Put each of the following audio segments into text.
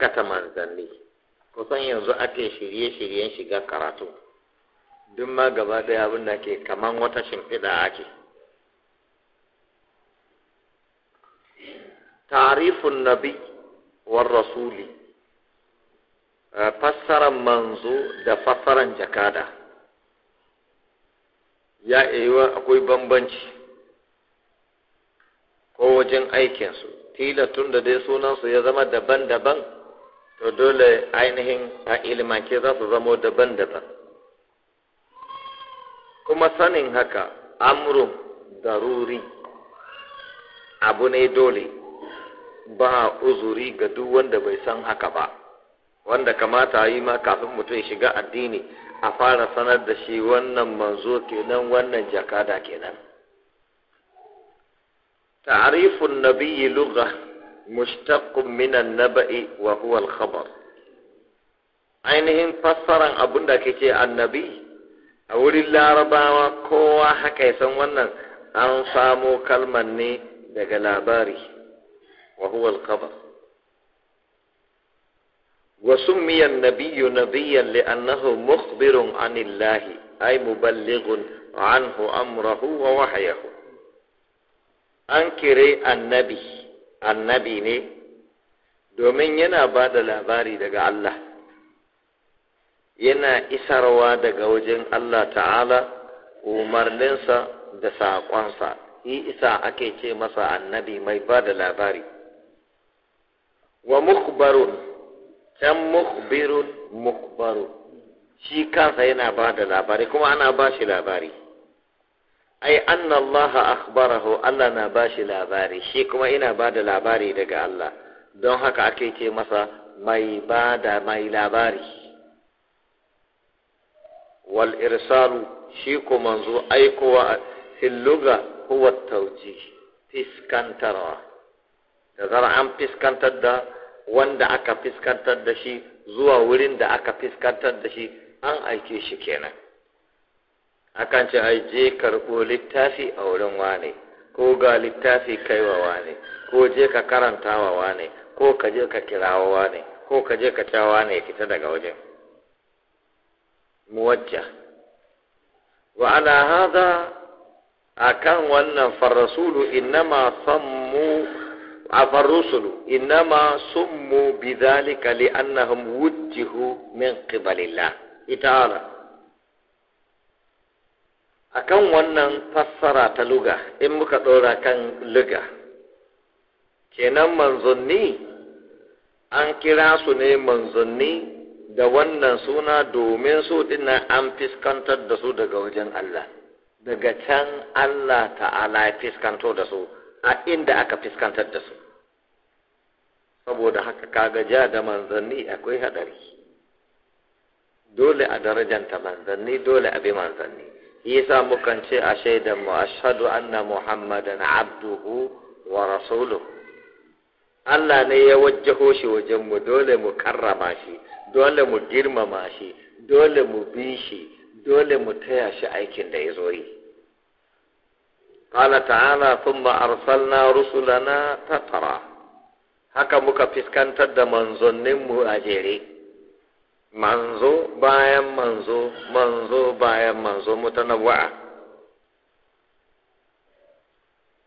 kata manzanni kusan yanzu ake shirye-shiryen shiga karatu duk ma gaba daya abin da ke kaman wata shimfiɗa ake tarifin nabi war rasuli eh, fassaran manzo da fassaran jakada ya iya akwai bambanci ko wajen aikinsu tilatun da dai sunansu ya zama daban-daban to dole ainihin a ilimance za su zamo daban-daban kuma sanin haka amru daruri abu ne dole ba uzuri ga duk wanda bai san haka ba wanda kamata yi ma kafin mutum ya shiga addini a fara sanar da shi wannan manzo kenan wannan jakada kenan ta'arifun nabiyyi lugha مشتق min annaba'i wa huwa al-khabar ainihin fassaran abin da kake annabi a wurin larabawa kowa haka ya san wannan an samo kalmar ne daga labari wa huwa al-khabar wa summiya an-nabiyyu nabiyyan li'annahu mukhbirun 'anillahi ay muballighun anhu amrahu wa wahyahu an kire annabi annabi ne domin yana ba da labari daga Allah yana isarwa daga wajen Allah ta'ala umarninsa da saƙonsa yi isa ake ce masa annabi mai ba da labari wa mukbarun can mukbirun mukbarun shi kansa yana ba da labari kuma ana ba shi labari ai anna Allah akhbarahu Allah na bashi labari shi kuma ina bada labari daga Allah don haka ake ce masa mai mai labari wal irsalu shi kuma manzo aikowa filluga huwa tawjih fiskantarwa da zara an fiskantar da wanda aka fiskantar da shi zuwa wurin da aka fiskantar da shi an aike shi kenan akan ce ai je karɓo littafi a wurin wane ko ga littafi kaiwa wane ko je ka karanta wa wane ko ka je ka kirawa wane ko ka je ka cewa wane ya fita daga wajen muwajja wa ala hada akan wannan farrasulu innama sammu afarrusulu innama summu zalika li'annahum wujjihu min qibalillah ita'ala akan wannan fassara ta luga in muka ɗora kan luga kenan manzanni an kira su ne manzanni da wannan suna domin su ina an fiskantar da su daga wajen Allah daga can Allah ta'ala ya fiskanto da su a inda aka fiskantar da su saboda haka kaga ja da manzanni akwai hadari dole a darajanta manzanni dole a bi manzanni yasa mukan ce a shaidan mu ashhadu anna muhammadan abduhu wa rasuluhu Allah ne ya wajjaho shi wajen mu dole mu karrama shi dole mu girmama shi dole mu bi shi dole mu taya shi aikin da ya zo yi قال تعالى ثم أرسلنا رسلنا تترى haka muka fiskantar da manzanninmu a jere manzo bayan manzo manzo bayan manzo mutanawwa'a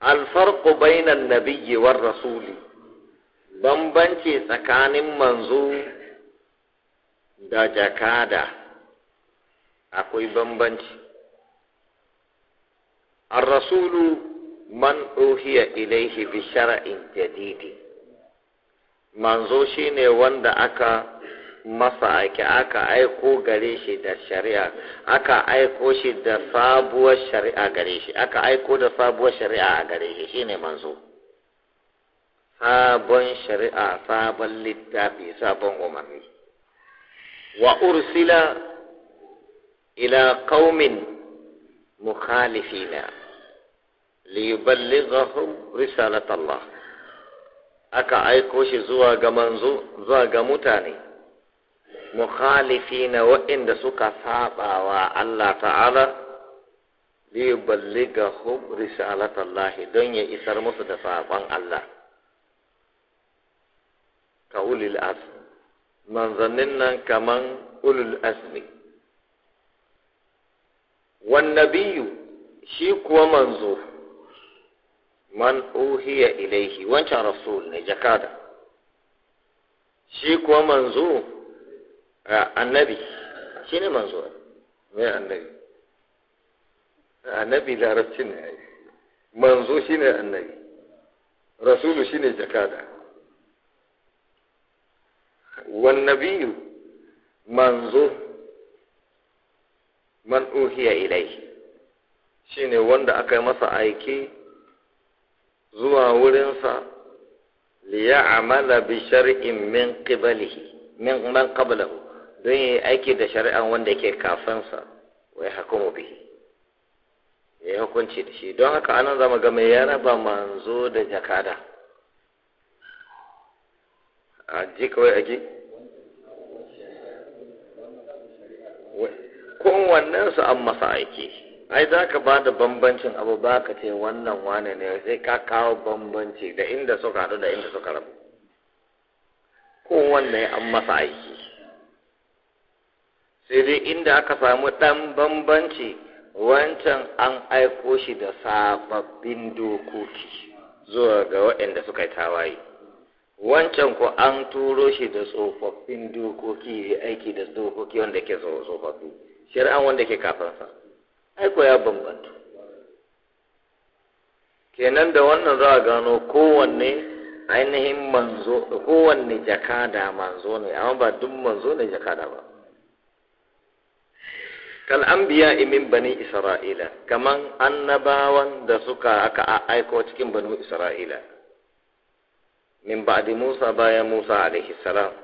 alfarqu bainan nabiyyi rasuli bambanci tsakanin manzo da jakada akwai bambanci الرسول man أوحي إليه بشرع جديد manzo shine wanda aka masa ake aka aiko gare shi da shari'a aka aiko shi da sabuwar shari'a gare shi aka aiko da sabuwar shari'a a gare shi shine manzo sabon shari'a sabon littafi sabon umarni wa ursila ila qaumin mukhalifina liyuballighahum risalat Allah aka aiko shi zuwa ga manzo zuwa ga mutane mukhalifina waɗanda suka saɓawa Allah ta'ala liyuballighahum risalatallahi don ya isar musu da saƙon Allah ka ulil azmi manzannin nan kaman ulul azmi wan nabiyyu shi kuwa manzo man uhiya ilaihi wancan rasul ne jakada shi kuwa manzo annabi shi ne manzo mai annabi annabi larabci ne manzo shi ne annabi rasulu shi ne jakada wannabiyu manzo man uhiya ilai shi ne wanda aka yi masa aiki zuwa wurinsa amala bi shar'in min qibalihi min man qablahu don yi aiki da shari'an wanda ke kafansa wai hakumu bihi ya yi hukunci da shi don haka anan zama ga mai ya raba manzo da jakada a ji kawai a ji su an masa aiki ai za ka ba da bambancin abu ba ka ce wannan wane ne sai ka kawo bambanci da inda suka haɗu da inda suka rabu kowanne an masa aiki sai dai inda aka samu ɗan bambanci wancan an aiko shi da sababbin dokoki zuwa ga waɗanda suka yi tawaye wancan ko an turo shi da tsofaffin dokoki ya aiki da dokoki wanda ke tsofaffi shari'an wanda ke kafansa aiko ya bambanta kenan da wannan za a gano kowanne ainihin manzo kowanne jakada manzo ne amma ba duk manzo ne jakada ba kal anbiya min bani isra'ila kaman annabawan da suka aka aiko cikin banu isra'ila min ba'di musa baya musa alaihi salam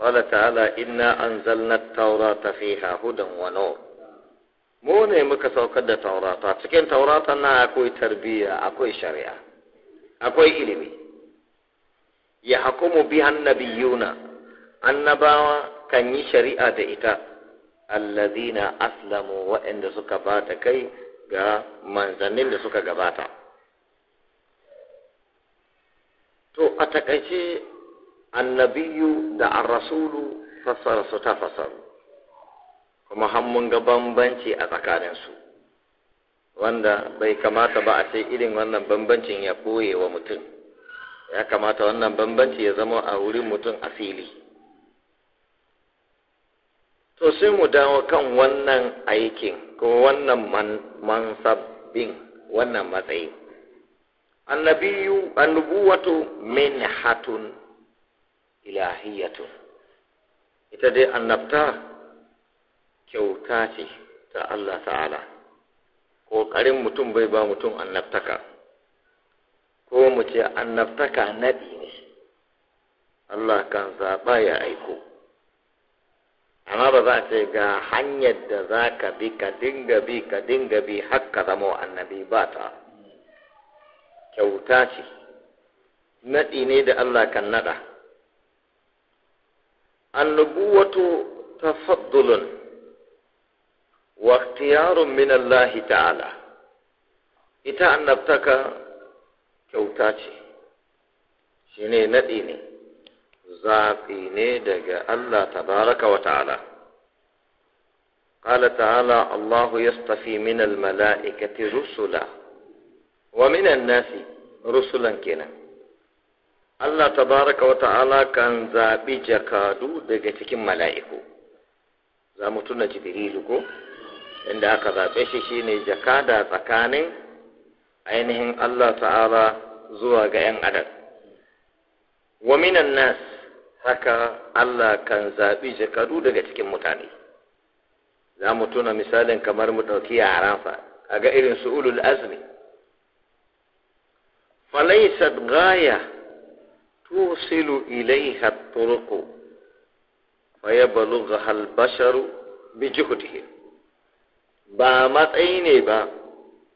qala ta'ala inna anzalna at-taurata fiha hudan wa nur mu ne muka saukar da taurata cikin taurata na akwai tarbiyya akwai shari'a akwai ilimi ya hukumu bihan nabiyuna annabawa kan yi shari'a da ita allazina aslamu waɗanda suka bata kai ga manzanin da suka gabata to a takaice annabiyu da arrasulu rasulu su ta fassaru kuma mun ga bambanci a tsakaninsu wanda bai kamata ba a ce irin wannan bambancin ya koyewa wa mutum ya kamata wannan bambanci ya zama a wurin mutum a fili Sosai sai mu dawo kan wannan aikin ko wannan mansabbin wannan matsayi annabiyu annubuwatu hatun ilahiyatu ita dai annabta kyauta ce ta Allah ta'ala ƙoƙarin mutum bai ba mutum annabtaka ko mu ce annabtaka naɗi ne Allah kan zaɓa ya aiko amma ba za a ce ga hanyar da za ka bi ka dinga bi ka dinga bi har ka zama annabi ba ta kyauta ce naɗi ne da Allah kan naɗa annubuwatu tafaddulun wa ikhtiyarun min Allah ta'ala ita annabtaka kyauta ce shine naɗi ne zaɓi ne daga Allah tabaraka wa ta’ala. Ƙala ta’ala, Allahu ya stafi mala’ikati rusula, wa minan nasi rusulan kenan. Allah tabaraka wa ta’ala kan zaɓi jakadu daga cikin mala’iku. Za mu tuna jibrilu ko, inda aka zaɓe shi shi ne jakada tsakanin ainihin Allah zuwa ga ‘yan adad. Wa minan nasi haka Allah kan zaɓi jakadu daga cikin mutane za mu tuna misalin kamar mu ɗauki a kaga irin su ulul azmi falaisat gaya tusilu ilai hatturuku, fa balu ga halbasharu bi juhdihi ba matsayi ne ba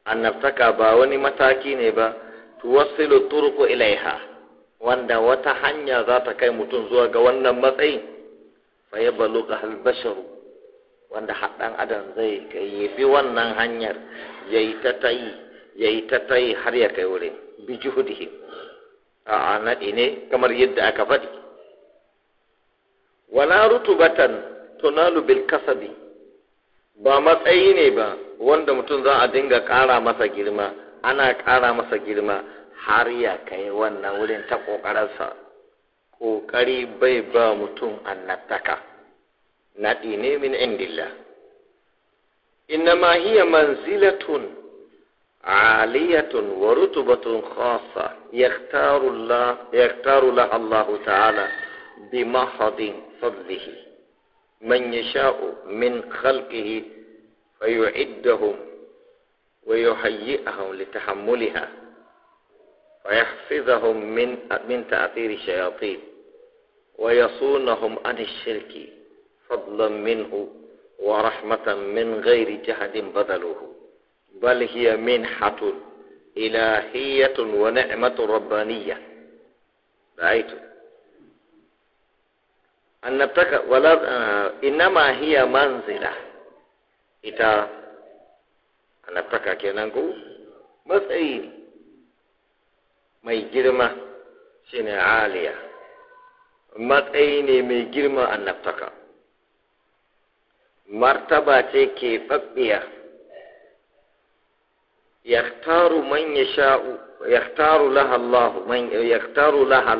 annabtaka ba wani mataki ne ba tuwasilu turuku ilaiha wanda wata hanya za ta kai mutum zuwa ga wannan matsayin fa ya baluga halbasharu wanda haɗan adam zai kai ya bi wannan hanyar ya yi ta tayi ya yi ta tayi har ya kai wurin bi juhudihi a naɗi ne kamar yadda aka faɗi wala rutubatan tunalu bil kasabi ba matsayi ne ba wanda mutum za a dinga ƙara masa girma ana ƙara masa girma har ya kai wannan wurin ta ƙoƙarinsa kokari bai ba mutum annataka naɗi ne min indillah innama hiya manzilatun aliyatun wa rutubatun khassa yaktaru Allah yaktaru la Allah ta'ala bi mahadin fadlihi man yasha'u min khalqihi fayu'iddahum ويهيئهم لتحملها ويحفظهم من من تأثير الشياطين ويصونهم عن الشرك فضلا منه ورحمة من غير جهد بذلوه بل هي منحة إلهية ونعمة ربانية رأيت أن نبتك ولا إنما هي منزلة إذا أن نبتكى نقول matsayi mai girma shi ne aliya matsayi ne mai girma annabtaka martaba ce ke faɓɓiya. yaktaru man ya yaktaru laha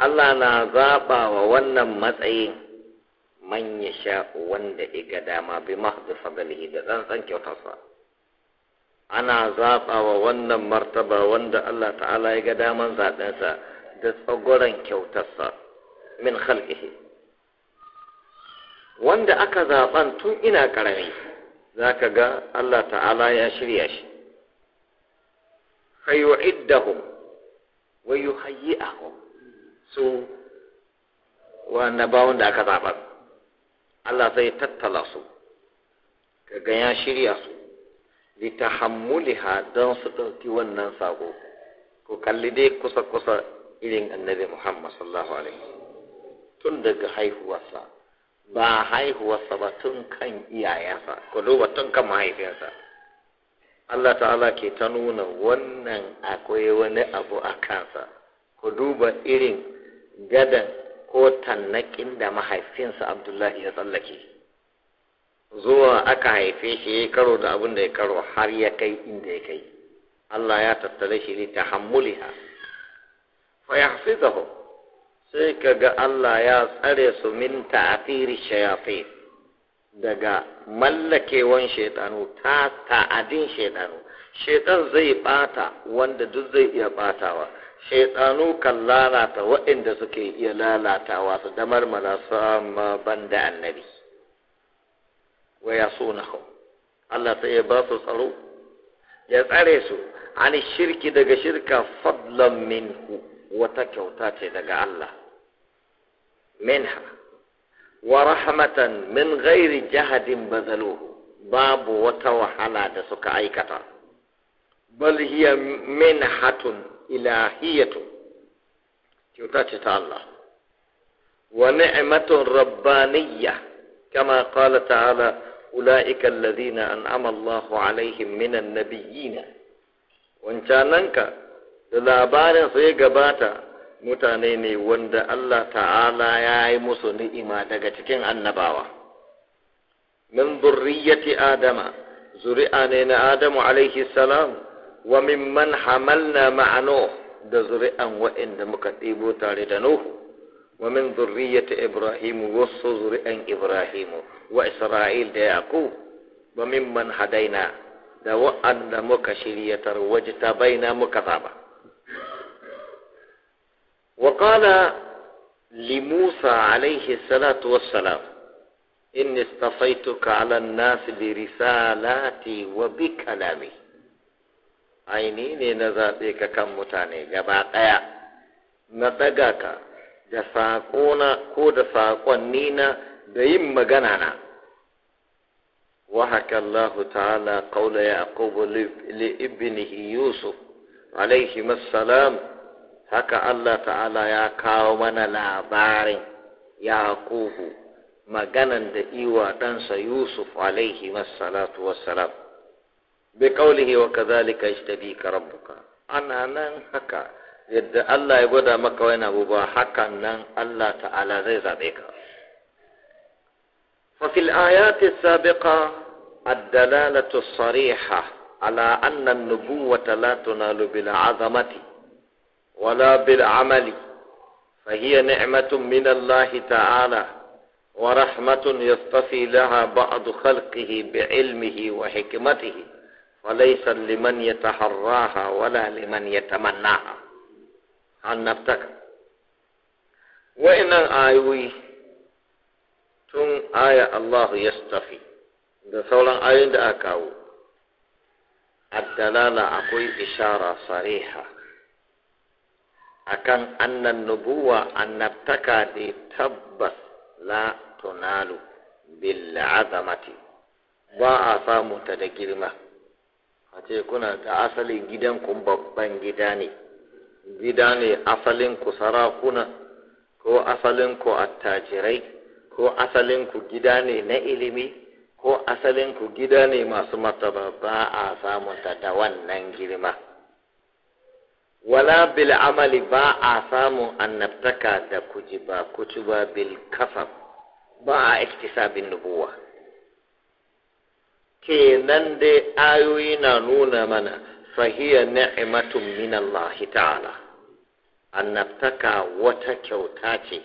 Allah na zaɓa wa wannan matsayin man sha'u wanda iga dama bi mahdi fadlihi da tsantsan kyautarsa ana zaɓa wa wannan martaba wanda Allah ta'ala ya ga daman zaɓensa da tsagoran kyautarsa min khalqihi wanda aka zaɓan tun ina ƙarami za ka ga Allah ta'ala ya shirya shi fayu'iddahum wa yuhayyi'ahum su wa ba wanda aka zaɓa Allah sai tattala su kaga ya shirya su Li litahammuliha don su ɗauki wannan sako ko kalli dai kusa kusa irin annabi Muhammad sallallahu alaihi tun daga haihuwarsa ba haihuwarsa ba tun kan iyayensa ko duba tun kan mahaifiyarsa Allah ta'ala ke ta nuna wannan akwai wani abu a kansa ku duba irin gadan ko tannakin da mahaifinsa Abdullahi ya tsallake. zuwa aka haife shi ya karo da abin da ya karo har ya kai inda ya kai Allah ya tattale shi ne ta hammuliha fa ya hafizahu sai ka ga Allah ya tsare su min ta'athiri shayatin daga mallakewan shaitanu ta ta'adin shaitanu shaitan zai bata wanda duk zai iya batawa shaitanu kan lalata waɗanda suke iya lalatawa su damar mana sama banda annabi wa yasunahu Allah sai ya ba su tsaro ya tsare su ani shirki daga shirka fadlan minhu wata kyauta ce daga Allah minha wa rahmatan min ghairi jahadin bazaluhu babu wata wahala da suka aikata bal hiya minhatun ilahiyatun kyauta ce ta Allah wa ni'matun rabbaniyya kama qala ta'ala ula'ika allazina an'ama Allahu alaihim minan nabiyina wancananka da labarin su ya gabata mutane ne wanda Allah ta'ala ya yi musu ni'ima daga cikin annabawa min zurriyyati adama zuri'a ne na adamu alaihi salam wa mimman hamalna ma'ano da zuri'an waɗanda muka ɗebo tare da nuhu ومن ذرية إبراهيم والصزر أن إبراهيم وإسرائيل دا يعقوب وممن هدينا دا وأن روجت بين مكتابة وقال لموسى عليه الصلاة والسلام إني اصطفيتك على الناس برسالاتي وبكلامي عيني نزابيك كم متاني جباقيا نتقاك da saƙona ko da saƙonni na da yin magana na Wa وحكى ta تعالى قول يعقوب li Yusuf, عليهما salam. haka Allah ta'ala ya kawo mana labarin Yakubu, maganan da iwa ɗansa Yusuf alaihi wassalatu wassalam bi qawlihi wa kadhalika ishtabika rabbuka ana nan haka yadda Allah ya gwada maka wani abu ba hakan nan Allah ta'ala zai zaɓe ka ففي الآيات السابقة الدلالة الصريحة على أن النبوة لا تنال بالعظمة ولا بالعمل فهي نعمة من الله تعالى ورحمة يصطفي لها بعض خلقه بعلمه وحكمته وليس لمن يتحراها ولا لمن يتمناها annabtaka wa'annan ayoyi tun aya Allahu yastafi da sauran ayoyin da aka kawo addalala akwai ishara sariha akan annan nubuwa annabtaka da tabbas la tunalu bil azamati ba a samu ta da girma a ce kuna da asalin gidan babban gida ne gida ne asalin ku sarakuna ko asalin ku attajirai ko asalin ku gida ne na ilimi ko asalin ku gida ne masu martaba ba a samunta da wannan girma wala bil amali ba a samun annabtaka da kujiba ba bil kafab ba a iktisabin nubuwa kenan dai ayoyi na nuna mana فهي نعمة من الله تعالى annabtaka wata kyauta ce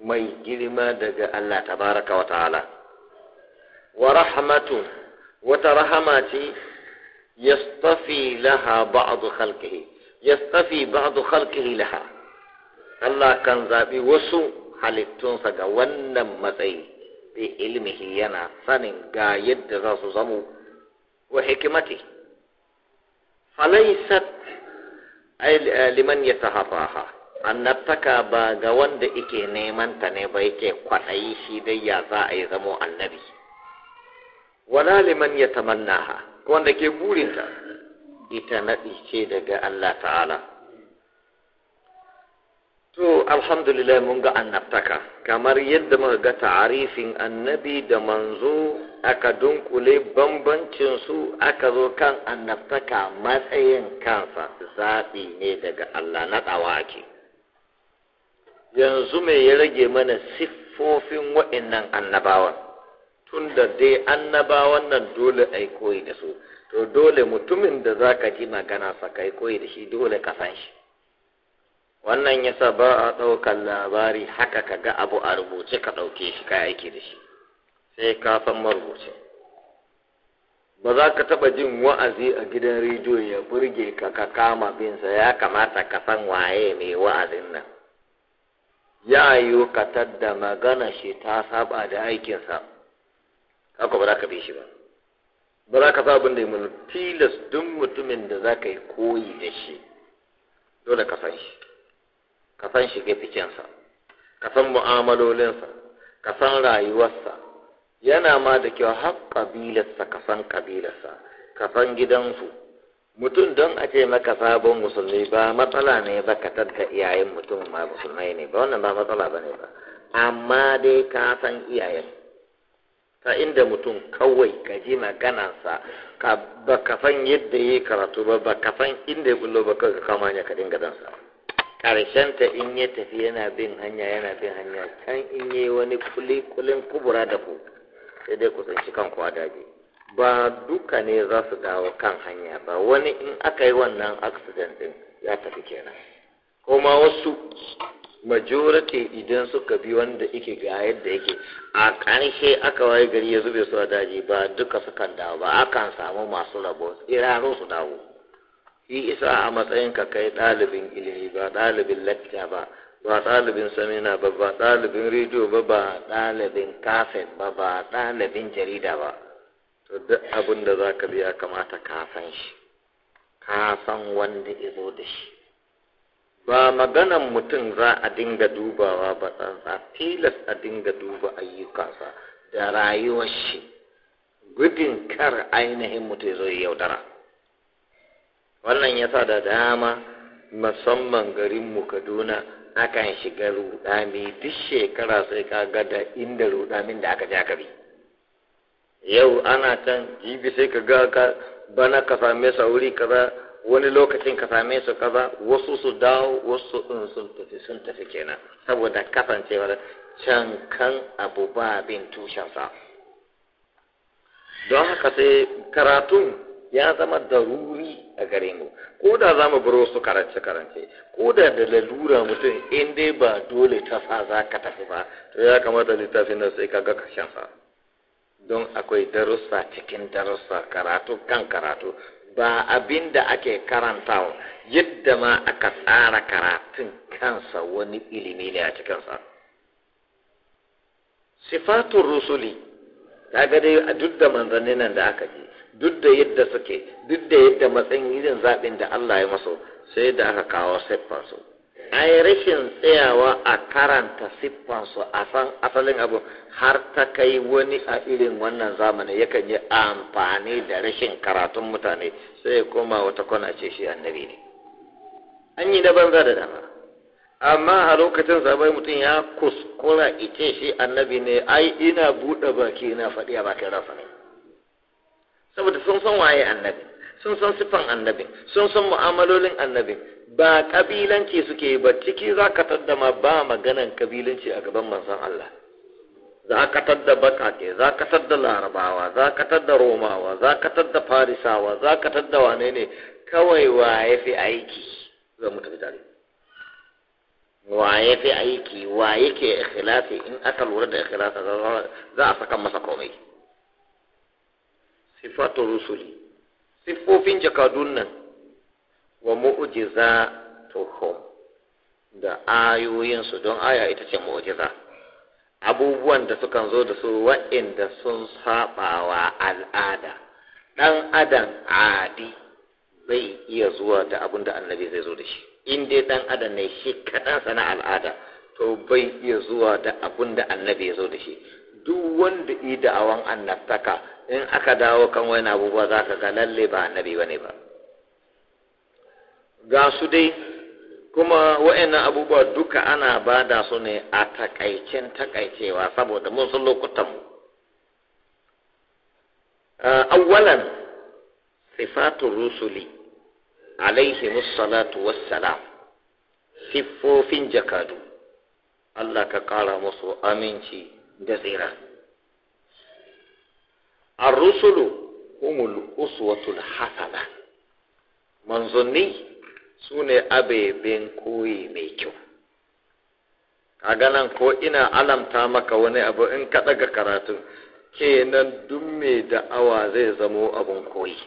mai girma daga Allah tabaraka wa ta'ala wa rahmatu wata rahama ce yastafi laha ba'du khalqihi yastafi ba'du khalqihi laha Allah kan zaɓi wasu halittunsa ga wannan matsayi bi ilmihi yana sanin ga yadda za su zamo wa falaisat liman ya taharraha annabtaka ba ga wanda ike neman ta ne ba yake kwaɗayi shi dai ya za a yi zamo annabi wala liman ya tamannaha wanda ke burinta ita naɗi ce daga Allah ta'ala to alhamdulillah mun ga annabtaka kamar yadda muka ga ta'arifin annabi da manzo aka dunkule su aka zo kan annabtaka matsayin kansa zaɓi ne daga Allah na tsawa yanzu mai ya rage mana siffofin wa'innan annabawan tun da dai annabawan nan dole a koyi da su to dole mutumin da za ka ji magana sa kai koyi da shi dole ka san shi wannan yasa ba a ɗaukar labari haka ka ga abu a rubuce ka ɗauke shi ka aiki da shi sai ka san marubucin ba za ka taɓa jin wa'azi a gidan rediyo ya burge ka ka kama binsa ya kamata ka san waye mai wa'azin nan ya yi katar da magana shi ta saba da aikinsa haka ba za ka bi shi ba ba za ka sa abin da yi tilas duk mutumin da za ka yi koyi da shi dole ka san shi ka san shige fikensa ka san mu'amalolinsa ka san rayuwarsa yana ma da kyau har ƙabilarsa ka san ƙabilarsa ka san gidansu mutum don a ce maka sabon musulmi ba matsala ne ba ka tadda iyayen mutum ma musulmai ne ba wannan ba matsala ba ne ba amma dai ka san iyayen ta inda mutum kawai ka ji maganansa ka ba ka san yadda ya karatu ba ba ka san inda ya kullo ba ka kama ya ka dinga dansa karshen ta in ya tafi yana bin hanya yana bin hanya can in yi wani kulikulin kubura da ku sai dai ku tsinci kanku a daji ba duka ne za su dawo kan hanya ba wani in aka yi wannan accident din ya tafi kenan kuma wasu majority idan suka bi wanda ike ga yadda yake a ƙarshe aka waye gari ya zube su a daji ba duka sukan dawo ba akan samu masu rabo tsiraro su dawo yi isa a matsayin ka kai ɗalibin ilimi ba ɗalibin lecture ba ba ɗalibin samina ba ba ɗalibin rediyo ba ba ɗalibin kafet ba ba ɗalibin jarida ba to duk abin da za ka biya kamata ka san shi ka san wanda ya zo da shi ba maganan mutum za a dinga dubawa ba a tilas a dinga duba ayyukansa da rayuwar shi gudun kar ainihin mutum ya zo yaudara wannan yasa da dama musamman garinmu kaduna akan shiga rudani duk shekara sai ka ga da inda rudanin da aka ja bi yau ana can jibi sai ka ga ka bana ka same sa wuri kaza wani lokacin ka same su kaza wasu su dawo wasu in sun tafi sun tafi kenan saboda kasancewar can kan abu ba bin tushensa don haka sai karatun ya zama daruri a gare mu ko da za mu bar wasu karance-karance ko da da lalura mutum in dai ba dole ta sa za ka tafi ba to ya kamata littafin nan sai ka ga kashen sa don akwai darussa cikin darussa karatu kan karatu ba abin da ake karantawa yadda ma aka tsara karatun kansa wani ilimi ne a cikinsa sifatun rusuli ta dai a duk da manzannin nan da aka ji duk da yadda suke duk da yadda matsayin irin zaɓin da Allah ya masu sai da aka kawo siffansu ai rashin tsayawa a karanta siffansu a san asalin abu har ta kai wani a irin wannan zamani yakan yi amfani da rashin karatun mutane sai ya koma wata kwana ce shi annabi ne an yi daban banza da dama amma a lokacin zabai mutum ya kuskura ice shi annabi ne ai ina buɗe baki na faɗi a bakin rasa ne saboda sun san waye annabi sun san sifan annabi sun san mu'amalolin annabi ba kabilanci suke yi ba ciki za ka tadda ma ba maganan kabilanci a gaban manzon Allah za ka tadda bakake za ka tadda larabawa za ka tadda romawa za ka tadda farisawa za ka tadda wane ne kawai waye fi aiki za mu tafi tare waye fi aiki waye ke ikhlasi in aka lura da ikhlasi za a saka masa komai sifatu rusuli siffofin jakadun nan wa mu'jiza tuhum da ayoyinsu don aya ita ce mu'jiza abubuwan da sukan zo da su wa'inda sun saɓawa al'ada ɗan adam adi zai iya zuwa da abin da annabi zai zo da shi in dai ɗan adam ne shi kaɗan sana al'ada to bai iya zuwa da abin da annabi ya zo da shi duk wanda i da'awan annabtaka in aka dawo kan wani abubuwa za ka ga lalle ba annabi ba ne ba ga su dai kuma wa'annan abubuwa duka ana ba da su ne a takaicin takaicewa saboda mun lokutan mu awwalan sifatu rusuli alaihi musallatu wassalam siffofin jakadu Allah ka kara musu aminci da tsira arusulu rusulu uswatul hasana manzanni sune abeben koyi mai kyau kaga nan ko ina alamta maka wani abu in ka daga karatu kenan duk mai da'awa zai zamo abun koyi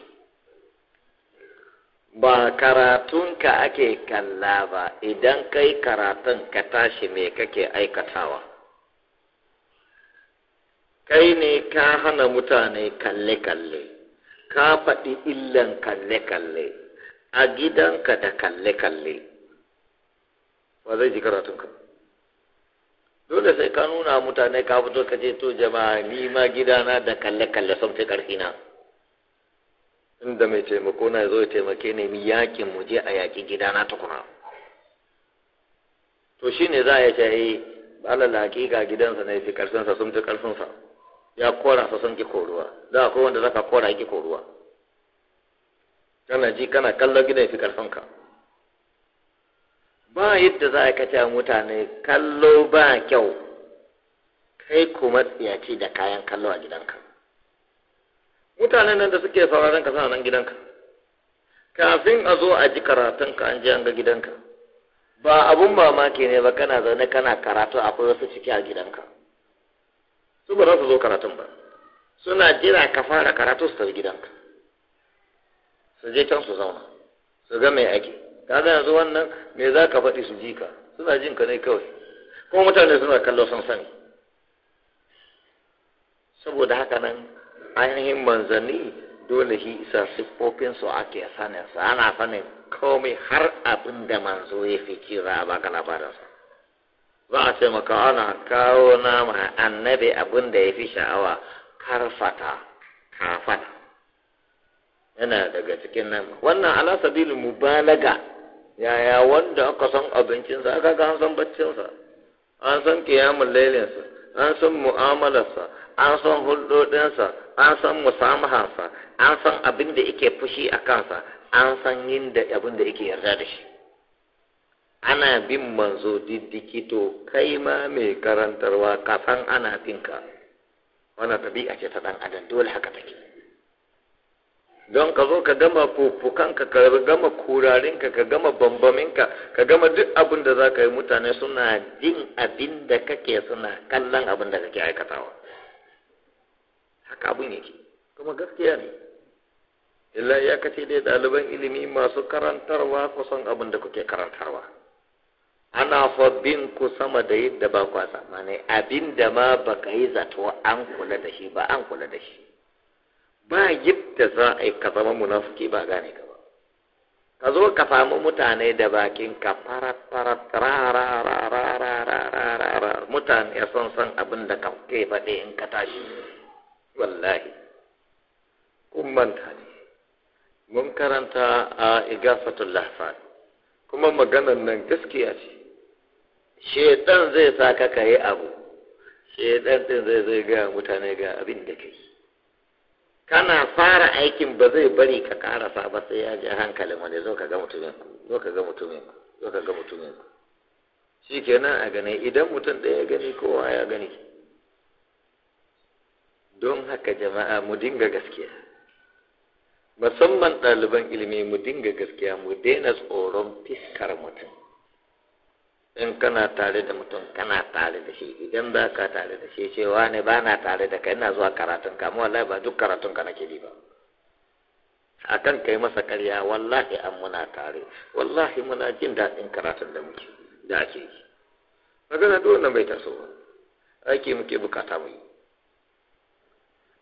ba karatun karatunka ake kalla ba idan kai karatun ka tashi me kake aikatawa kai ne ka hana mutane kalle-kalle ka faɗi illan kalle-kalle a gidanka da kalle-kalle ba zai ji karatunka dole sai ka nuna mutane ka fito ka ce to jama'a ni ma gidana da kalle-kalle sun fi ƙarfi na inda mai taimako na zo ya taimake ne mi yakin mu je a yaƙi gidana tukuna to shine za a yi ce eh alal hakika gidansa ne fi ƙarfinsa sun fi ƙarfinsa ya kora sassan sun ki koruwa da akwai wanda zaka kora ki koruwa kana ji kana kallon gida ya fi karfin ka ba yadda za a kace mutane kallo ba kyau kai kuma tsiyaci da kayan kallo a gidanka mutanen nan da suke sauraron ka suna nan gidanka kafin a zo a ji karatun ka an je an ga gidanka ba abun mamaki ne ba kana zaune kana karatu akwai wasu ciki a gidanka su ba za su zo karatun ba suna jira ka fara karatu su tafi gidanka su je can su zauna su ga mai ake kaga yanzu wannan me za ka faɗi su ji ka suna jin ka ne kawai kuma mutane suna kallo sun sani saboda haka nan ainihin manzanni dole shi isa su ake sa ana sanin komai har abin da manzo ya fi kira a baka labarinsa za a ce maka ana kawo nama annabi abin da ya fi sha'awa karfata kafata yana daga cikin nama wannan ala sabilin mubalaga yaya wanda aka san abincinsa aka ga an san baccinsa an san kiyamun lailinsa an san mu'amalarsa an san hulɗoɗinsa an san musamahansa an san abin da yake fushi a kansa an san yin da abin da yake yarda da shi ana bin manzo diddiki to kai ma mai karantarwa kafan ana binka wannan tabi'a ce ta dan adam dole haka take don ka zo ka gama fufukanka ka gama kurarinka ka gama bambaminka ka gama duk abin da za ka yi mutane suna jin abin da kake suna kallon abin da kake aikatawa haka abin yake kuma gaskiya ne illa ya kace dai ɗaliban ilimi masu karantarwa kusan abin da kuke karantarwa ana fa bin ku sama da yadda ba kwa tsammani abin da ma ba ka yi zato an kula da shi ba an kula da shi ba yadda za a yi ka zama munafiki ba gane ka ba ka zo ka samu mutane da bakin ka farat farat rararararararar mutane ya san, san abin da ka ke faɗi in ka tashi wallahi kun manta ne mun karanta a igafatul lahfan kuma maganan nan gaskiya ce shaitan zai sa ka ka yi abu shaitan din zai zai ga mutane ga abin da kai kana fara aikin ba zai bari ka karasa ba sai ya ji hankalin wani zo ka ga mutumin zo ka ga mutumin zo ka ga mutumin shi kenan a gane idan mutum ɗaya ya gani kowa ya gani don haka jama'a mu dinga gaskiya musamman ɗaliban ilimi mu dinga gaskiya mu daina tsoron fiskar mutum in kana tare da mutum kana tare da shi idan ba ka tare da shi cewa ne ba na tare da kai ina zuwa karatun ka mu wallahi ba duk karatun ka nake bi ba akan kai masa karya wallahi an muna tare wallahi muna jin daɗin karatun da muke da ake yi magana duk wannan bai taso ba aiki muke bukata mu yi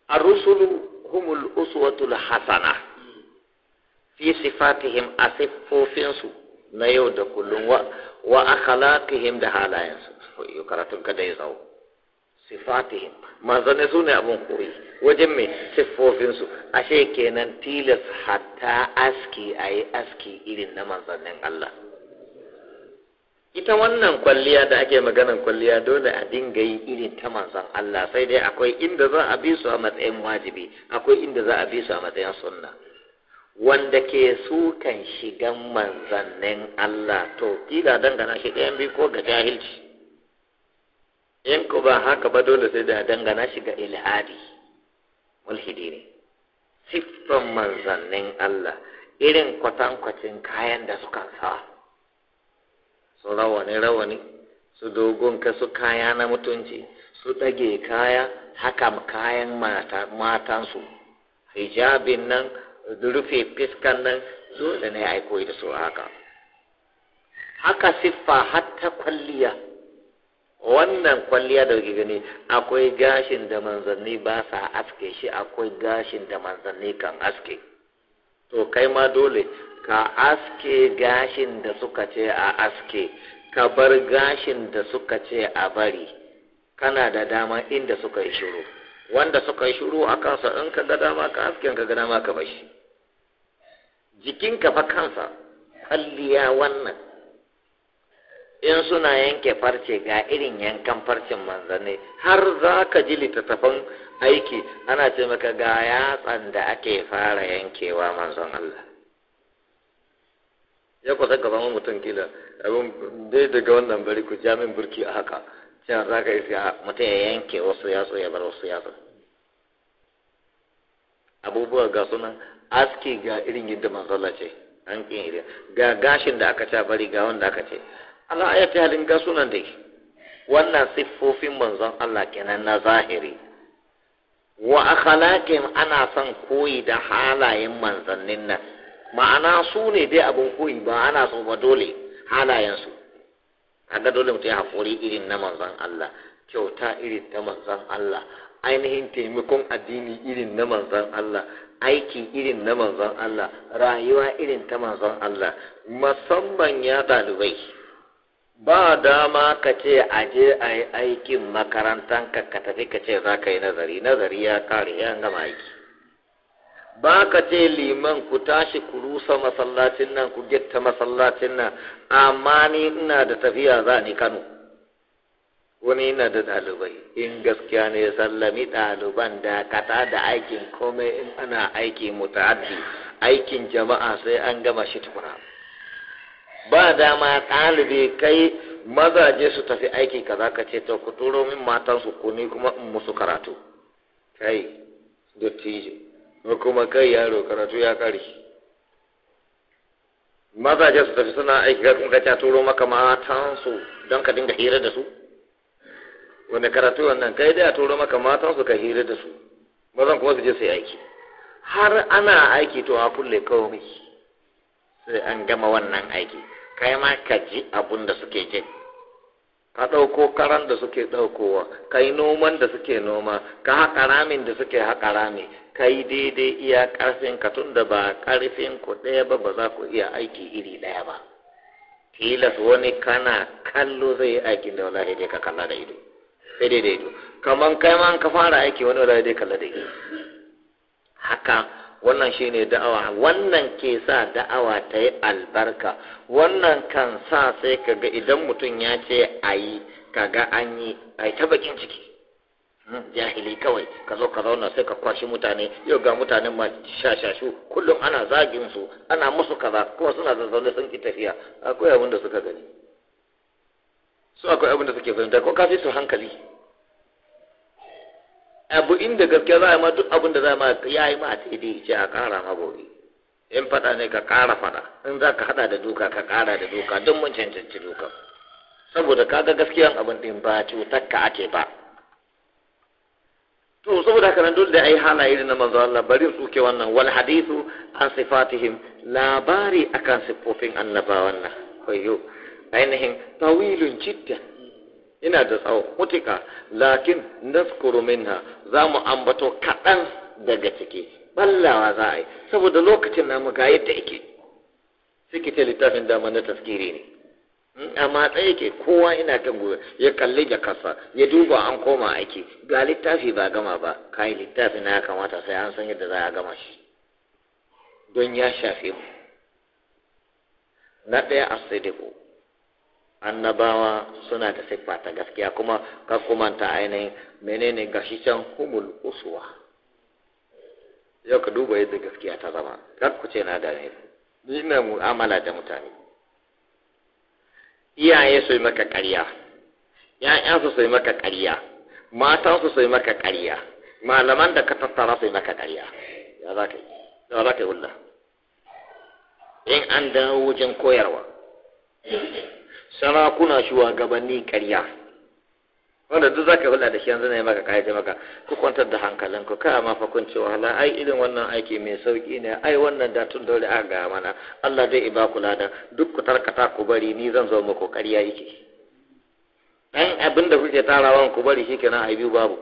ar-rusulu humul uswatul hasana fi sifatihim a na yau da kullum wa akhlaqihim da halayensu yau karatun ka dai zau sifatihim manzanni su ne abin koyi wajen mai siffofinsu ashe kenan tilas hatta aski a yi aski irin na manzannin Allah ita wannan kwalliya da ake maganan kwalliya dole a dinga yi irin ta manzan Allah sai dai akwai inda za a bi su a matsayin wajibi akwai inda za a bi su a matsayin sunna wanda ke sukan shigan manzannin Allah to kila dangana shi ɗayan yambi ko ga jahilci in ku ba haka ba dole sai da dangana shi ga ilhadi mulhidi ne siffan manzannin Allah irin kwatankwacin kayan da suka sa su rawani rawani su dogon ka su kaya na mutunci su ɗage kaya haka kayan matansu hijabin nan rufe fiskan nan dole ne ai koyi da su haka haka siffa hatta kwalliya wannan kwalliya da kuke gani akwai gashin da manzanni ba sa aske shi akwai gashin da manzanni kan aske to kai ma dole ka aske gashin da suka ce a aske ka bar gashin da suka ce a bari kana da dama inda suka yi shiru wanda suka yi shiru a kansa in ka ga dama ka aske ka ga dama ka bashi jikinka fa kansa kalliya wannan in suna yanke farce ga irin yankan farcen manzanni har za ka ji littattafan aiki ana ce maka ga yatsan da ake fara yankewa manzon Allah ya kusa gaban mutum kila abin dai daga wannan bari ku jamin burki a haka can za ka iska mutum ya yanke wasu yatsu ya bar wasu yatsu abubuwa ga sunan Aske ga irin yadda manzala ce an kin ire ga gashin da aka ta bari ga wanda aka ce ya ta halin ga sunan dai wannan siffofin manzon Allah kenan na zahiri wa akhlaqin ana son koyi da halayen manzannin nan ma'ana su ne dai abin koyi ba ana so ba dole su kaga dole mutum ya haƙuri irin na manzon Allah kyauta irin ta manzon Allah ainihin taimakon addini irin na manzon Allah aiki irin na manzon Allah rayuwa irin ta manzon Allah musamman ya ɗalibai ba dama ka ce a je a yi aikin makarantan ka ka tafi ka ce za ka yi nazari nazari ya kare ya gama aiki ba ka ce liman ku tashi ku rusa masallacin nan ku getta masallacin nan amma ni ina da tafiya za ni kano wani yana da ɗalibai in gaskiya ne ya sallami ɗaliban da kata da aikin komai in ana aiki muta'addi aikin jama'a sai an gama shi tukuna ba dama ɗalibi kai mazaje su tafi aiki za ka ce to ku turo min matan su kuni kuma in musu karatu kai dottijo kuma kai yaro karatu ya kare mazaje su tafi suna aiki kuma ka turo maka matan su don ka dinga hira da su wanda karatu wannan kai dai a turo maka matan su ka hira da su mazan kuma su je su aiki har ana aiki to a kulle kawai sai an gama wannan aiki kai ma ka ji abun da suke ji ka ɗauko karan da suke ɗaukowa ka yi noman da suke noma ka haƙa ramin da suke haƙa rami ka yi daidai iya ƙarfin ka tun da ba ƙarfin ku ɗaya ba ba za ku iya aiki iri ɗaya ba tilas wani kana kallo zai yi aikin da wallahi dai ka kalla da ido sai dai daido kamar kai ma ka fara aiki wani wani dai kalla dai haka wannan shine da'awa wannan ke sa da'awa ta yi albarka wannan kan sa sai kaga idan mutum ya ce a yi kaga an yi a yi ta ciki hmm, jahili kawai ka zo ka zauna sai ka kwashi mutane yau ga mutane ma shashashu kullum ana zagin su ana musu kaza kuma suna zazzaune sun ki tafiya akwai abin da suka gani su akwai abin da suke fahimta ko kafi su hankali abu inda gaskiya za a ma duk abin da za a ma ya yi ma daidai ce a kara magori in faɗa ne ka ƙara faɗa in za ka haɗa da duka ka ƙara da duka don mun cancanci duka saboda ka ga gaskiyan abin ɗin ba cutar ka ake ba to saboda haka nan dole da ai halaye na manzo Allah bari su ke wannan wal hadithu an sifatihim labari akan siffofin annabawan nan koyo ainihin tawilun jiddan ina da tsawo mutuka lakin naskuru minha za mu ambato kaɗan daga ciki ballawa za a yi saboda lokacin namu ga yadda yake suke ta littafin dama na taskiri ne hmm, a matsa yake kowa ina kan gobe ya kalli jakarsa ya duba an koma aiki ga littafi ba gama ba kai littafi na ya kamata sai an san yadda za a gama shi don ya shafe mu na ɗaya a annabawa suna da siffa ta gaskiya kuma ka kumanta ainihin menene gashi can humul usuwa yau ka duba yadda gaskiya ta zama kar ku ce na dame Ni ina mu'amala da mutane iyaye su yi maka ƙarya ‘ya’yan su yi maka ƙarya matansu su yi maka ƙarya malaman da ka tattara su yi maka ƙarya ya za ka yi ya za ka yi in an dawo wajen koyarwa sarakuna shugabanni ƙarya wanda duk zaka bula da shi yanzu ne maka kayace maka ku kwantar da hankalinku ka ma fa kun ce Wala ai irin wannan aiki mai sauki ne ai wannan da tun dole aka ga mana Allah dai iba kula da duk ku tarkata ku bari ni zan zo muku ƙarya yake dan abin da kuke tarawa ku bari shikenan ai biyu babu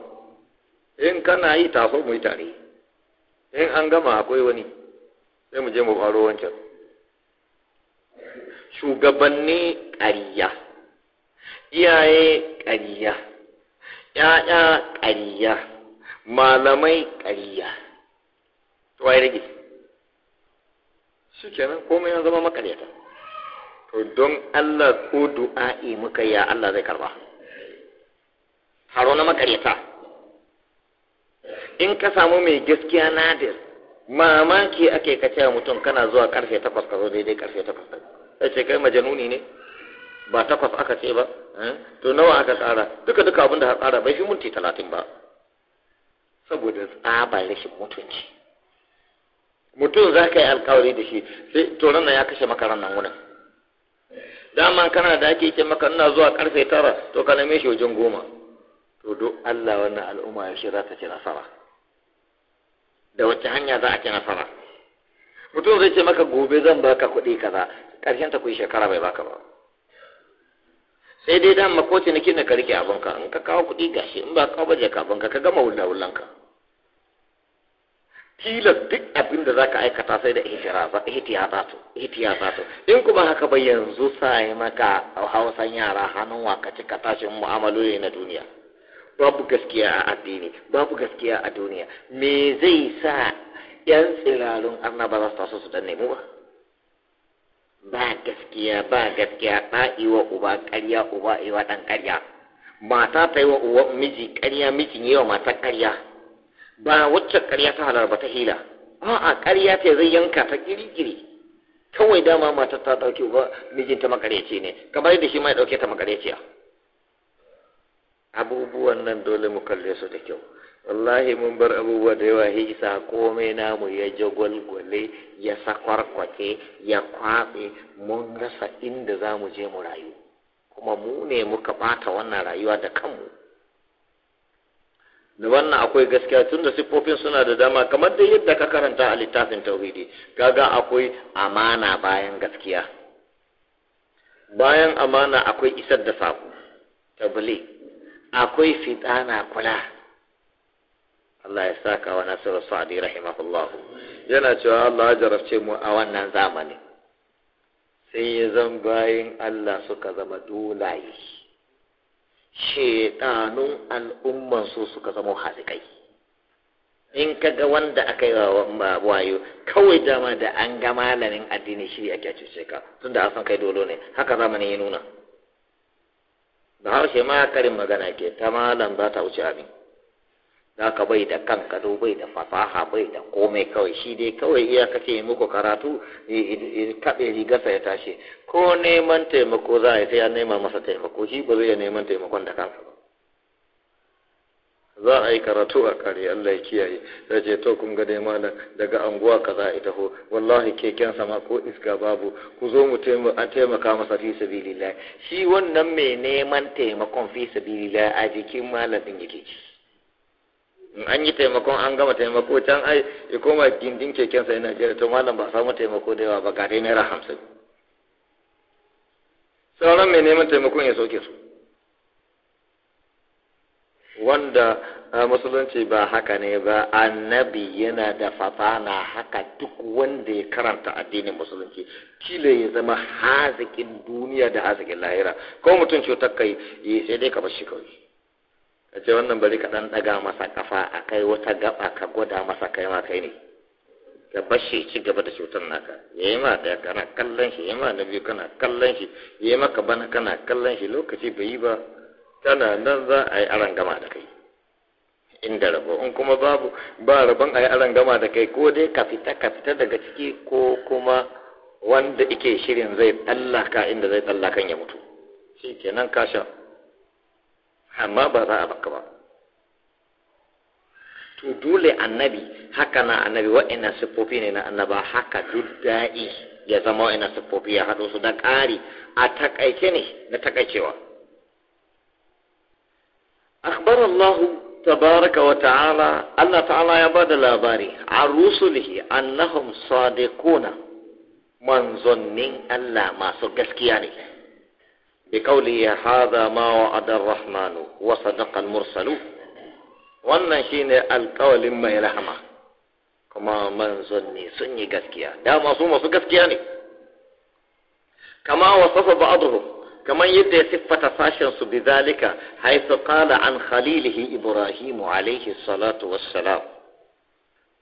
in kana yi taso mu yi tare in an gama akwai wani sai mu je mu faro wancan shugabanni ƙariya iyaye ƙariya ‘ya'ya ƙariya malamai ƙariya to ai rage shi kenan komai ya zama makaryata to don Allah ko du'a'i muka ya Allah zai karba haro na makaryata in ka samu mai gaskiya nadir mamaki ake kace mutum kana zuwa karfe takwas ka zo daidai karfe takwas ya ce kai majanuni ne ba takwas aka ce ba eh? to nawa aka tsara duka duka abin da tsara bai fi minti talatin ba saboda tsabar rashin mutunci mutum za ka yi alkawari da shi sai to nan ya kashe makaran nan wurin dama kana da ake ke maka ina zuwa karfe tara to ka neme shi wajen goma to do Allah wannan al'umma yaushe za ta ci nasara da wacce hanya za a ci nasara mutum zai ce maka gobe zan baka kuɗi kaza ƙarshen ta kuyi shekara bai baka ba sai dai dama ko ciniki kina ka rike ka. in ka kawo kuɗi gashi in ba kawo baje abinka ka ka gama wulla ka. tilas duk abin da za ka aikata sai da ihtiyata to in kuma haka ba yanzu sai maka hausan yara hannun ka cika tashin mu'amaloli na duniya babu gaskiya a addini babu gaskiya a duniya me zai sa yan tsirarun annaba za su taso su danne mu ba ba gaskiya ba gaskiya ɗa iwa uba karya, uba iwa ɗan karya. mata ta yi wa uwa miji karya, miji yi wa mata karya. ba wacce karya ta halar ba ta hila a'a karya ta zai yanka ta kirikiri kawai dama mata ta ɗauki uba mijinta makareci ne kamar yadda shi ma ya ɗauke ta makareciya abubuwan nan dole mu kalle su da kyau wallahi mun bar abubuwa da yawa hisa komai namu ya jagwalgwale ya sakwarkwake ya kwaɓe mun rasa inda za mu je mu rayu kuma mu ne muka ɓata wannan rayuwa da kanmu da wannan akwai gaskiya tun da siffofin suna da dama kamar da yadda ka karanta a littafin tauhidi kaga akwai amana bayan gaskiya bayan amana akwai isar da saƙo tabli akwai fitana kula Allah ya saka wa Nasiru Sa'di rahimahullah yana cewa Allah ya jarabce mu a wannan zamani sai ya zan bayin Allah suka zama dolaye shedanun al'umman su suka zama hazikai. in ka ga wanda aka yi wa wayo kawai dama da an ga malamin addini shi ake cece ka tunda an san kai dolo ne haka zamanin ya nuna da harshe ma karin magana ke ta malam za ta wuce abin za ka bai da kan gado bai da fasaha bai da komai kawai shi dai kawai iya kake muku karatu kaɗe rigarsa ya tashi ko neman taimako za a yi sai ya nema masa taimako shi ba zai neman taimakon da kansa ba za a yi karatu a kare Allah ya kiyaye da ce to kun ga dai malam daga anguwa a yi ho wallahi keken sama ko iska babu ku zo mu taimaka masa fi sabilillah shi wannan mai neman taimakon fi sabilillah a jikin malamin yake ci in an yi taimakon an gama taimako can ai ya koma gindin kekensa yana jira to malam ba samu taimako da yawa ba ga dai naira hamsin sauran mai neman taimakon ya soke su wanda musulunci ba haka ne ba annabi yana da fatana haka duk wanda ya karanta addinin musulunci kila ya zama hazikin duniya da hazikin lahira ko mutum cutar kai sai dai ka bar shi kawai ka ce wannan bari ka ɗan ɗaga masa kafa a kai wata gaba ka gwada masa kai ma kai ne ka bar shi ci gaba da cutar naka ya yi ma ɗaya kana kallon shi ya yi ma na biyu kana kallon shi ya yi maka bana kana kallon shi lokaci bai yi ba tana nan za a yi aran gama da kai inda rabo in kuma babu ba rabon a yi aran gama da kai ko dai ka fita ka fita daga ciki ko kuma wanda ike shirin zai tsallaka inda zai tsallakan ya mutu shi kenan ka sha amma ba za a baka ba to dole annabi haka na annabi wa'ina siffofi ne na annaba haka duk da'i ya zama wa'ina siffofi ya haɗo su da ƙari a takaice ne na takaicewa أخبر الله تبارك allah الله تعالى يبعد الأباري عن رسله أنهم صادقون من allah masu gaskiya ne. بقوله هذا ما وعد الرحمن وصدق المرسل wannan shine alƙawalin mai rahama kuma manzanni sun yi gaskiya dama su masu gaskiya ne kama wasafa ba'dhum kamar yadda ya siffata sashen su zalika haythu qala an khalilihi ibrahim alayhi salatu wassalam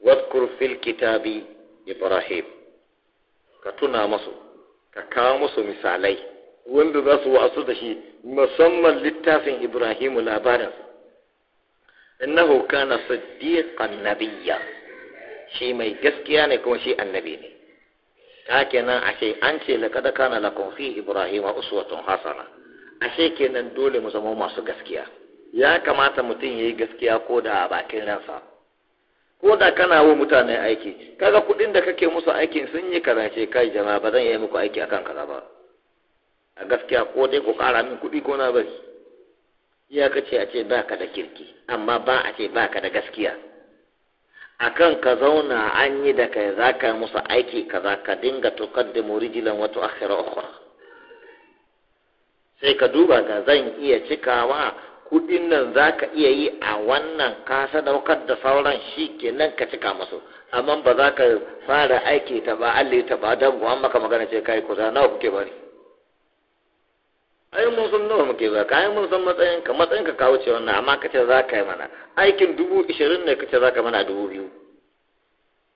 wadhkur fil kitabi ibrahim ka tuna masu ka kawo musu misalai wanda za su wasu da shi musamman littafin ibrahimu labarinsa innahu kana siddiqan nabiyya shi mai gaskiya ne kuma shi annabi ne ta kenan ashe an ce laqad kana lakum fi ibrahima uswatun hasana ashe kenan dole mu zama masu gaskiya ya kamata mutum yayi gaskiya ko da a bakin ransa ko da kana wa mutane aiki kaga kuɗin da kake musu aikin sun yi karace kai jama'a ba zan yi muku aiki akan kaza ba a gaskiya ko dai ku kara min kuɗi ko na bari ya ka ce a ce ba ka da kirki amma ba a ce ba ka da gaskiya A kan ka zauna an yi da kai za ka musu aiki ka za ka dinga tuqaddimu rijlan wato a ukhra sai ka duba ga zan iya cikawa kuɗin nan za ka iya yi a wannan ka sadaukar da sauran shi kenan ka cika masu, amma ba za ka fara aiki ta ba Alli ta ba dan maka magana ce kai kuza nawa kuke bari ai mun san nawa muke ba ka mun san matsayin ka matsayin ka kawo cewa na amma kace za ka yi mana aikin dubu ishirin ne kace za ka mana dubu biyu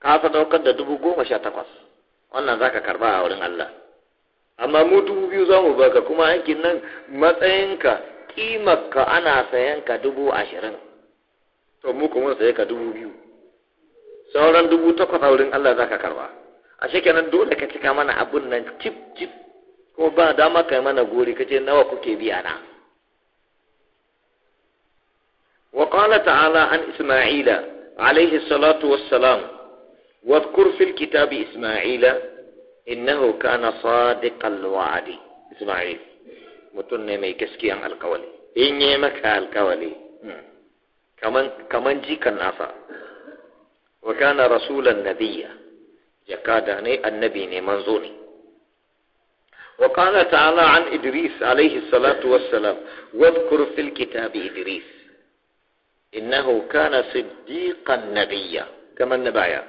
ka sadaukar da dubu goma sha takwas wannan za ka karba a wurin Allah amma mu dubu biyu za mu baka kuma aikin nan matsayinka ka ana sayan ka dubu ashirin to mu kuma saye ka dubu biyu sauran dubu takwas a wurin Allah za ka karba a shekenan dole ka cika mana abun nan cip cip ko ba dama kai mana gori kace nawa kuke biya na wa qala ta'ala an isma'ila alayhi salatu wassalam واذكر في الكتاب إسماعيل إنه كان صادق الوعد إسماعيل متن مي كسكي عن القول إني مكا القول كمان كمان جي كان أفا وكان رسولا نبيا جكادا النبي ني منزوني وقال تعالى عن إدريس عليه الصلاة والسلام واذكر في الكتاب إدريس إنه كان صديقا نبيا كما النبايا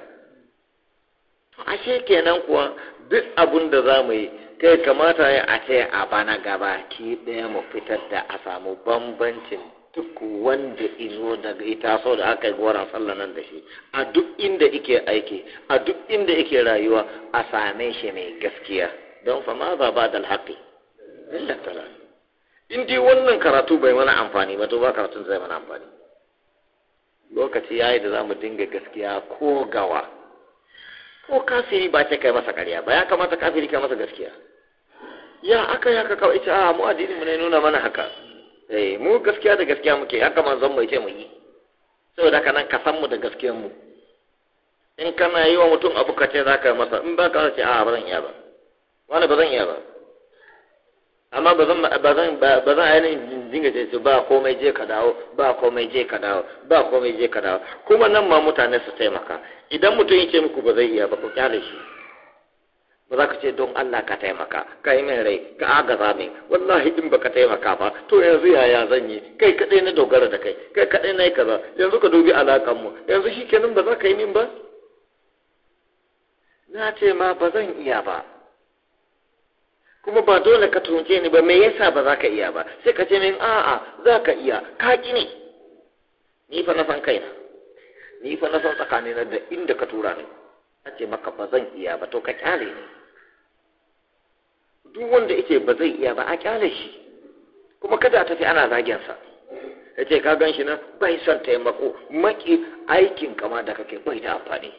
ashe kenan kuwa duk abun da za mu yi kai kamata ya a ce a bana gaba ki ɗaya mu fitar da a samu bambancin duk wanda izo daga ita so da aka yi goron sallah nan da shi a duk inda ike aiki a duk inda ike rayuwa a same shi mai gaskiya don fa ma za ba da alhaƙi illa talal in dai wannan karatu bai mana amfani ba to ba karatun zai mana amfani lokaci ya yi da za mu dinga gaskiya ko gawa ko kafiri ba ce kai masa ƙarya ba ya kamata kafiri kai masa gaskiya ya aka ya kawai ita a ah, mu addinin mu ne nuna mana haka eh mu gaskiya da gaskiya muke haka zan mu ce mu yi saboda haka nan ka san mu da gaskiyar mu in kana yi wa mutum abu ka ce za ka masa in ba ka ce a ah, ba zan iya ba wani ba zan iya ba amma ba zan ba zan ba zan ainihin dinga ce ba komai je ka dawo ba komai je ka dawo ba komai je ka dawo kuma nan ma mutane su taimaka idan mutum yake muku ba zai iya ba ku kyale shi ba za ka ce don Allah ka taimaka ka yi min rai ka agaza min wallahi in baka taimaka ba to yanzu yaya zan yi kai kadai na dogara da kai kai kadai na yi kaza yanzu ka dubi alakan mu yanzu shikenan ba za ka yi min ba na ce ma ba zan iya ba kuma ba dole ka tunce ni ba me yasa ba za ka iya ba sai ka ce min a'a za ka iya ka ki ne ni fa na san kaina ni fa na san tsakanina da inda ka tura ni a ce maka ba zan iya ba to ka kyale ni duk wanda yake ba zai iya ba a kyale shi kuma kada a tafi ana zagensa. sa ya ce ka gan shi na bai son taimako maki aikin kama da kake bai da amfani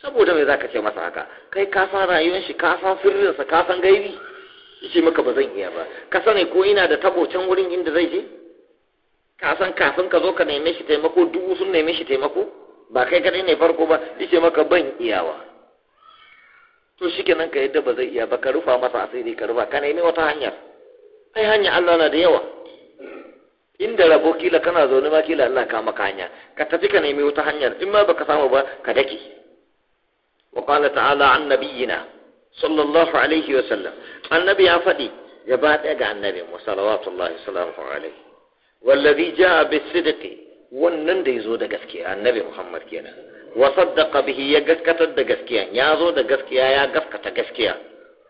saboda mai zaka ce masa haka kai ka san rayuwar shi ka san sirrinsa ka san gaibi yace maka ba zan iya ba ka sani ko ina da tabo can wurin inda zai je ka san kafin ka zo ka neme shi taimako dubu sun neme shi taimako ba kai kadai ne farko ba yace maka ban iyawa to shikenan ka yadda ba zai iya ba ka rufa masa asiri ka rufa ka nemi wata hanyar ai hanya Allah na da yawa inda rabo kila kana zaune ma kila Allah ka maka hanya ka tafi ka nemi wata hanyar in ma baka samu ba ka dake وقال تعالى عن نبينا صلى الله عليه وسلم النبي عفدي يبات أجع النبي وصلوات الله وسلامه عليه والذي جاء بالصدق wannan da ya zo da gaskiya annabi Muhammad kenan wa saddaqa bihi ya gaskatar da gaskiya ya zo da gaskiya ya gaskata gaskiya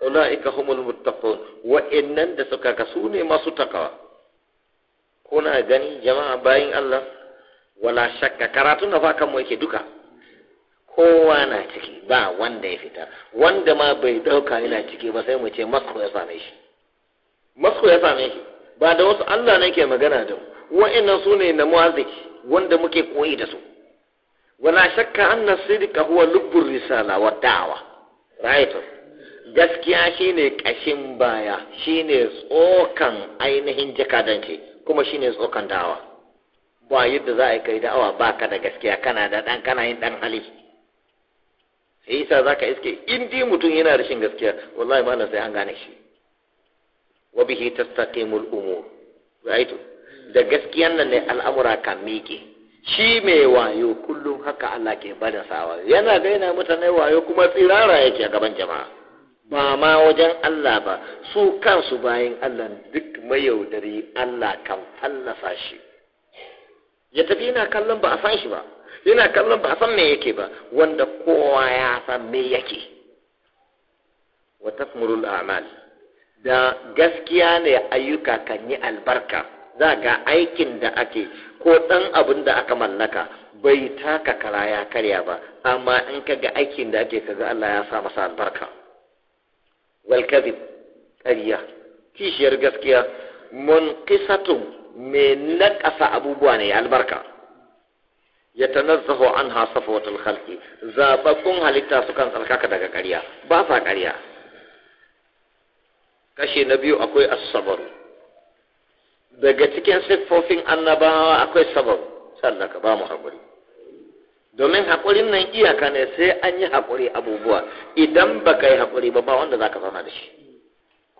ulaika humul muttaqun wa innan da suka kasu ne masu takawa kuna gani jama'a bayin Allah wala shakka karatu na fa duka kowa na ciki ba wanda ya fita wanda ma bai dauka yana ciki ba sai mu ce masko ya same shi masko ya same shi ba da wasu Allah ne ke magana da mu wa'annan su ne na muwazziki wanda muke koyi da su wala shakka anna sidqa huwa lubbur risala wa da'wa right gaskiya shine kashin baya shine tsokan ainihin jakadanci kuma shine tsokan da'wa ba yadda za a yi kai da'awa ba ka da gaskiya kana da dan kana yin dan hali yasa eh, zaka iske in dai mutum yana rashin gaskiya wallahi ma sai an gane shi wa bihi tastaqimul umur ra'aitu da gaskiyan nan ne al'amura kan miƙe shi mai wayo kullum haka Allah ke bada sawa yana ga yana mutane wayo kuma tsirara yake a gaban jama'a ba ma wajen Allah ba su kansu bayan Allah duk mayaudari Allah kan fallasa shi ya tafi yana kallon ba a san shi ba yana kallon ba san me yake ba wanda kowa ya san me yake wa tasmurul a'mal da gaskiya ne ayyuka kan yi albarka za ga aikin da ake ko ɗan abin da aka mallaka bai taka kara ya karya ba amma in ka ga aikin da ake kaga Allah ya sa masa albarka wal kadhib ƙarya kishiyar gaskiya mun qisatun me naƙasa abubuwa ne albarka ya tanazzahu an hasafa khalqi zababbun halitta sukan tsarkaka daga ƙarya ba sa ƙarya kashe na biyu akwai as-sabr daga cikin siffofin annabawa akwai sabaru sannan ka ba mu haƙuri domin haƙurin nan iyaka ne sai an yi haƙuri abubuwa idan ba ka yi haƙuri ba ba wanda za ka zama da shi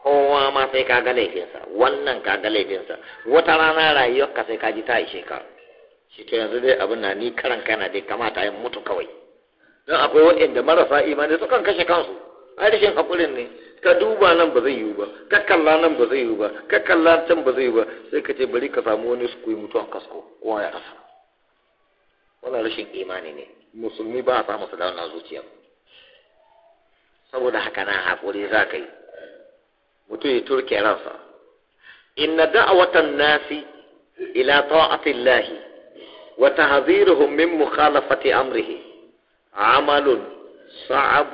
kowa ma sai ka ga laifinsa wannan ka ga laifinsa wata rana rayuwarka sai ka ji ta ishe ka shi to yanzu dai abin na ni karan kana dai kamata yin mutu kawai don akwai waɗanda marasa imani sukan kashe kansu ai rashin haƙurin ne ka duba nan ba zai yiwu ba ka kalla nan ba zai yiwu ba ka kalla can ba zai yiwu ba sai ka ce bari ka samu wani su koyi mutuwan kasko ko ya rasa wannan rashin imani ne musulmi ba a samu su launa zuciya saboda haka na haƙuri za ka yi mutum ya turke ransa inna da'awatan nasi ila ta'atillahi وتحذيرهم من مخالفة أمره عمل صعب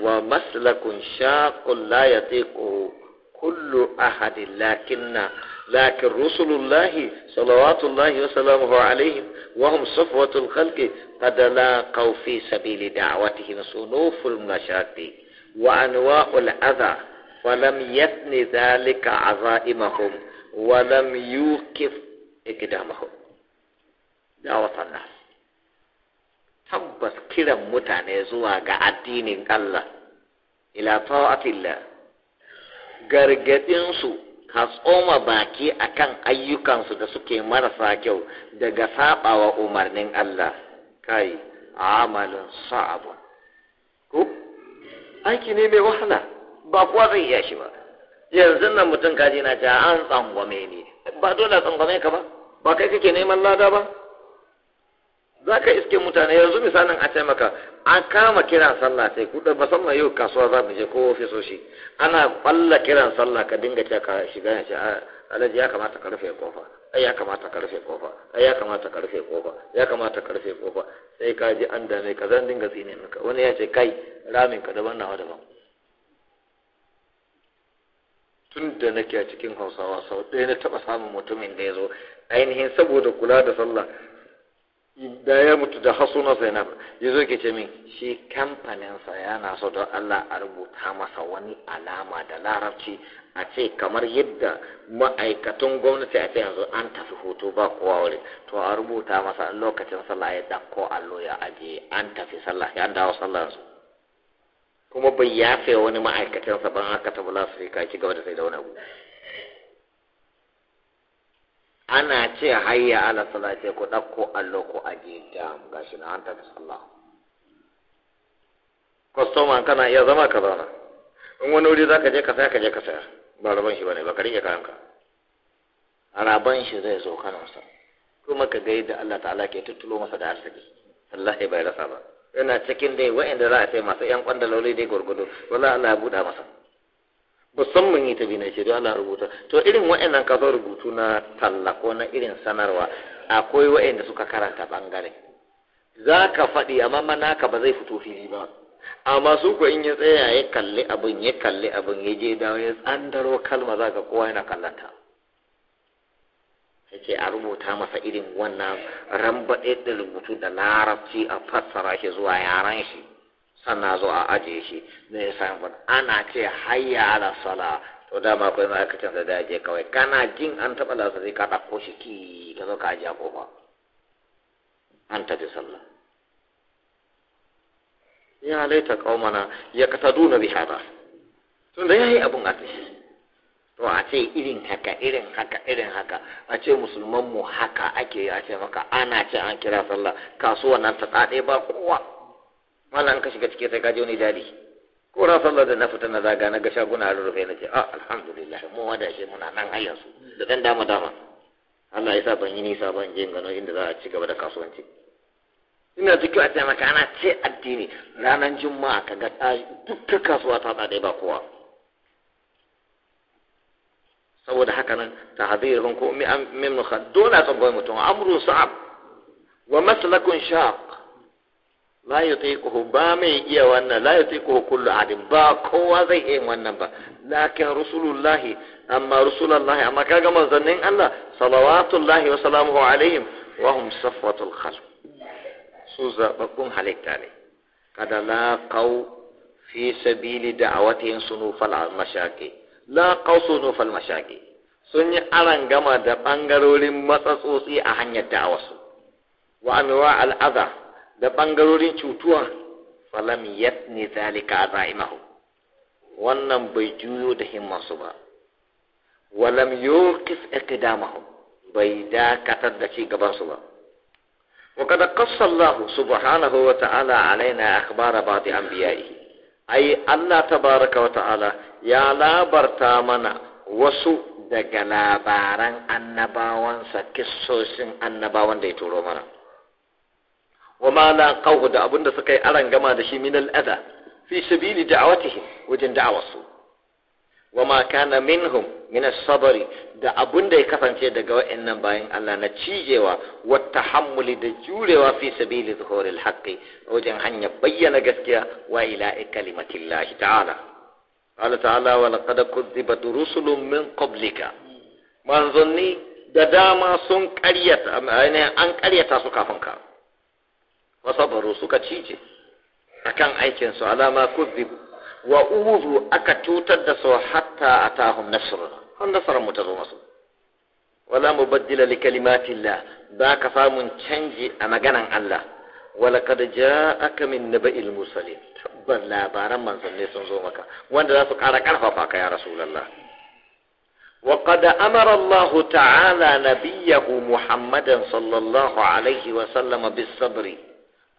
ومسلك شاق لا يطيقه كل أحد لكن لكن رسل الله صلوات الله وسلامه عليهم وهم صفوة الخلق قد لاقوا في سبيل دعوتهم صنوف المشاكل وأنواع الأذى فلم يثن ذلك عظائمهم ولم يوقف إقدامهم da'awat Allah tabbas kiran mutane zuwa ga addinin Allah ila ta'atillah gargadin su ka tsoma baki akan ayyukansu da suke marasa kyau daga sabawa umarnin Allah kai amalin sa'abu ko aiki ne mai wahala ba kuwa zai iya shi ba yanzu nan mutum kaji na ja an tsangwame ne ba dole tsangwame ka ba ba kai kake neman lada ba za ka iske mutane yanzu misalin a taimaka an kama kiran sallah sai kuɗa musamman yau kasuwa za mu je ko ofisoshi ana ɓalla kiran sallah ka dinga ce ka shiga ya ce alhaji ya kamata ka rufe kofa ai ya kamata ka rufe kofa ai ya kamata ka rufe kofa ya kamata ka rufe kofa sai ka ji an dame ka zan dinga tsine maka wani ya ce kai ramin ka daban nawa daban tun da nake a cikin hausawa sau ɗaya na taɓa samun mutumin da ya zo ainihin saboda kula da sallah da ya mutu da hasuna zainab ya zo ke ce min shi kamfaninsa yana so don Allah a rubuta masa wani alama da larabci a ce kamar yadda ma'aikatan gwamnati a ce yanzu an tafi hoto ba kowa wuri to a rubuta masa lokacin sallah ya dako allo ya aje an tafi sallah ya dawo sallah yanzu kuma bai yafe wani ma'aikatansa ban aka tabbala su ka ci gaba da sai da wani abu ana ce hayya ala salati ku ɗauko allo ko a gida gashi na an tafi sallah kwastoma kana iya zama ka zauna in wani wuri za ka je ka saya ka je ka saya ba rabon shi bane ba ka rike kayanka a shi zai zo sa kuma ka ga da Allah ta'ala ke tuttulo masa da arziki wallahi bai rasa ba yana cikin dai wa'anda za a sai masu yan kwandalolai dai gurgudu wallahi Allah ya buɗa masa musamman yi tabi na shaidu ana rubuta to irin wa'annan kasar rubutu na talla ko na irin sanarwa akwai wa'anda suka karanta bangare za ka faɗi amma manaka ba zai fito fili ba amma su ko in ya tsaya ya kalli abin ya kalli abin ya je dawo ya tsandaro kalma za ka kowa yana kallanta ya a rubuta masa irin wannan rambaɗe da rubutu da larabci a fassara shi zuwa yaran shi sannan zo a ajiye shi ne safin ana ce hayya ala sala to da kai ma ma'aikacin da da je kawai kana jin an taɓa lasa zai ka ɗauko shi ki ka zo ka ajiye kofa an tafi sallah ya laita kaumana ya kataduna bi hada tunda yayi abun a tashi to a ce irin haka irin haka irin haka a ce musulman mu haka ake a ce maka ana ce an kira sallah kasuwa nan ta tsade ba kowa malam ka shiga cike sai ka je wani dadi ko na san da na fita na zaga na ga shaguna rufe na ce ah alhamdulillah mu wada shi muna nan har yanzu da dan dama dama Allah ya sa ban yi nisa ban je gano inda za a ci gaba da kasuwanci ina cikin a taimaka ana ce addini ranar juma'a ka ga dukkan kasuwa ta tsada ba kowa saboda haka nan ta hadirin ko min dole a tsagoyi mutum amru sa'ab wa maslakun shaq la yutiquhu ba mai iya wannan la yutiquhu kullu adin ba kowa zai iya wannan ba lakin rusulullahi amma rusulullahi amma kaga manzannin Allah salawatullahi wa salamuhu alaihim wa hum safwatul khalq su zababbun halitta ne kada la qaw fi sabili da'awatihim sunufal mashaqi la qaw sunufal mashaqi sun yi aran gama da bangarorin matsatsotsi a hanyar da'awarsu wa anwa al'adha da ɓangarorin cutuwa falam yatni zalika azaimahu wannan bai juyo da himmansu ba walam yurkis iqdamahum bai dakatar da ci gabansu ba وقد قص الله سبحانه وتعالى علينا أخبار بعض أنبيائه أي الله تبارك وتعالى يا لا برتامنا وسو دقلا باران النباوان سكسوسين النباوان دي تورو منا wa ma laqahu da abinda suka yi aran gama da shi min al-adha fi sabili da'watihim wajen da'awarsu wa ma kana minhum min as-sabri da abinda ya kasance daga wayannan bayan Allah na cijewa wa tahammuli da jurewa fi sabili zuhuril haqqi wajen hanya bayyana gaskiya wa ila kalimatillahi ta'ala Allah ta'ala wa laqad kuzzibat rusulun min qablika manzanni da dama sun ƙaryata an ƙaryata su kafin ka wasabaru suka cije akan aikin su alama kuzibu wa uzu aka cutar da su hatta atahum nasruna har nasarar mu ta zo masu wala li kalimatillah ba ka samun canji a maganan Allah wala kad ja'aka min naba'il mursalin tabbar labaran manzanni sun zo maka wanda za su ƙara ƙarfafa ka ya rasulullah وقد أمر الله تعالى نبيه محمدا صلى الله عليه وسلم بالصبر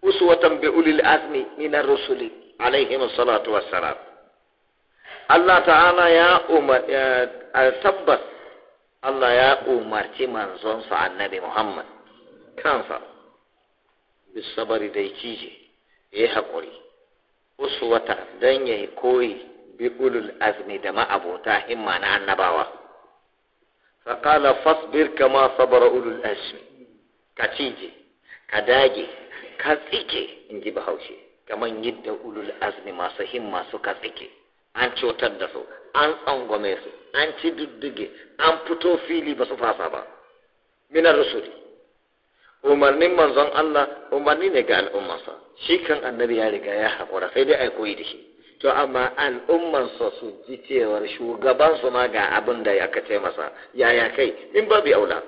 uswatan bi ulil azmi min ar-rusuli alaihim salatu salam. Allah ta'ala ya umar tabbas Allah ya umarci sa annabi Muhammad kansa sabari da kije ya yi haƙuri uswata don ya koyi bi ulul azmi da ma'abota himma na annabawa faƙala fasbir kama sabara ulul azmi ka cije ka dage ka tsike in ji bahaushe kamar yadda ulul azmi masu himma suka tsike an cutar da su an tsangwame su an ci duddige an fito fili ba su fasa ba minar rusuli umarnin manzon Allah umarni ne ga al'ummarsa shi kan annabi ya riga ya haƙura sai dai ai koyi da shi to amma al'ummarsa su ji cewar shugabansu ma ga abin da aka ce masa yaya kai in babu aula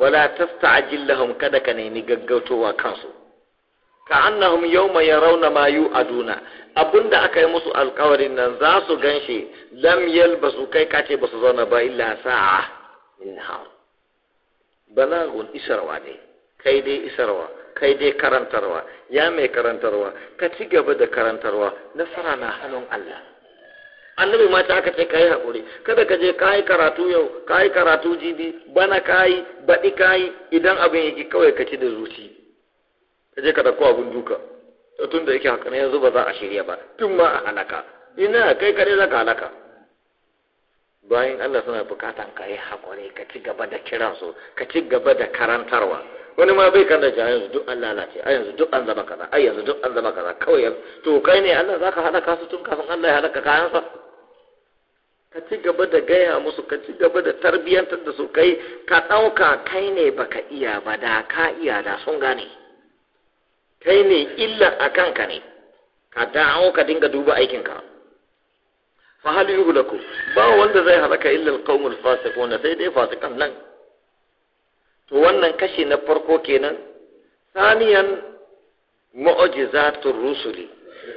wala tasta'jil lahum kada ka nemi gaggautowa kansu ka annahum yawma yarawna ma yu'aduna abunda aka yi musu alkawarin nan za su ganshi lam yalbasu kai kace ba su zauna ba illa sa'a min har balagun isarwa ne kai dai isarwa kai dai karantarwa ya mai karantarwa ka ci gaba da karantarwa nasara na hannun Allah annabi ta aka ce kai hakuri kada ka je kai karatu yau kai karatu jibi bana kai baɗi kai idan abin yake kawai ka ci da zuci ka je ka dauko abun duka tun da yake haka ne yanzu ba za a shirya ba tun ma a halaka ina kai kare za ka halaka bayan Allah suna bukatan ka yi hakuri ka ci gaba da kiransu ka ci gaba da karantarwa wani ma bai kan da ji yanzu duk an lalace a yanzu duk an zama kaza a yanzu duk an zama kaza kawai to kai ne Allah zaka halaka su tun kafin Allah ya halaka kayansa ka ci gaba da gaya musu ka ci gaba da tarbiyyantar da su kai ka ɗauka kai ne baka iya ba da ka iya da sun gane kai ne illa a kanka ne ka dawo ka dinga duba aikinka fa hal yuhlaku ba wanda zai halaka illa alqaumul fasiquna sai dai fasikan nan to wannan kashi na farko kenan saniyan mu'jizatur rusuli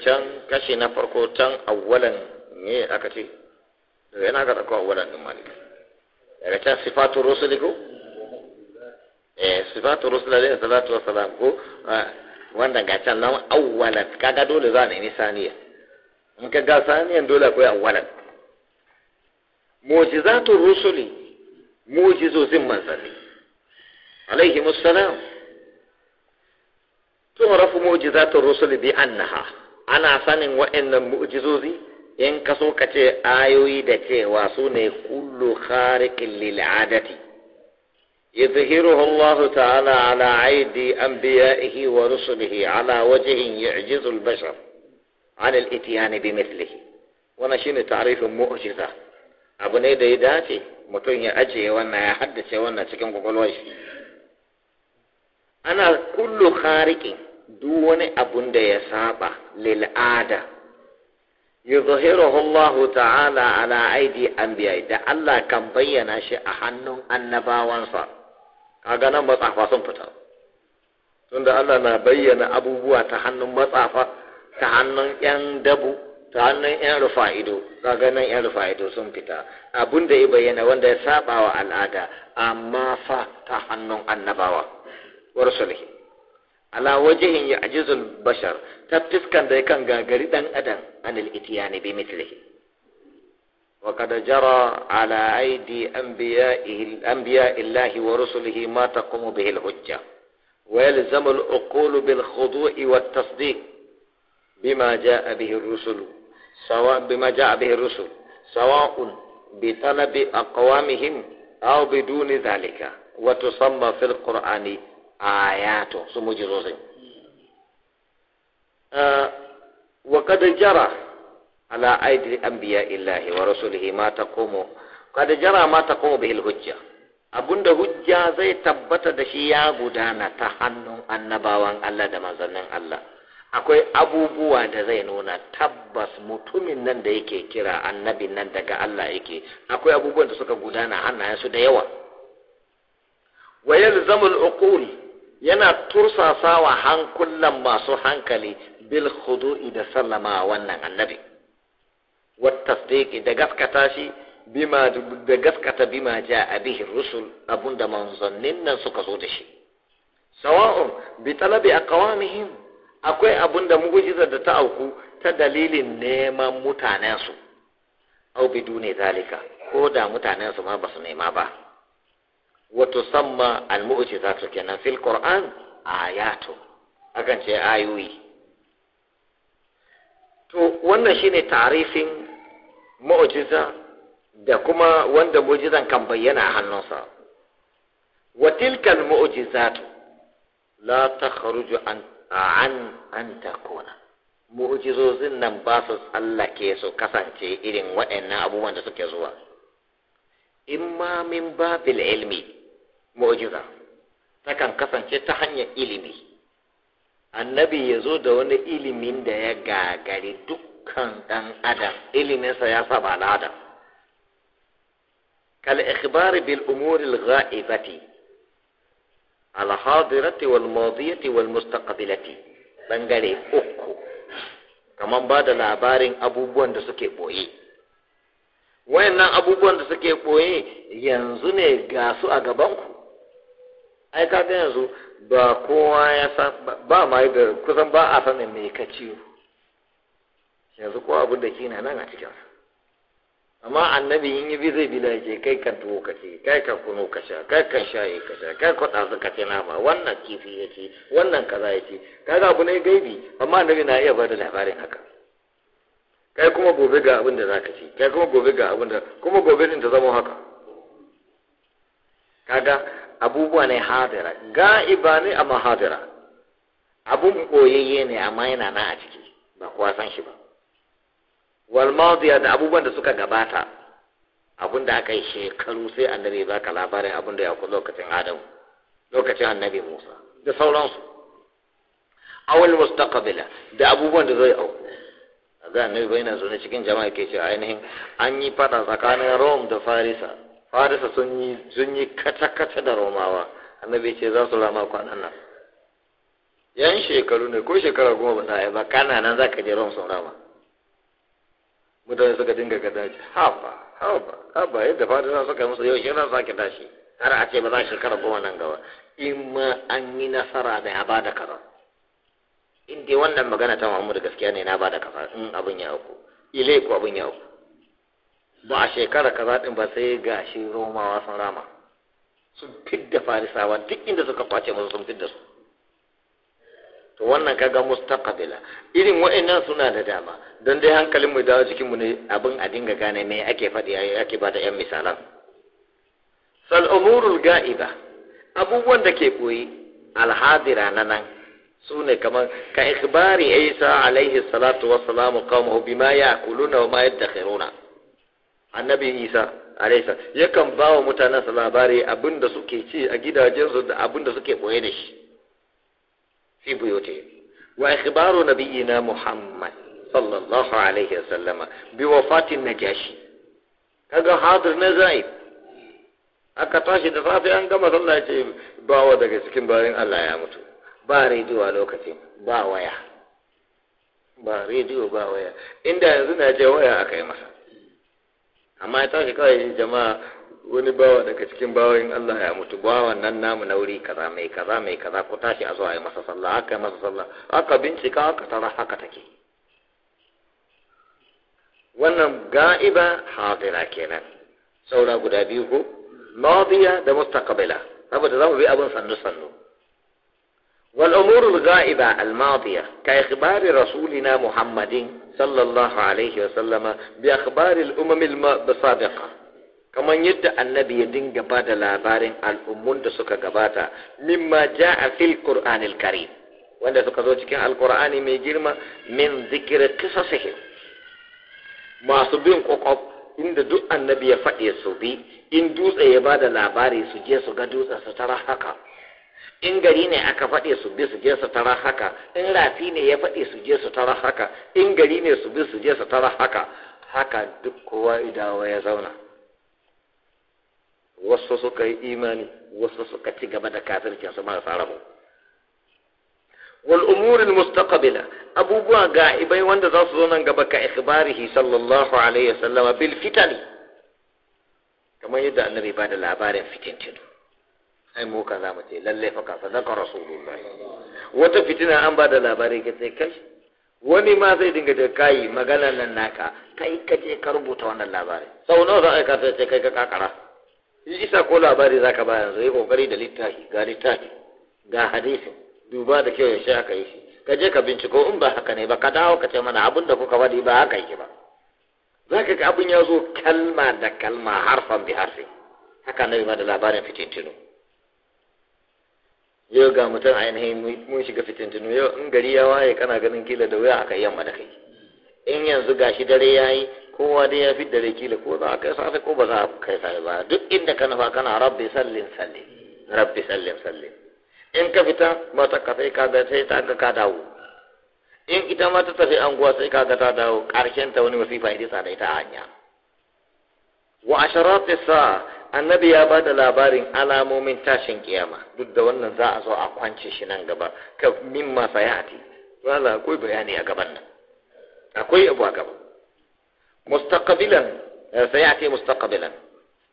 can kashi na farko can awwalan ne aka ce yana ga ɗaukar wadda ɗin malik daga can sifatu rusuli ko eh sifatu rusuli alaihi salatu wassalam ko ah, wanda ga can nan awwalat kaga dole za ne saniya in ka ga saniyan dole akwai awwalat mu'jizatu rusuli mu'jizozin manzanni alaihi musallam tu'rafu mu'jizatu rusuli bi annaha ana sanin wa'annan mu'jizozi in ka so ka ce ayoyi da cewa su ne kullu kharikin lil adati yadhhiruhu Allah ta'ala ala aidi anbiya'ihi wa rusulihi ala wajhin yu'jizu al-bashar ala al-ityan bi mithlihi wannan shine ta'rifin mu'jiza abu ne da ya dace mutum ya ajiye wannan ya haddace wannan cikin kwakwalwar shi ana kullu kharikin duk wani abun da ya saba lil'ada yuzhiruhu Allah ta'ala ala aidi anbiya da Allah kan bayyana shi a hannun annabawansa kaga nan matsafa sun fita tunda Allah na bayyana abubuwa ta hannun matsafa ta hannun yan dabu ta hannun yan rufa'ido kaga nan yan rufa'ido sun fita abun da ya bayyana wanda ya sabawa al'ada amma fa ta hannun annabawa wa ala wajihin ya ajizul bashar ta fiskan da yakan gagari dan adam anil itiyani bi mithlihi wa kad jara ala aidi anbiya'ihi anbiya'illahi wa rusulihi ma taqumu bihi al-hujja wa yalzamu al-uqulu bil khudu'i wat tasdiq bima jaa bihi ar-rusul sawa bima jaa bihi ar-rusul sawa'un bi talabi aqwamihim aw biduni dhalika wa tusamma fil qur'ani ayatun su mujizozin wa kada jara ala aidi anbiya illahi wa rasulihi ma taqumu kada jara ma taqumu bihil hujja abunda hujja zai tabbata da shi ya gudana ta hannun annabawan Allah da manzannin Allah akwai abubuwa da zai nuna tabbas mutumin nan da yake kira annabin nan daga Allah yake akwai abubuwan da suka gudana hannayensu da yawa wa yalzamul yana tursasawa hankulan masu hankali bil khudu'i da sallama wannan annabi wat tasdiqi da gaskata shi bima da gaskata bima ja abihi rusul abunda manzannin nan suka zo da shi sawa'un bi talabi aqwamihim akwai abunda mu'jizar da ta auku ta dalilin neman mutanensu au bidune zalika ko da mutanensu ma basu nema ba wato samma al-mu'jizatu kenan fil qur'an ayatu akan ce ayoyi to wannan shine tarifin mu'jiza da kuma wanda mu'jizan kan bayyana a hannunsa wa tilkal mu'jizatu la takhruju an an an takuna mu'jizozin nan ba su ke su kasance irin waɗannan abubuwan da suke zuwa imma min babil ilmi mu'jiza takan kasance ta hanyar ilimi annabi ya zo da wani ilimin da ya gagari dukkan ɗan adam iliminsa ya saba al'ada kal ikhbar bil umuri al-ghaibati al-hadirati wal madiyati wal mustaqbilati bangare uku Kamar ba da labarin abubuwan da suke boye wayannan abubuwan da suke boye yanzu ne ga su a gabanku ai ka ga yanzu ba kowa ya san ba ma da kusan ba a sanin mai ka ciwo yanzu ko abin da ke nan a cikin amma annabi in yi bi zai bi da yake kai kan tuwo ka ce kai kan kuno ka sha kai kan shaye ka sha kai kwaɗa su ka ce nama wannan kifi ya ce wannan kaza ya ce ga abu ne gaibi amma annabi na iya ba da labarin haka kai kuma gobe ga abin da ka ci kai kuma gobe ga abin da kuma gobe din ta zama haka kaga abubuwa ne hadira ga'iba ne amma hadira abun koyayye ne amma yana na a ciki ba kowa san shi ba wal madiya da abubuwan da suka gabata abun da aka yi shekaru sai annabi ba ka labarin abun da ya ku lokacin adam lokacin annabi musa da sauransu awal mustaqbila da abubuwan da zai au ga annabi bai na ne cikin jama'a ke ce ainihin an yi fada tsakanin rome da farisa farisa sun yi sun yi kata-kata da romawa annabi ce za su lama kwanan nan yan shekaru ne ko shekara goma ba ba kana nan za ka je rom sun rama mutane suka dinga ga dace, haba haba haba yadda farisa suka musu yau za ka tashi har a ce ba za shekara goma nan gaba in ma an yi nasara da ya ba da kaza in dai wannan magana ta muhammadu gaskiya ne na ba da kaza in abin ya auku ilai ku abin ya auku ba a shekara kaza din ba sai ga shi romawa sun rama sun fidda farisawa duk inda suka kwace musu sun fidda su to wannan kaga mustaqbila irin wa'annan suna da dama don dai hankalin mu dawo cikin mu ne abin a dinga gane me ake faɗi ake bada yan misalan sal umurul ga'iba abubuwan da ke koyi alhadira na nan su ne kamar ka ikhbari isa alaihi salatu wassalamu qaumahu bima ya'kuluna wa ma yaddakhiruna annabi isa alaisa yakan ba wa mutanensa labari abin da suke ci a gidajensu da abin da suke boye da shi fi buyote wa ikhbaru nabiyina muhammad sallallahu alaihi wasallam bi wafatin najashi kaga hadir na zai aka tashi da safe an gama sallah ce bawa daga cikin bayan Allah ya mutu ba rediyo a lokacin ba waya ba rediyo ba waya inda yanzu na je waya aka yi masa amma ya tashi kawai jama'a wani bawa daga cikin bawayin Allah ya mutu ba wannan namu na wuri kaza mai kaza mai kaza ku tashi a zo a yi masa sallah haka masa sallah haka bincika haka tara haka take wannan ga'iba hadira kenan saura guda biyu ko madiya da mustaqbala saboda zamu bi abin sannu sannu والأمور الغائبة الماضية كإخبار رسولنا محمد صلى الله عليه وسلم بأخبار الأمم السابقة kamar yadda annabi ya dinga ba da labarin al'ummun da suka gabata mimma ja'a fil qur'anil karim wanda suka zo cikin Alkur'ani mai girma min zikri qisasihim masu bin kokof inda duk annabi ya faɗe su bi in dutse ya ba da labari su je su ga dutsen su tara haka in gari ne aka faɗe su bi su je su tara haka in rafi ne ya faɗe su je su tara haka in gari ne su bi su je su tara haka haka duk kowa idawa ya zauna wasu suka yi imani wasu suka ci gaba da kafircin su marasa rabu wal umurin mustaqbila abubuwa ga ibai wanda za su zo nan gaba ka ikhbarihi sallallahu alaihi wasallama bil fitani kamar yadda annabi ba da labarin fitintinu ai mu kaza mu ce lalle fa ka sadaka rasulullah wata fitina an ba da labari ka sai kai wani ma zai dinga da kai magana nan naka kai ka je ka rubuta wannan labari sau nawa za a ka sai kai ka kakara isa ko labari zaka ba yanzu yi kokari da littafi ga littafi ga hadisi duba da kyau ya sha aka yi shi ka je ka binciko in ba haka ne ba ka dawo ka ce mana abin da kuka faɗi ba haka yake ba za ka ga abin ya zo kalma da kalma harfan bi harfi haka ne ma da labarin fitintinu yau ga mutum ainihin mun shiga fitintinu yau in gari ya waye kana ganin kila da wuya aka yamma da kai in yanzu gashi dare ya yi kowa dai ya fi dare kila ko za a kai safe ko ba za a kai safe ba duk inda ka nufa kana rabbi sallin sallin rabbi sallin sallin in ka fita mata ka sai ka ga sai ta ga ka dawo in ita ma ta tafi anguwa sai ka ga ta dawo karshen ta wani wasifa ya da ita a hanya wa asharatis sa annabi ya ba da labarin alamomin tashin kiyama duk da wannan za a zo a kwance shi nan gaba ka min masa ya wala akwai bayani a gaban nan akwai abu a gaba mustaqbilan eh, sayati mustaqbilan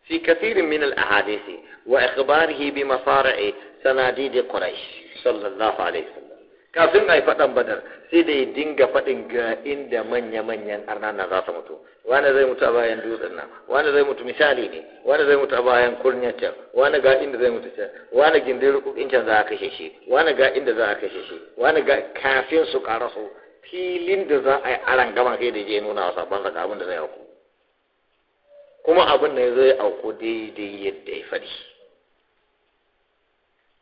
fi kathirin min al ahadisi wa ikhbarihi bi masari'i sanadid quraish sallallahu alaihi wasallam kafin ai fadan badar sai da ya dinga faɗin ga inda manya-manyan arnana za su mutu wani zai mutu a bayan dutsen nan wani zai mutu misali ne wani zai mutu a bayan kurnyar can wani ga inda zai mutu can wani gindin rukukin can za a kashe shi wani ga inda za a kashe shi wani ga kafin su karasu filin da za a yi aran gaban kai da je nuna wa sabon daga abin da zai auku kuma abin da zai auku daidai yadda ya faɗi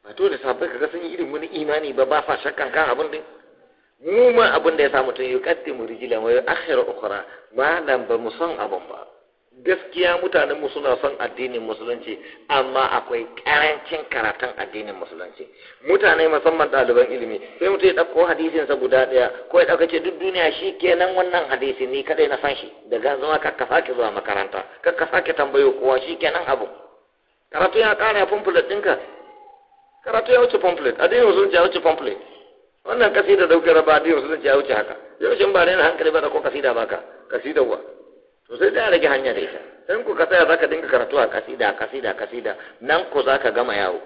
ba to da sabai kaga sun yi irin wani imani ba ba fa shakkan kan abin din mu ma abin da ya sa mutum yuqaddimu rijlan wa yu'akhiru ukhra nan ba mu son abin ba gaskiya mutanen mu suna son addinin musulunci amma akwai karancin karatun addinin musulunci mutane musamman ɗaliban ilimi sai mutum ya ɗauko hadisin sa guda ɗaya ko ya ɗauka ce duk duniya shi kenan wannan hadisi ni kadai na san shi daga zama ka ka ki zuwa makaranta ka ka sake tambayo kowa shi kenan abu karatu ya ƙara pamphlet ɗinka karatu ya wuce pamphlet addinin musulunci ya wuce pamphlet wannan kasida daukar raba da yau sun ce ya wuce haka yau shin ba na hankali ba da ko kasida baka kasida wa to sai da rage hanya da ita Dan ku ka zaka dinga karatu a kasida kasida kasida nan ku zaka gama yawo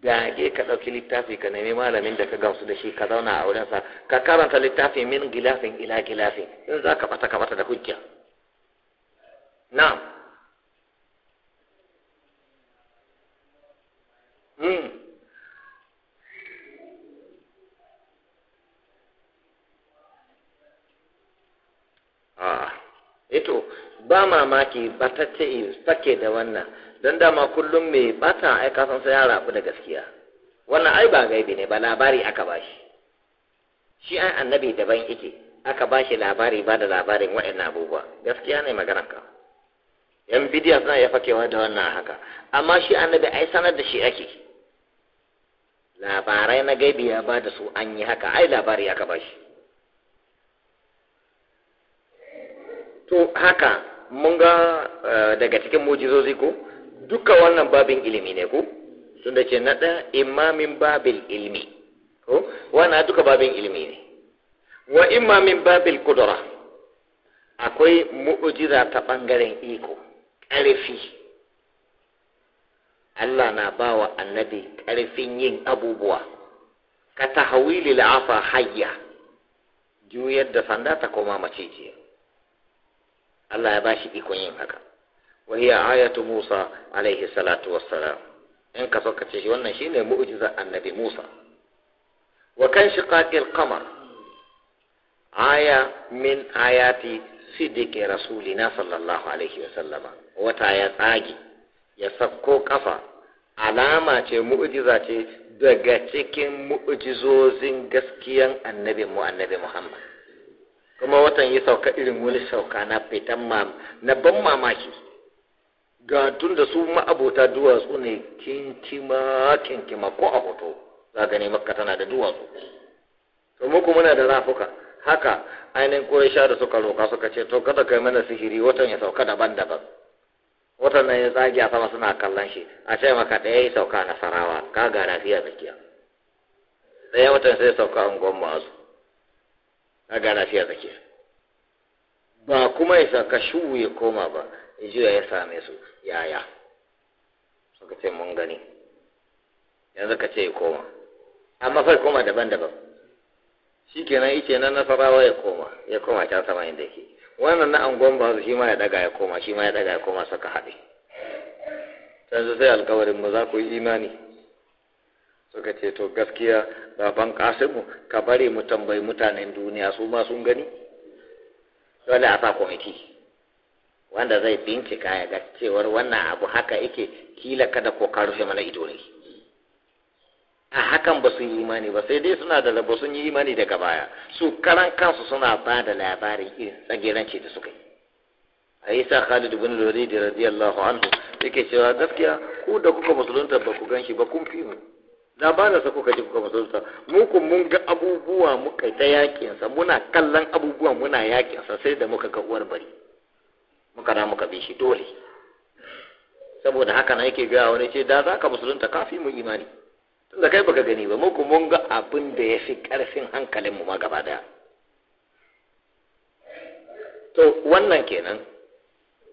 dage ka ɗauki littafi ka nemi malamin da ka gamsu da shi ka zauna a sa ka karanta littafi min gilafin ila gilafin in za bata ka bata da hujja na'am hmm. a ah. ito ba mamaki ba ta ce take da wannan don dama kullum mai bata ai kasan sai ya rabu da gaskiya wannan ai ba gaibi ne ba labari aka bashi shi ai annabi daban yake aka bashi labari ba da labarin wa'in abubuwa gaskiya ne magana ka yan bidiya suna ya fakewa da wannan haka amma shi annabi ai sanar da shi ake labarai na gaibi ya ba da su an yi haka ai labari aka bashi to haka mun ga eh, daga cikin mujizozi ko duka wannan babin ilimi ne ko da ce na ɗaya imamin babin ilimi ko wannan duka babin ilimi ne wa imamin babin kudura akwai mu'ujiza ta ɓangaren iko ƙarfi Allah na ba wa annabi ƙarfin yin abubuwa ka ta hawili la'afa hayya juyar da sanda ta koma maciciya Allah ya shi ikon yin haka wa ayatu Musa alaihi salatu wassalam in ka so ka ce shi wannan shine mu'jizar annabi Musa wa kan shiqaqil qamar aya min ayati sidiki rasulina sallallahu alaihi wasallama wata ya tsage ya sakko kafa alama ce mu'jiza ce daga cikin mu'jizozin gaskiyan annabi mu annabi Muhammad kuma watan ya sauka irin wani sauka na fitan mam na ban mamaki ga tun da su ma'abota duwatsu ne kinkima kinkima ko a hoto za gani makka tana da duwatsu kuma kuma muna da rafuka haka ainihin koyasha da suka roka suka ce to kada kai mana sihiri watan ya sauka daban-daban watan nan ya tsage a sama suna kallon shi a ce maka ɗaya ya sauka nasarawa ka ga lafiya tsakiya ɗaya watan sai sauka unguwan su. na ga lafiya a ba kuma ya saka shu ya koma ba ya juya ya same su yaya suka ce mun gani yanzu ka ce ya koma amma fa koma daban-daban shi kenan ice na nasarawa ya koma ya koma can sama inda yake wannan na angon ba shi ma ya daga ya koma shi ma ya daga ya koma suka haɗe yanzu sai alkawarin mu za ku yi imani suka ce to gaskiya baban kasimu ka bari mu tambayi mutanen duniya su ma sun gani dole a sa kwamiti wanda zai bincika ya ga cewar wannan abu haka yake kila kada ko ka rufe mana ido ne a hakan ba sun yi imani ba sai dai suna da labo sun yi imani daga baya su karan kansu suna ba da labarin irin tsagiranci da suka yi a yi sa khalid bin lori da radiyallahu anhu yake cewa gaskiya ku da kuka musulunta ba ku gan shi ba kun fi mu Da na sako ka ji kuka musulunta mu kun mun ga abubuwa muka ta yakin sa muna kallon abubuwa muna yakin sa sai da muka ga uwar bari muka da muka bishi dole saboda haka na yake ga wani ce da za ka musulunta kafi mu imani tun da kai baka gani ba mu kun mun ga abin da ya fi karfin hankalin mu ma gaba daya to wannan kenan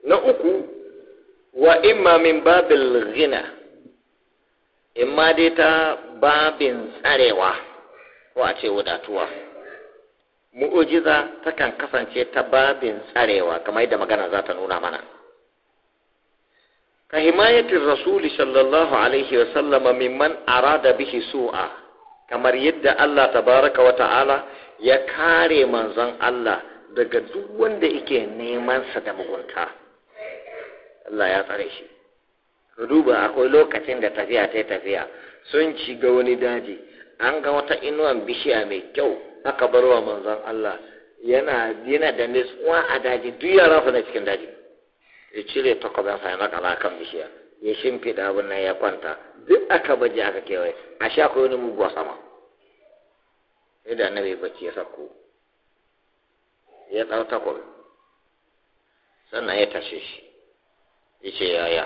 na uku wa imma min babil ghina in ma dai ta babin tsarewa ko a ce wadatuwa mu'ujiza ta kan kasance ta babin tsarewa kamar yadda magana za ta nuna mana ka himayatin rasuli sallallahu alaihi wasallama mimman arada bihi su'a kamar yadda Allah tabaraka wa ta'ala ya kare manzon Allah daga duk wanda yake neman sa da mugunta Allah ya tsare shi ka duba akwai lokacin da tafiya ta tafiya sun shiga wani daji an ga wata inuwan bishiya mai kyau aka bar wa manzon Allah yana yana da nutsuwa a daji duk ya rafa na cikin daji ya cire takwabansa ya makala kan bishiya ya da abin nan ya kwanta duk aka baje aka kewaye a sha akwai wani muguwa sama sai da annabi bacci ya sako ya ɗau takwabin sannan ya tashe shi ya ce yaya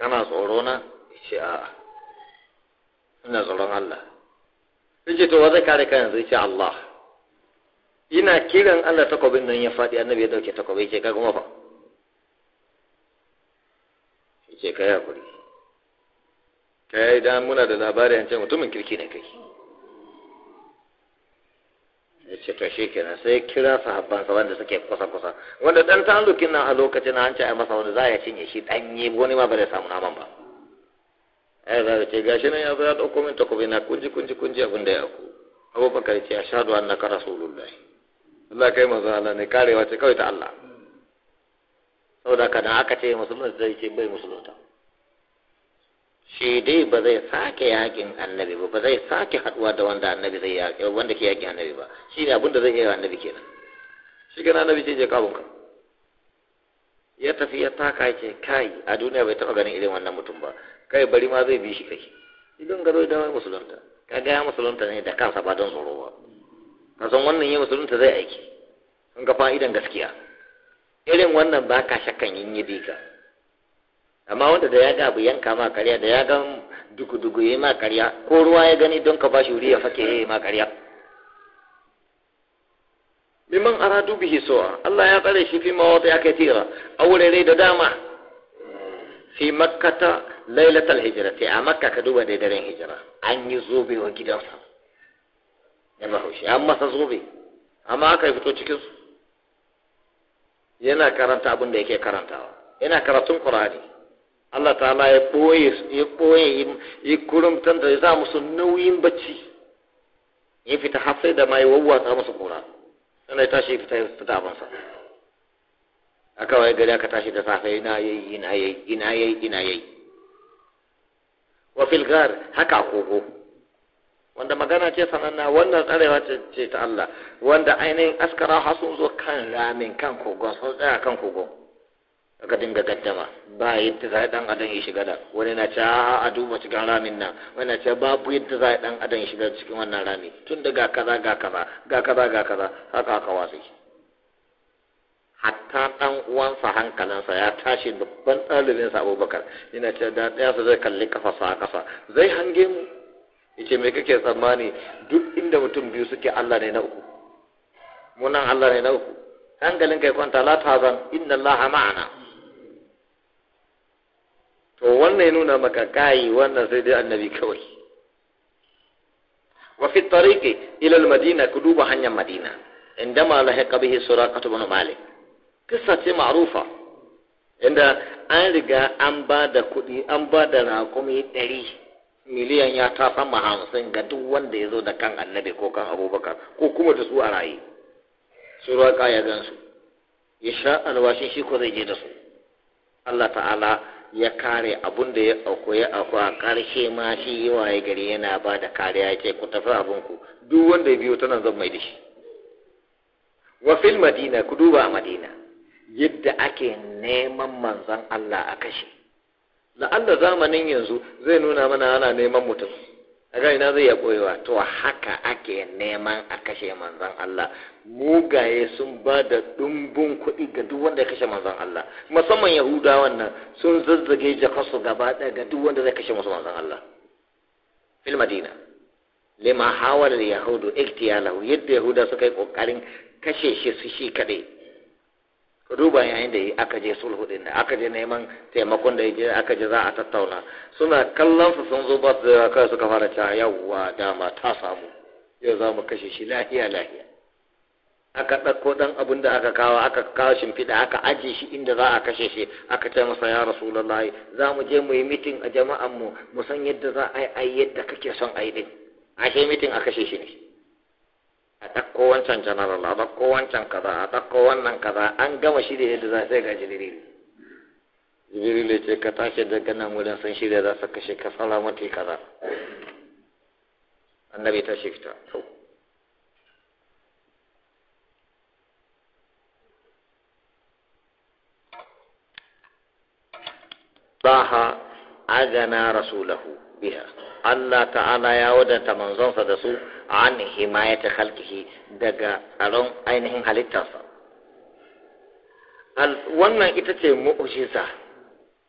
kana tsoro na ce a, ina tsoron Allah yace to wa zai kare ka yanzu yace Allah ina kiran Allah takobin nan ya faɗi annabi ya dauke takobi ce ka kuma fa yace kai hakuri kai dan muna da labari an ce mutumin kirki ne kai ce to shi kenan sai kira sahabban sa wanda suke kusa kusa wanda dan talukin nan a lokacin an ci a masa wanda za ya cinye shi danye wani ma ba zai samu naman ba ai za ce gashi nan ya zo ya dauko min takobi na kunji kunji kunji abin da ya ku abubakar ce na annaka rasulullahi Allah kai manzo Allah ne karewa ce kawai ta Allah saboda kana aka ce musulmi zai ce bai musulunta shi dai ba zai sake yakin annabi ba ba zai sake haduwa da wanda annabi zai yaki wanda ke yakin annabi ba shi ne abinda zai iya annabi kenan shi kana annabi ce je kawun ka ya tafi ya taka ce kai a duniya bai taɓa ganin irin wannan mutum ba kai bari ma zai bi shi kai idan garo da wai musulunta ga ya musulunta ne da kansa ba don tsoro ba ka san wannan ya musulunta zai aiki sun ga fa'idan gaskiya irin wannan ba ka shakkan yin yi bi ka amma wanda da ya ga abu yanka ma karya da ya ga dugu-dugu ya ma karya ko ruwa ya gani don ka ba shi wuri ya fake ya ma karya mimman aradu bihi so'a Allah ya kare shi fi mawata ya kai tira a wurare da dama fi makkata lailatul hijrati a makka ka duba da daren hijira an yi zobe wa gidansa ya bahaushe an masa zobe amma aka fito cikin su yana karanta abin da yake karantawa yana karatun qur'ani Allah ta'ala ya ɓoye ya ɓoye ya kurumtar da ya sa musu nauyin bacci ya fita har da ma ya ta musu kura sannan ya tashi ya fita ya fita abansa aka waye gari aka tashi da safe ina yayi ina yayi ina yayi ina yayi wa fil ghar haka kogo wanda magana ce sananna wannan tsarewa ce ta Allah wanda ainihin askara hasun zo kan ramin kan kogon sun tsaya kan kogon aka dinga gaddama ba yadda za dan adam ya shiga da wani na ce a duba cikin ramin nan wani na ce babu yadda za dan adam ya shiga cikin wannan rami tun da ga kaza ga kaza ga kaza ga kaza haka haka wasu hatta dan uwansa hankalinsa ya tashi babban sa abubakar yana ce da ɗayansa zai kalli kafa sa ƙasa zai hange mu yace me kake tsammani duk inda mutum biyu suke Allah ne na uku munan Allah ne na uku hankalin kai kwanta la tazan inna Allah ma'ana to wannan ya nuna maka kayi wannan sai dai annabi kawai wa fi tariqi ila madina ku duba hanyar madina la haqa bihi suraqatu ibn malik kissa ce ma'rufa inda an riga an ba da kuɗi an ba da raƙumi ɗari miliyan ya tafa hamsin ga duk wanda ya zo da kan annabi ko kan abubakar ko kuma da su a raye suraka ya gansu ya sha alwashin shi ko zai je da su Allah ta'ala ya kare abun da ya auku ya a ƙarshe ma shi yi waye gari yana ba da kariya ya ce ku tafi abinku duk wanda ya biyo tana nan zan mai da shi wa fil madina ku duba a madina yadda ake neman manzon Allah a kashe la'alla zamanin yanzu zai nuna mana ana neman mutum a ina zai ya koyewa to haka ake neman a kashe manzon Allah mugaye sun ba da ɗumbin kuɗi ga duk wanda ya kashe manzon Allah musamman Yahudawa nan sun zazzage jakarsu gaba ɗaya ga duk wanda zai kashe musu manzon Allah fil madina lima hawala yahudu iktiyalahu yadda yahuda suka yi kokarin kashe shi su shi kaɗai duba yayin da aka je sulhu din da aka je neman taimakon da je aka je za a tattauna suna kallon su sun zo ba su suka fara cewa yawwa dama ta samu yau za mu kashe shi lahiya lahiya aka ɗauko ɗan abin da aka kawo aka kawo shimfiɗa aka aje shi inda za a kashe shi aka ce masa ya rasulullahi za mu je mu yi mitin a jama'an mu mu san yadda za a yi yadda kake son a yi din shi mitin a kashe shi ne a ɗauko wancan general a ɗauko wancan kaza a ɗauko wannan kaza an gama shirya yadda za sai ga jibril jibril ce ka tashi daga nan wurin san shirya za su kashe ka salamati kaza annabi ta shi fita طه agana رسوله بها Allah ta'ala ya wadanta manzonsa da su an himayata halkihi daga tsaron ainihin halittarsa. Wannan ita ce mu'ujiza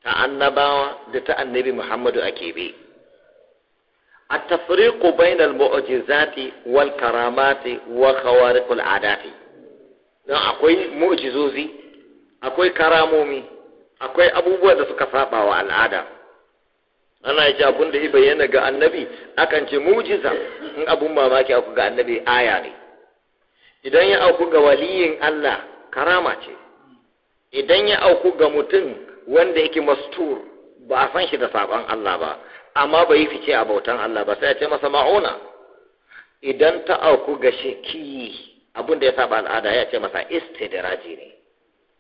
ta annabawa da ta annabi Muhammadu a kebe. A tafriqu bainal mu'ujizati wal karamati wa khawariqul adati. Don akwai mu'ujizozi, akwai karamomi, akwai abubuwa da suka saba wa al'ada ana yake abun da ya bayyana ga annabi akan ce mujiza in abun mamaki aku ga annabi aya ne idan ya auku ga waliyin Allah karama ce idan ya auku ga mutum wanda yake mastur ba a san shi da saban Allah ba amma bai yi fice a bautan Allah ba sai ya ce masa ma'una idan ta auku ga shekiyi abun da ya saba al'ada ya ce masa istidraji ne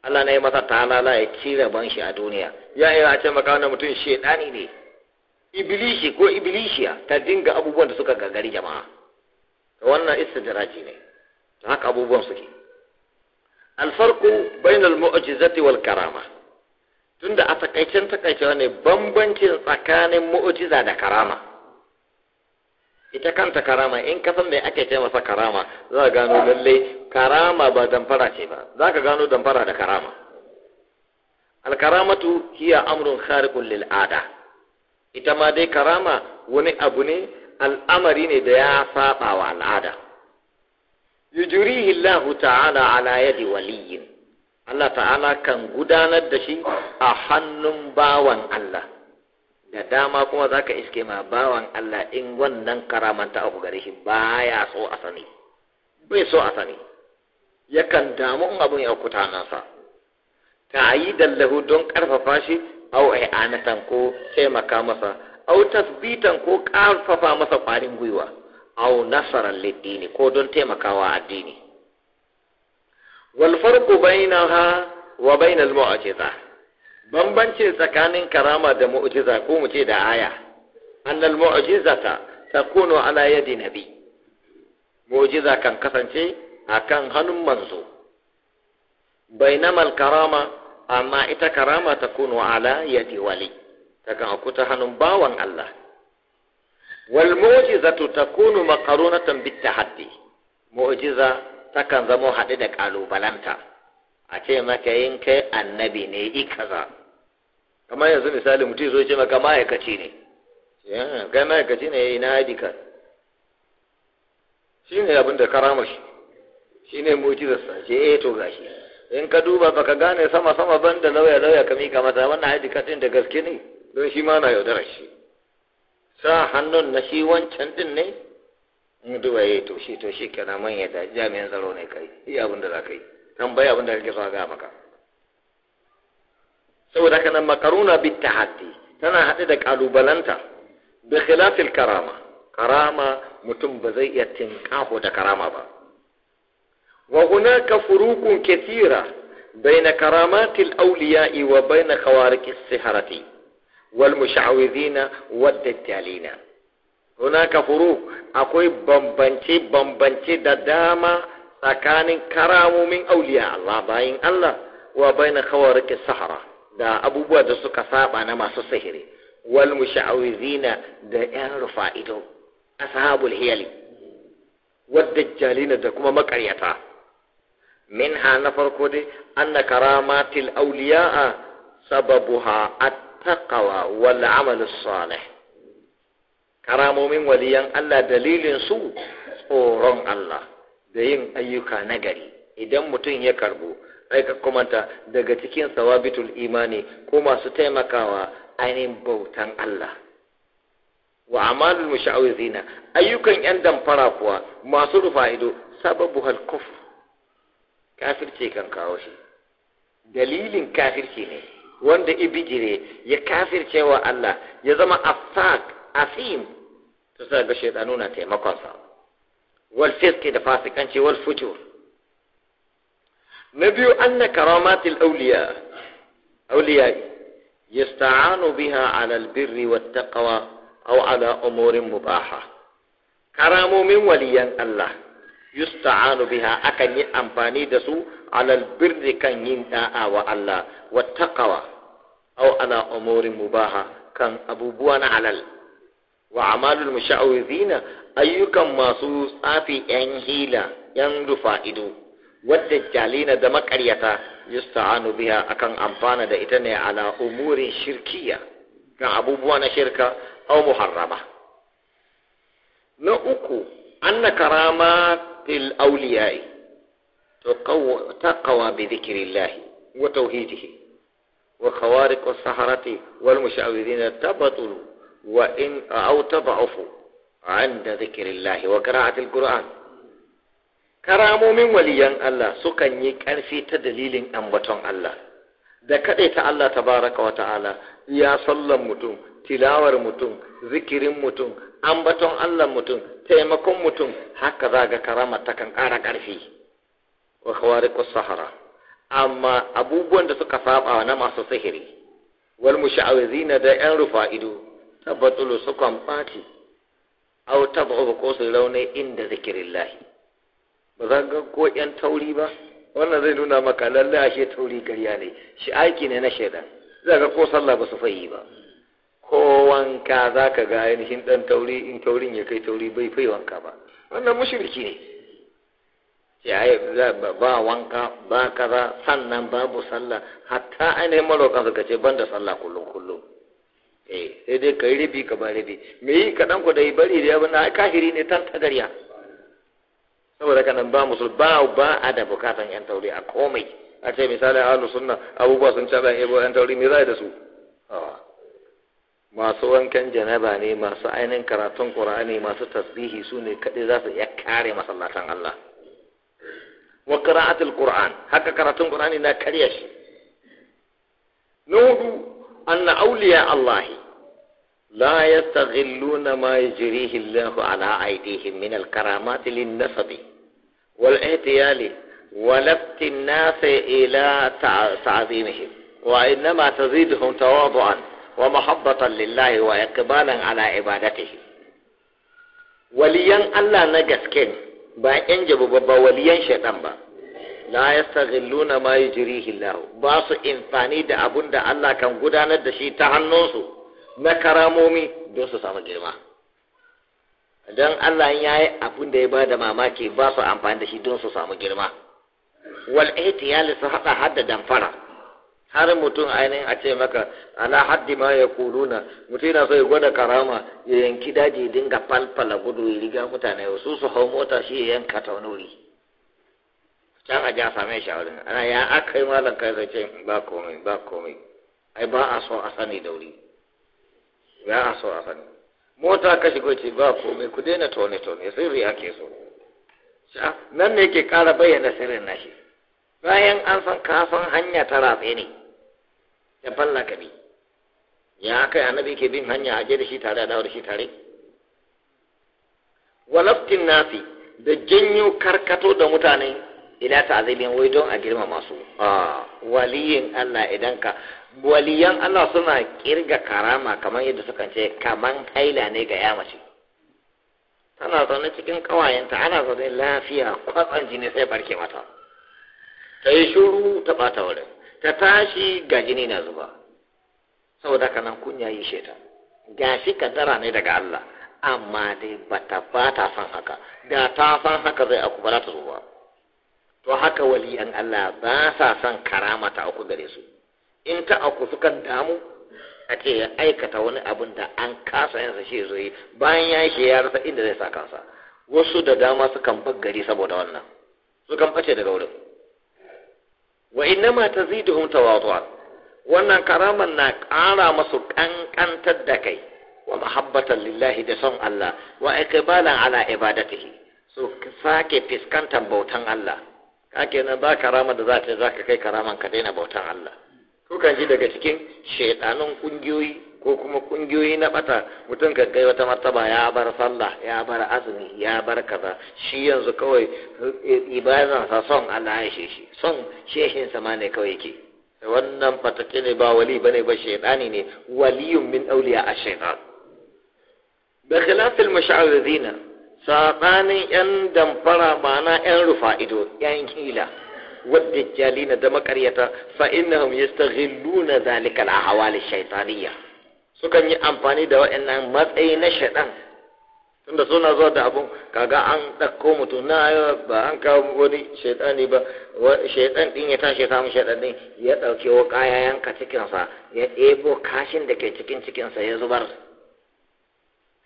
Allah ne masa talala ya ci ban shi a duniya ya yi a ce maka wannan mutum shedani ne ibilishi ko ibilishiya ta dinga abubuwan da suka gagari jama'a wannan istidraji ne haka abubuwan suke alfarku bainal mu'jizati wal karama tunda a takaicen takaicewa ne bambancin tsakanin mu'jiza da karama ita kanta karama in ka san me ake ce masa karama za ka gano lalle karama ba damfara ce ba za ka gano damfara da karama alkaramatu hiya amrun khariqun lil ada ita ma dai karama wani abu ne al'amari ne da ya saba wa al'ada yujrihi Allah ta'ala ala yadi waliyin Allah ta'ala kan gudanar da shi a hannun bawan Allah da dama kuma za ka iske ma bawan Allah in wannan karamanta aku gare shi ba ya so a sani bai so a sani yakan damu in abin ya kuta nasa ta yi dallahu don ƙarfafa shi au ai anatan ko taimaka masa au tasbitan ko karfafa masa kwarin gwiwa au nasarar lidini ko don taimakawa addini wal farqu bainaha wa bainal bambanci tsakanin karama da mu'jiza ko mu ce da aya annal mu'jizata takunu ala yadi nabi mu'jiza kan kasance akan hannun manzo bainamal karama amma ita karama takunu ala yadi wali takan akuta hannun bawan Allah wal mu'jizatu takunu maqarunatan bit tahaddi mu'jiza takan zamo haɗe da ƙalubalanta a ce maka yin kai annabi ne ikaza kamar yanzu misali mutum so ce maka ma'aikaci ne eh, kai ma'aikaci ne ina ID ka shi ne abin da karama shi shi ne mujizarsa ce eh to gashi in ka duba baka gane sama sama ban da lauya lauya ka mika mata wannan ID ka da gaske ne don shi ma na yaudarar shi sa hannun na shi wancan din ne in duba ya eh, to shi to shi kenan manya jami'an tsaro ne kai iya abin da za ka yi tambaya abin da kake so a gaya maka saboda haka nan makaruna bitahati tana hade da kalubalanta bi khilafil karama karama mutum ba zai iya tinkaho da karama ba بين كرامات الأولياء وبين خوارق السحرة والمشعوذين والدتالين هناك فروق أقول بمبنتي بمبنتي داداما أكان كرام من أولياء الله باين الله وبين خوارق السحره da abubuwa da suka saba na masu sihiri wal musha'awizina da yan rufa'ido ashabul hiyali wadajjalina da kuma makaryata minha na farko dai anna karamatil awliya'a sababuha at-taqwa wal 'amalus salih karamomin waliyan Allah dalilin su tsoron Allah da yin ayyuka na gari idan mutum ya karbo ai ka kumanta daga cikin sawabitul imani ko masu taimakawa ainihin bautan Allah wa amalul zina. ayyukan yan damfara kuwa masu rufa ido sababu halkuf kafirce kan kawo shi dalilin kafirce ne wanda ibigire ya kafirce wa Allah ya zama afsak asim ta sa ga shaytanu na taimakonsa wal fiski da fasikanci wal na biyu an anna karamatil awliya awliya yasta'anu biha birri albirri wattaqwa aw ala umurin mubaha karamomin waliyan Allah yusta'anu biha akan yi amfani da su ala birri kan yin da'a wa Allah wattaqwa aw ala umurin mubaha kan abubuwa na halal wa amalul musha'awizina ayyukan masu tsafi yan hila yan rufa ido wadda jalina da makaryata yusta'anu biha akan amfana da ita ne ala umurin shirkiya kan abubuwa na shirka au muharrama na uku anna karama fil awliyai taqawa bi dhikrillah wa tauhidihi wa khawariq as-saharati wal mushawidin tabatulu wa in au tad'afu عند ذكر الله وقراءة القرآن karamomin waliyan Allah sukan yi ƙarfi ta dalilin ambaton Allah da kaɗai ta Allah Ta baraka wa ta'ala ya sallan mutum tilawar mutum zikirin mutum ambaton Allah mutum taimakon mutum haka za ga karama takan ƙara ƙarfi wa khawariqus sahara amma abubuwan da suka saba na masu sihiri wal na da yan ido tabbatulu sukan ɓaci au tabu ko su launai inda zikirillahi. lahi ba za ga ko yan tauri ba wannan zai nuna maka lalle ashe tauri gariya ne shi aiki ne na shaidan za ga ko sallah ba su fayi ba ko wanka za ka ga ainihin dan tauri in taurin ya kai tauri bai fai wanka ba wannan mushriki ne za ba wanka ba kaza sannan babu sallah hatta ainihin marokan suka ce banda sallah kullum kullum eh sai dai ka yi rabi ka ba rabi me yi kaɗan ku da yi bari da ya na kahiri ne tan tagarya saboda kanan ba musul ba ba a da bukatan yan tauri a komai a ce misali ahlu sunna abubuwa sun caɓa eh, yan tauri me za da su masu wankan janaba ne masu ainihin karatun qur'ani masu tasbihi su ne kaɗai za su iya kare masallatan Allah wa qira'atul qur'an haka karatun qur'ani na kariya shi Nuhu hudu anna awliya Allah la yastaghilluna ma yajrihi Allah ala aydihim min al-karamat lin-nasabi والاحتيال ولفت الناس إلى تعظيمهم وإنما تزيدهم تواضعا ومحبة لله وإقبالا على عبادته وليا ألا نجسكن بأن جبب وليا شيطان با لا يستغلون ما يجريه الله باس إنفاني دا أبون دا الله كان قدانا دا شيطان نوسو نكرامومي دوسو سامجرما don Allah ya yi abin da ya ba da mamaki ba su amfani da shi don su samu girma wal ihtiyali su haɗa hadda damfara har mutum ainihin a ce maka ala haddi ma ya kuluna mutum yana so ya gwada karama ya yanki daji dinga falfala gudu ya riga mutane wasu su hau mota shi ya yanka ta wani wuri can a ja same shi a wurin ana ya aka yi malam kai zai ce ba komai ba komai ai ba a so a sani da wuri ba a so a sani mota ka shigo ce ba komai ku daina tone tone sirri ake so nan ne ke ƙara bayyana sirrin nashi bayan an san san hanya ta ratse ne ya falla ka bi ya kai annabi ke bin hanya a je da shi tare a dawo da shi tare walaftin nafi da janyo karkato da mutane ila azabin wai don a girmama su ah, waliyin Allah idan ka waliyan Allah suna kirga karama kamar yadda suka ce kaman haila ne ga yamace tana zaune cikin ƙawayenta, ana zaune lafiya kwatsan jini sai barke mata ta yi shuru ta bata wurin ta tashi ga jini na zuba saboda kanan kunya yi sheta ga shi kaddara ne daga Allah amma dai bata ba ta san haka da ta san haka zai aku ba za ta zo to haka waliyan Allah ba sa son karama ta aku gare su in ta aku sukan damu a ce ya aikata wani abin da an kasa sa shi zo yi bayan ya yi ya rasa inda zai sa kansa wasu da dama sukan gari saboda wannan sukan bace daga wurin wa innama taziduhum tawadu'an wannan karaman na ƙara masu ƙanƙantar da kai wa mahabbatan lillahi da son Allah wa iqbalan ala ibadatihi so sake fiskantar bautan Allah kake nan ba karama da za ta zaka kai karaman ka daina bautan Allah sukan ji daga cikin shaidanun kungiyoyi ko kuma kungiyoyi na bata mutum kan kai wata martaba ya bar sallah ya bar azumi ya bar kaza shi yanzu kawai eh, ibadan sa son Allah ya shi son shehin sama ne kawai yake wannan fatake ne ba wali bane ba shaidani ne waliyun min a ash-shaytan bi khilaf al zina, sabanin yan damfara ma'ana yan rufa'ido yan kila والدجالين دم قرية فإنهم يستغلون ذلك الأحوال الشيطانية sukan yi amfani da waɗannan matsayi na shaɗan tunda suna zuwa da abun kaga an ɗauko mutum na ba an kawo wani shaiɗani ba shaiɗan ɗin ya tashi samun shaitan ɗin ya ɗauki wa yanka cikinsa ya ɗebo kashin da ke cikin cikinsa ya zubar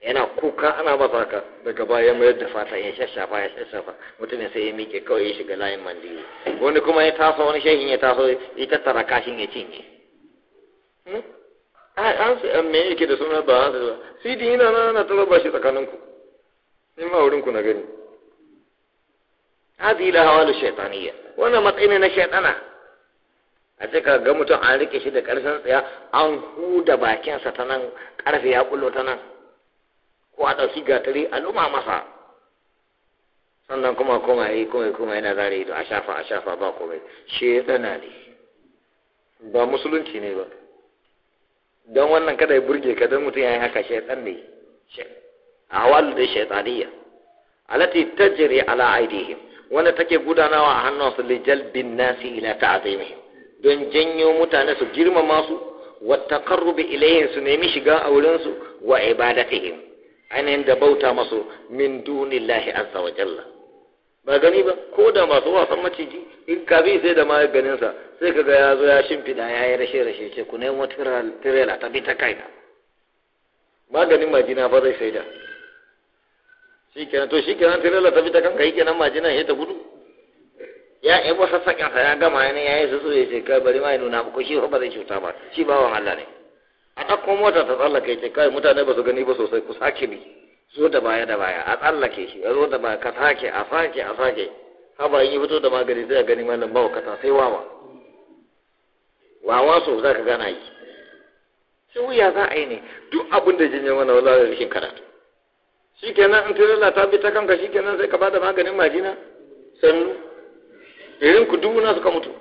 yana kuka ana masa haka daga baya mai da fata ya shashafa ya shashafa ya sai ya miƙe kawai ya shiga layin mandiri wani kuma ya taso wani shehin ya taso ya tattara kashin ya cinye hmm? an su yan eh, me yake da suna ba su cd yana na na talaba shi tsakaninku in ma wurin ku na gani hadi la hawalu shaytaniyya wannan matsayin na shaytana a ce ga mutum an rike shi da karfin tsaya an huda bakinsa ta nan karfe ya kullo ta nan ko a ɗauki gatari a luma masa sannan kuma kuma yi kuma kuma yana zare ido a shafa a shafa ba komai shi ya tsana ne ba musulunci ne ba don wannan kada ya burge ka don mutum ya yi haka shaitan ne a hawalu da shaitaniya alati tajri ala aidihim wanda take gudanawa a hannunsu lijal bin nasi ila mai. don janyo mutane su girmama su wa taqarrubi ilayhim su nemi shiga a wurin su wa ibadatihim ainihin da bauta masu min dunillahi azza wa jalla ba gani ba ko da masu wasan maciji in ka bi sai da ma ganinsa sai kaga ya zo ya shimfiɗa ya yi rashe rashe ce ku nemo tirela ta bi ta kaina maganin majina ba zai sai da shi kenan to shi kenan tirela ta bi ta kanka yi kenan majina ya ta gudu ya yi wasa sakinsa ya gama ya yi su ya ce kai bari ma ya nuna ko shi ba zai cuta ba shi ba wa Allah ne a ɗauko mota ta tsallake ke kai mutane ba su gani ba sosai ku sake bi zo da baya da baya a tsallake shi a zo da baya ka sake a sake a sake haba yi fito da magani zai gani malam bawa kata sai wawa wawa so za ka gana yi sai wuya za a yi ne duk abin da jinye mana wala da rikin karatu shi kenan in tirila ta bi ta kanka shi kenan sai ka ba da maganin majina sannu irin ku dubu na suka mutu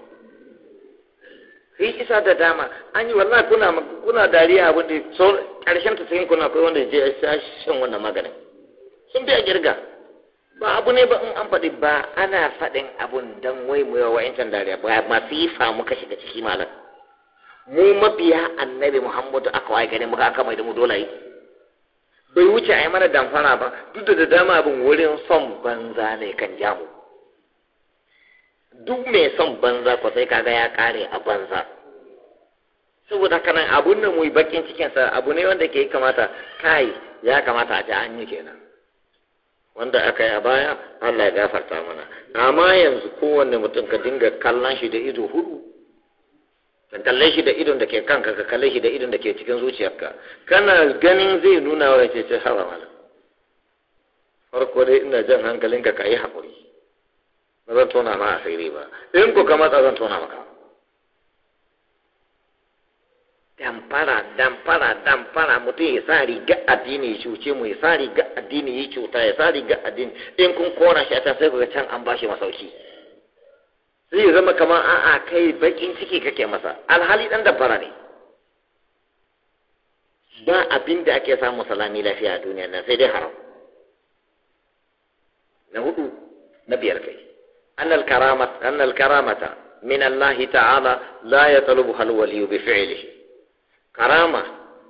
sai isa da dama an yi wallahi kuna kuna dariya abin da so karshen ta sai kuna akwai wanda ya je shan wannan magani. sun biya girga ba abu ne ba in an faɗi ba ana faɗin abun dan wai mu yawa dariya ba masu yi famu ka shiga ciki malam mu mabiya annabi muhammadu aka waye gani muka aka mai da mu dole yi bai wuce a yi mana damfara ba duk da dama abin wurin son banza ne kan jamu duk mai son banza ko sai kaga ya kare a banza saboda nan abun nan mai bakin cikin sa abu ne wanda ke kamata kai ya kamata a ji an yi kenan wanda aka yi a baya Allah ya gafarta mana amma yanzu kowanne mutum ka dinga kallon shi da ido hudu ka kalle shi da idon da ke kanka ka kalle shi da idon da ke cikin zuciyarka kana ganin zai nuna wa ya ce ce haramala farko dai ina jan hankalinka ka yi haƙuri ba zan tona ma sai ba in ku ka matsa zan tona maka damfara damfara damfara mutum ya sa riga addini ya cuce mu ya sa riga addini ya cuta ya sa riga addini in kun kora shi a can sai kuka ga can an bashi masauki Sai ya zama kamar a'a kai bakin ciki kake masa alhali dan dabbara ne ba abin da ake samu salami lafiya a duniya nan sai dai haram na hudu na biyar kai أن الكرامة أن الكرامة من الله تعالى لا يطلبها الولي بفعله كرامة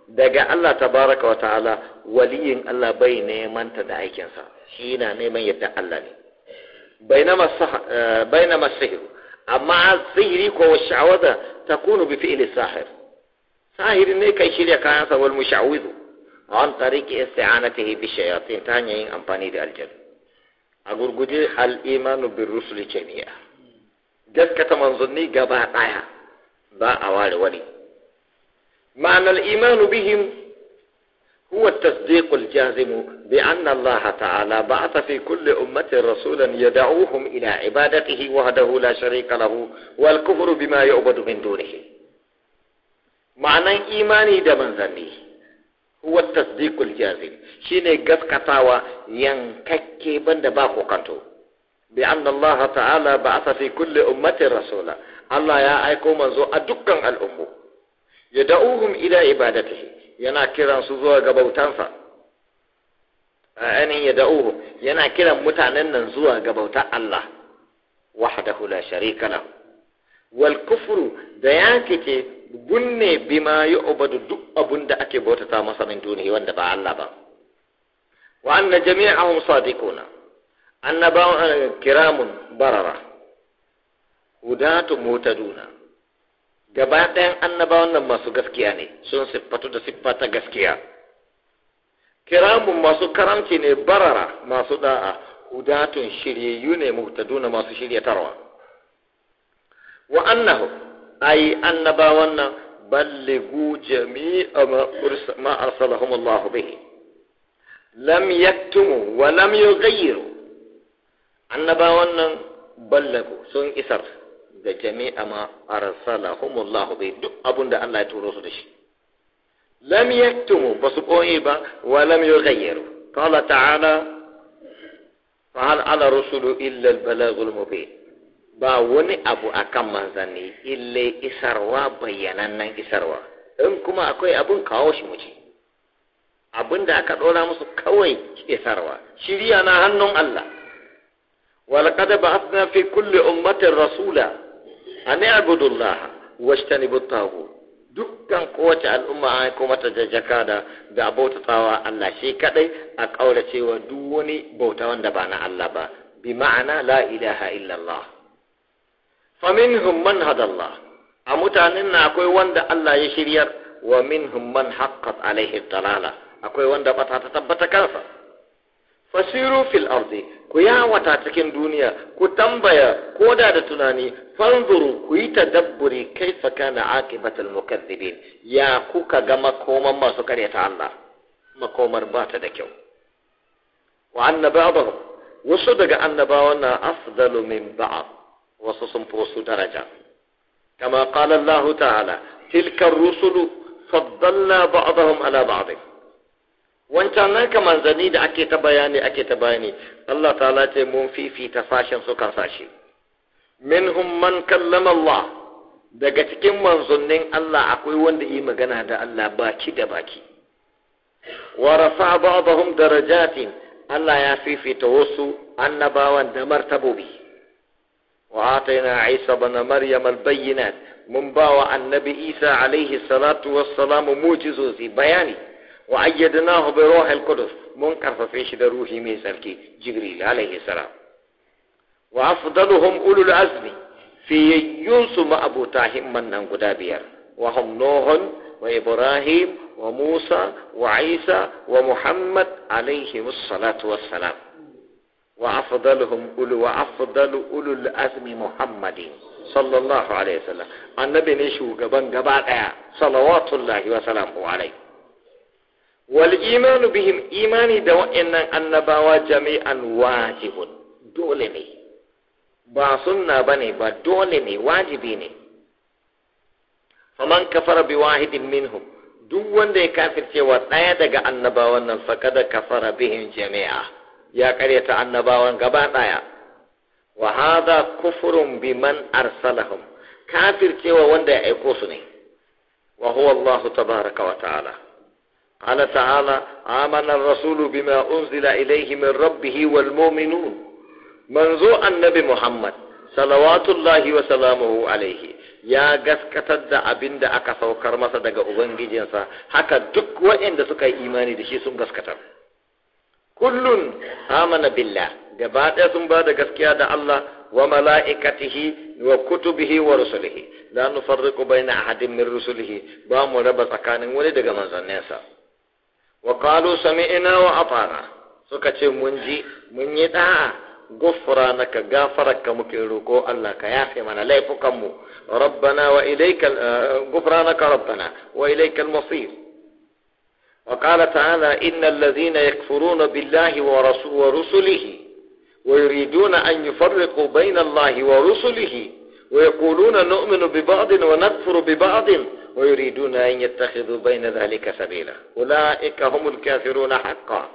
daga Allah tabaraka wa ta'ala waliyin Allah bai neman ta da aikinsa shi na neman yadda Allah ne bainama sihiru amma sihiri ko sha'awada ta kunu bi fi'li sahir sahiri ne kai shirya kayansa wal mushawidu an tariki isti'anatihi bi shayatin ta hanyar yin amfani da aljanu أقول الإيمان بالرسل جميعا جسكة ظني قبا قايا با أوال ولي معنى الإيمان بهم هو التصديق الجازم بأن الله تعالى بعث في كل أمة رسولا يدعوهم إلى عبادته وحده لا شريك له والكفر بما يعبد من دونه معنى إيماني دمن ظني huwa tasdiqul jazim shine gaskatawa yankakke banda ba kanto bi anna Allah ta'ala ba'atha fi kulli ummatin rasula Allah ya aiko manzo a dukkan al'ummu yad'uhum ila ibadatihi yana kiran su zuwa ga bautansa ainihin yad'uhum yana kiran mutanen nan zuwa ga bautar Allah wahdahu la sharika lahu wal kufru da yake gunne bima yu'badu duk abun da ake bautata masa min duniya wanda ba Allah ba wa anna jami'ahum sadiquna annabawan eh, kiramun barara hudatu mutaduna gaba ɗayan annabawan nan masu gaskiya ne sun siffatu da siffa ta gaskiya kiramun masu karamci ne barara masu da'a hudatun shiryayyu ne mutaduna masu shirya tarwa. wa annahu ai annabawan wannan ballighu jami'a ma arsalahum Allah bihi lam yaktumu wa lam yughayyiru annabawan wannan ballighu sun isar ga jami'a ma arsalahum Allah bihi duk abinda Allah ya turo su da shi lam yaktumu basu koyi ba wa lam yughayyiru qala ta'ala fa hal ala rusulu illa al-balaghul mubin ba wani abu akan ne ille isarwa nan isarwa in kuma akwai abin kawo shi mu abin da aka ɗora musu kawai isarwa shirya na hannun Allah walqad ba'athna fi kulle ummatin rasula an ya'budu Allah wajtanibu at-taghut dukkan kowace al'umma an kuma mata jajjaka da da bautatawa Allah shi kadai a cewa duk wani bauta wanda ba na Allah ba bi ma'ana la ilaha illallah fa minhum man hadallah a mutanen na akwai wanda Allah ya shiryar wa minhum man haqqat alaihi dalala akwai wanda bata ta tabbata kansa fasiru fil ardi ku yawata cikin duniya ku tambaya ko da da tunani fanzuru ku yi tadabburi kaifa kana aqibatul mukaththibin ya kuka ga makoman masu karyata Allah makomar ba ta da kyau wa annabawa wasu daga annabawa na afdalu min ba'd wasu sun fi wasu daraja kama qala Allah ta'ala tilka rusulu a ba'dahum ala ba'd wancan nan ka manzanni da ake ta bayani ake ta bayani Allah ta'ala ce mun fifita sashen su kan sashi minhum man kallama Allah daga cikin manzannin Allah akwai wanda yi magana da Allah baki da baki wa rafa ba'dahum darajatin Allah ya fifita wasu annabawan da martabobi وآتينا عيسى بن مريم البينات من باوى النبي عيسى عليه الصلاة والسلام موجزوزي بياني وأيدناه بروح القدس منكر ففيش روحي من سلكي جبريل عليه السلام وأفضلهم أولو العزم في ينسو ما أبو تاهم من قدابير وهم نوح وإبراهيم وموسى وعيسى ومحمد عليهم الصلاة والسلام wa afdaluhum ulu wa afdalu ulu al-azmi muhammadin sallallahu alaihi wasallam annabi ne shugaban gaba daya salawatullahi wa salamu alaihi wal iman bihim imani da wa'annan annabawa jami'an wajibun dole ne ba sunna bane ba dole ne wajibi ne faman kafara bi wahidin minhum duk wanda ya kafirce wa daga annabawan nan fakada kafara bihin jami'a. ya karyata annabawan gaba daya wa hadha kufrun biman arsalahum cewa wanda ya aiko su ne wa huwa Allah tabaraka wa ta'ala قال تعالى آمن الرسول unzila أنزل إليه من ربه والمؤمنون Manzo annabi Muhammad. Salawatullahi wa وسلامه عليه ya gaskatar da abin da aka saukar masa daga Ubangijinsa, haka duk waɗanda suka yi imani da shi sun gaskatar. kullun amana billah gaba ɗaya sun ba da gaskiya da Allah wa mala'ikatihi wa kutubihi wa rusulihi la nufarriqu baina ahadin min rusulihi ba mu raba tsakanin wani daga manzannensa wa qalu sami'na wa ata'na suka ce mun ji mun yi da'a غفرانك غفرك mana الله كيافي من لا يفكم ربنا وإليك غفرانك wa ilaikal المصير وقال تعالى إن الذين يكفرون بالله ورسله ويريدون أن يفرقوا بين الله ورسله ويقولون نؤمن ببعض ونكفر ببعض ويريدون أن يتخذوا بين ذلك سبيلا أولئك هم الكافرون حقا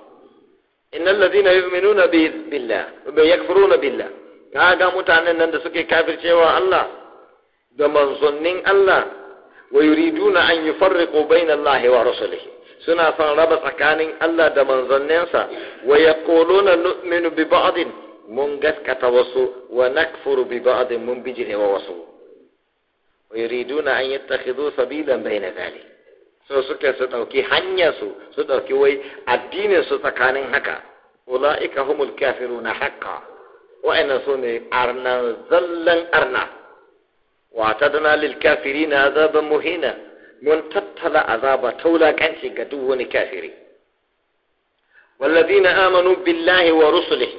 إن الذين يؤمنون بالله ويكفرون بالله هذا متعنى أن da كافر kafircewa الله بمن ظن الله ويريدون أن يفرقوا بين الله ورسله suna son raba tsakanin Allah da manzanninsa wa yaquluna nu'minu bi ba'din mun gaskata wasu wa nakfuru bi ba'din mun bijire wa wasu wa yuriduna an yattakhidhu sabilan bayna dhalik so suke su dauki hanya su su dauki wai addinin su tsakanin haka ulaika humul kafiruna haqqan wa'annan su ne arna zallan arna wa tadna lil kafirina azaban muhina mun tattara azaba taulakanci ga duk wani kafiri wallazina amanu billahi wa rusulihi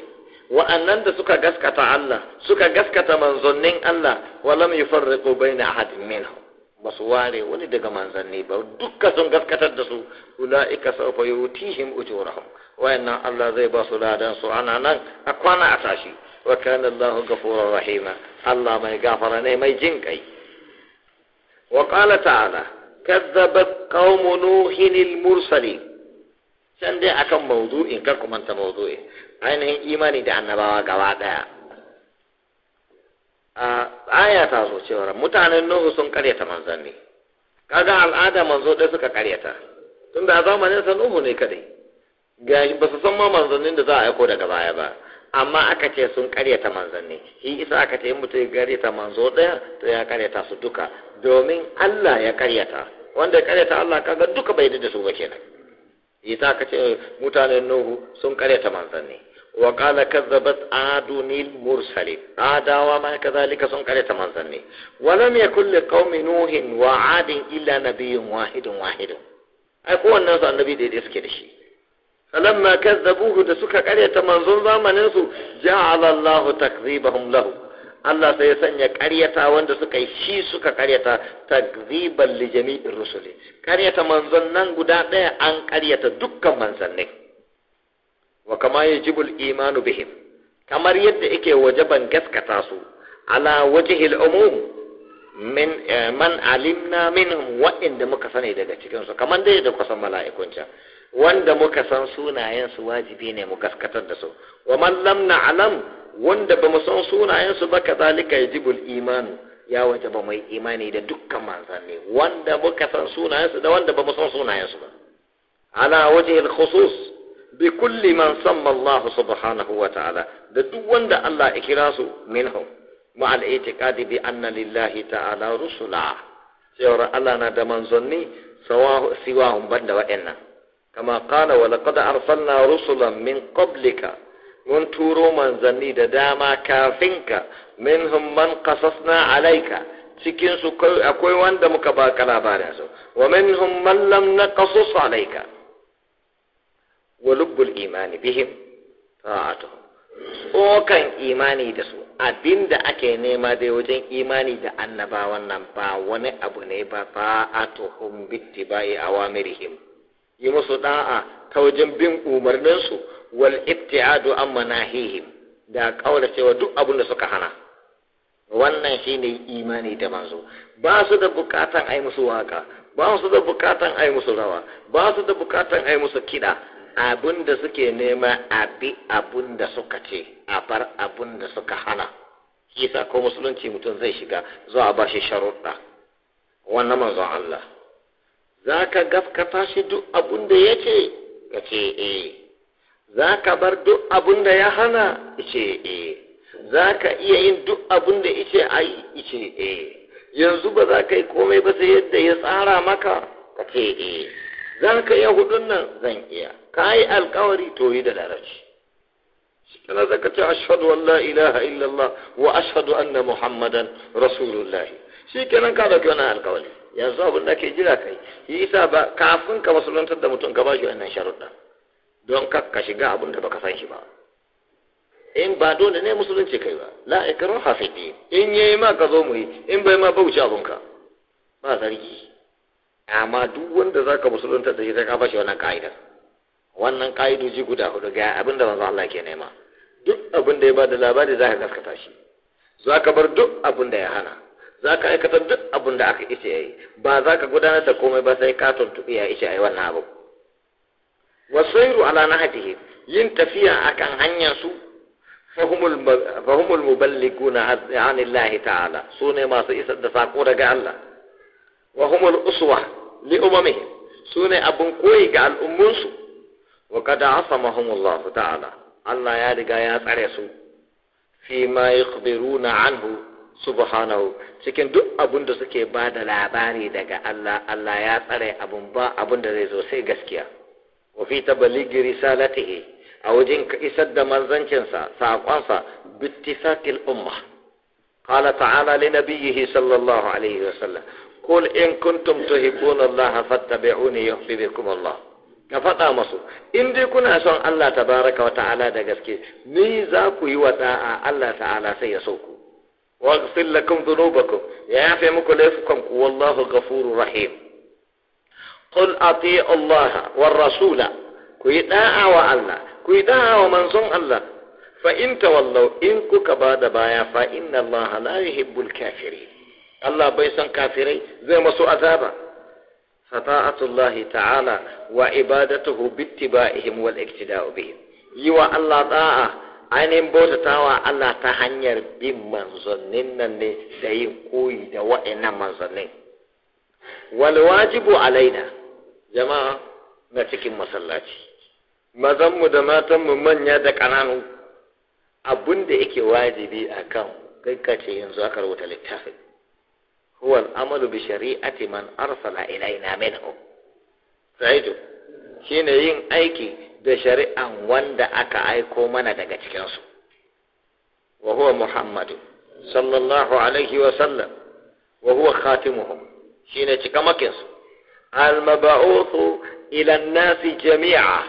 wa'annan da suka gaskata Allah suka gaskata manzannin Allah walam yufarriqu baina ahadin minhum ba su ware wani daga manzanni ba dukka sun gaskatar da su ula'ika sawfa yutihim ujurahum wayannan Allah zai ba su ladan su ana nan a kwana a tashi wa kana Allah ghafurur rahima Allah mai gafara ne mai jin kai wa qala kazzabat qaumu nuhin al-mursalin can dai akan mawdu'in kar ku manta mawdu'i ainihin imani da annabawa gaba daya a aya ta zo cewa mutanen nuhu sun karyata manzanni kaga al'ada manzo ɗaya suka karyata tunda a zamanin sa nuhu ne kadai ga ba su san ma manzannin da za a aiko daga baya ba amma aka ce sun karyata manzanni shi isa aka ce mutum ya karyata manzo ɗaya to ya karyata su duka domin Allah ya karyata wanda ya karyata Allah kaga duka bai da su ba kenan isa aka ce mutanen Nuhu sun karyata manzanni wa qala kazzabat adunil mursalin adawa ma kazalika sun karyata manzanni wa lam yakul qaumi nuhin wa adin illa nabiyyun wahidun wahidun ai kowannen su annabi da suke da shi falamma kazzabuhu da suka karyata manzon zamanin su ja'ala Allah takzibahum lahu Allah sai ya sanya karyata wanda suka yi shi suka karyata takziban li jami'ir rusuli karyata manzon nan guda daya an karyata dukkan manzanni wa kama yajibul imanu bihim kamar yadda yake wajaban gaskata su ala wajhil umum min man alimna minhum wa'inda muka sani daga cikin su kamar dai da kusan mala'ikun can wanda muka san sunayen su wajibi ne mu gaskatar da su wa man lam na'lam wanda ba mu san sunayen su ba kazalika yajibul imanu ya wajaba mai imani da dukkan manzanni wanda muka san sunayen su, da wanda ba mu san sunayen su ba ala wajhil khusus bi kulli man samma Allah subhanahu wa ta'ala da duk wanda Allah ya kira su minhum ma al i'tiqadi bi anna lillahi ta'ala rusula cewa Allah na da manzanni siwahun banda waɗannan kama qala wa laqad arsalna rusulan min qablika mun turo zanni da dama kafinka minhum man qasasna alayka cikin su akwai wanda muka ba ka labarin su wa minhum man lam naqasus alayka wa lubbul imani bihim ta'atuhum tsokan imani da su abinda ake nema dai wajen imani da annabawan nan ba wani abu ne ba ba a tuhum bitti bai awamirihim yi musu da'a ta wajen bin umarninsu wal ibtiadu an manahihim da cewa duk abin da suka hana wannan shine imani da manzo ba su da bukatan ai musu waka ba su da bukatan ai musu rawa ba su da bukatan ai musu kida abin da suke nema a bi abin da suka ce a bar abin da suka hana Kisa ko musulunci mutum zai shiga zuwa ba shi sharuɗa wannan manzon Allah za ka gaskata shi duk abun da ya ce ka ce eh za ka bar duk abun da ya hana ce eh za ka iya yin duk abun da ice ai yi ce eh yanzu ba za ka yi komai ba sai yadda ya tsara maka ka ce eh za ka iya hudun nan zan iya ka yi alkawari to yi da larabci kana zaka ce ashhadu an la ilaha illallah wa ashhadu anna muhammadan rasulullahi shi kenan ka dauki wannan alkawari yanzu abin da ke jira kai yi isa ba kafin ka masulantar da mutum ka ba shi wannan sharuɗa don ka ka shiga abin da baka san shi ba in ba dole ne musulunci kai ba la ikrar hafidi in yayi ma ka zo mu yi in bai ma wuce abin ka ba sarki amma duk wanda zaka musulunta da shi sai ka shi wannan ka'ida wannan ka'idoji guda hudu ga abin da manzo Allah ke nema duk abin da ya bada labari zaka gaskata shi zaka bar duk abin da ya hana za ka aikatar duk abin da aka ishe yayi ba za ka gudanar da komai ba sai ka tuntuɓi ya ishe yayi wannan abu wasairu ala nahjihi yin tafiya akan hanyar su fahumul muballiguna an Allah ta'ala su masu isar da sako daga Allah wa humul uswa li umamihim su ne abin koyi ga al'ummunsu wa kada asamahumullahu ta'ala Allah ya riga ya tsare su fi ma yukhbiruna anhu subhanahu cikin duk abun da suke ba da labari daga Allah Allah ya tsare abun ba abun da zai zo sai gaskiya wa fi tabaligi risalatihi a wajen isar da manzancinsa sa, bittifaqil umma qala ta'ala li nabiyhi sallallahu alaihi wa sallam qul in kuntum tuhibbuna Allah fattabi'uni yuhibbukum Allah ka faɗa masu in dai kuna son Allah tabaraka wa ta'ala da gaske ni za ku yi wa da'a Allah ta'ala sai ya so ku واغفر لكم ذنوبكم يعفي مكم لإفكم والله غفور رحيم قل أطيع الله والرسول كيداء وعلا كيداء ومنصن الله فإن تولوا إن كباد بايا فإن الله لا يحب الكافرين الله بيسن كافرين زي ما سوء ذابا فطاعة الله تعالى وعبادته باتباعهم والاقتداء بهم يوى الله طاعه ainihin bautatawa Allah ta hanyar bin manzannin nan ne da yin koyi da wa'annan manzannin wal wajibu alaina jama'a na cikin masallaci mazanmu da matanmu manya da ƙananu abin da yake wajibi a kan gaggace yanzu aka rubuta littafin huwa amalu bi shari'ati man arsala ilaina minhu sai ne yin aiki da shari'an wanda aka aiko mana daga cikinsu wa huwa muhammadu sallallahu alaihi wa sallam wa huwa khatimuhum shine cikamakinsu al-mab'uthu ila an-nasi jami'a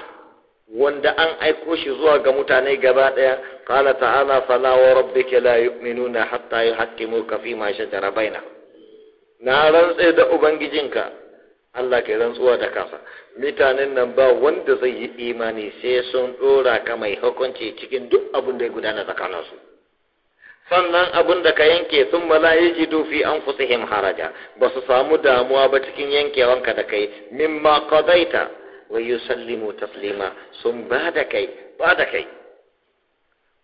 wanda an aiko shi zuwa ga mutane gaba daya qala ta'ala falawa wa rabbika la yu'minuna hatta yuhaqqimuka fi ma shajara bainahum na rantse da ubangijinka Allah kai rantsuwa da kasa, mutanen nan ba wanda zai yi imani sai sun ɗora ka mai hukunci cikin duk abin da ya gudana tsakaninsu sannan abin da ka yanke sun mala ya ji dofi an fusihim haraja ba su samu damuwa ba cikin yankewanka da kai mimma qadaita wa yusallimu taslima sun ba da kai ba da kai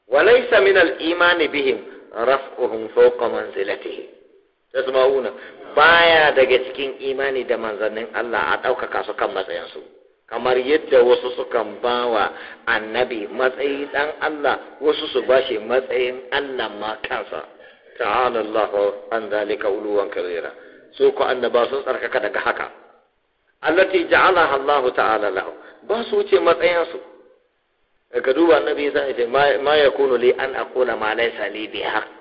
walaysa min al-imani bihim raf'uhum fawqa manzilatihim tasma'una baya daga cikin imani da manzannin Allah a ɗaukaka su kan matsayinsu kamar yadda wasu sukan ba wa annabi matsayi ɗan Allah wasu su ba shi matsayin Allah ma kansa ta'ala Allah an zalika uluwan kabira su ku annaba sun tsarkaka daga haka allati ja'ala Allah ta'ala lahu ba su wuce matsayinsu ka duba annabi sai ce ma yakunu li an aqula ma laysa li bi haka.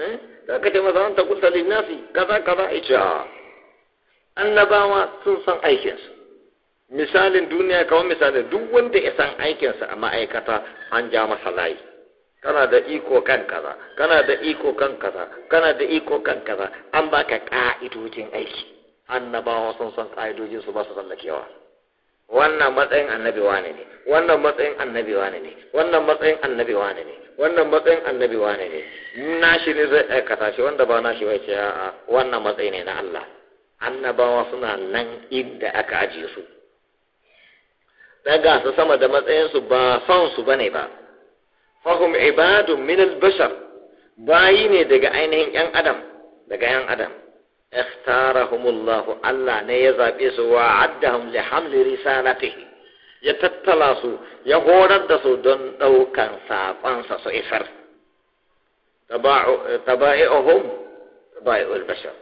Eh? za maza an ta kaza kaza a ce annabawa sun san aikinsu misalin duniya kawai misalin duk wanda ya san aikinsa a ma'aikata an ja masa layi kana da iko kan kaza kana da iko kan kaza kana da iko kan kaza an baka ka'idojin aiki annabawa sun san ka'idojin su ba su tsallakewa wannan matsayin annabi wane ne wannan matsayin annabi wane ne wannan matsayin annabi wane ne wannan matsayin annabi wane ne shi ne zai aikata shi wanda ba nashi bai ce a'a wannan matsayi ne na Allah annabawa suna nan inda aka ajiye su daga su sama da matsayin su ba son su bane ba fahum ibadun min al-bashar bayi ne daga ainihin yan adam daga yan adam ikhtarahumullahu Allah ne ya zabe su wa addahum li hamli risalatihi ya tattala su ya horar da su don daukan sakonsa su isar taba'i'uhum taba'i'ul bashar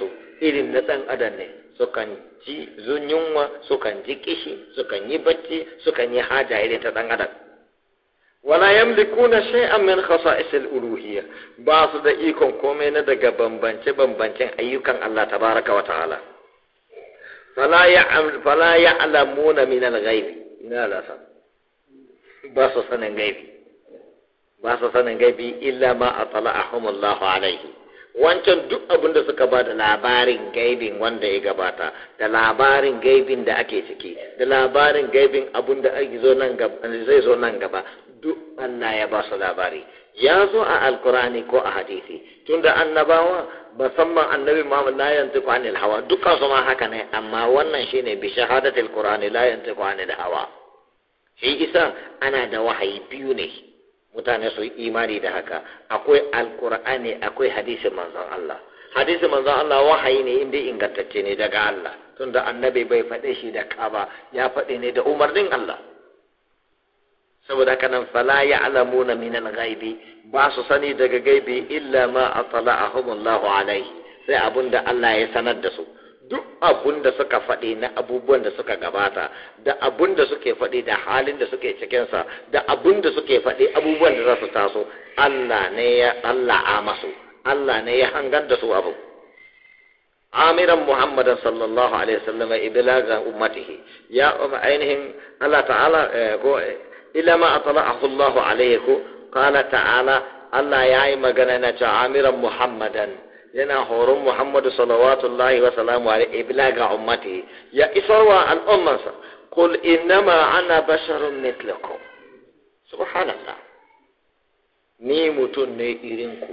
su irin na dan adam ne sukan ji zunyunwa sukan ji kishi sukan yi bacci sukan yi haja irin ta dan adam wala yamlikuna shay'an min khasa'is al-uluhiyya ba su da ikon komai na daga bambance bambancen ayyukan Allah tabaraka wa ta'ala fala ya'lam fala ya'lamuna min al-ghaibi ina la san ba su sanin gaibi ba su sanin gaibi illa ma atla'ahum Allah alaihi wancan duk abin da suka ba da labarin gaibin wanda ya gabata da labarin gaibin da ake ciki da labarin gaibin abin da ake gaba, zai zo nan gaba duk ya ba su labari ya zo a alkurani ko a hadisi tunda annabawa musamman annabi Muhammad la yantiqu anil hawa dukkan su ma haka ne amma wannan shine bi shahadatil qur'ani la yantiqu anil hawa shi isa ana da wahayi biyu ne mutane su imani da haka akwai alkur'ani akwai hadisin manzon Allah Hadisi manzon Allah wahayi ne inda ingantacce ne daga Allah tunda annabi bai faɗe shi da ƙaba. ya faɗe ne da umarnin Allah saboda haka nan fala ya'lamuna min al-ghaibi ba su sani daga gaibi illa ma atala'ahum Allah alaihi sai abunda Allah ya sanar da su duk abun da suka faɗi na abubuwan da suka gabata da abun da suke faɗi da halin da suke cikinsa da abun da suke faɗi abubuwan da za su taso Allah ne ya Allah a masu Allah ne ya hangar da su abu amiran صلى sallallahu alaihi وسلم iblaga ummatihi ya ainihin Allah ta'ala eh, ko إلا ما أطلعه الله عليه قال تعالى الله يعي مغننا عامرا محمدا لنا حرم محمد صلوات الله وسلامه عليه إبلاغ أمته يا إسروا الأمة قل إنما أنا بشر مثلكم سبحان الله ni mutum إلا irinku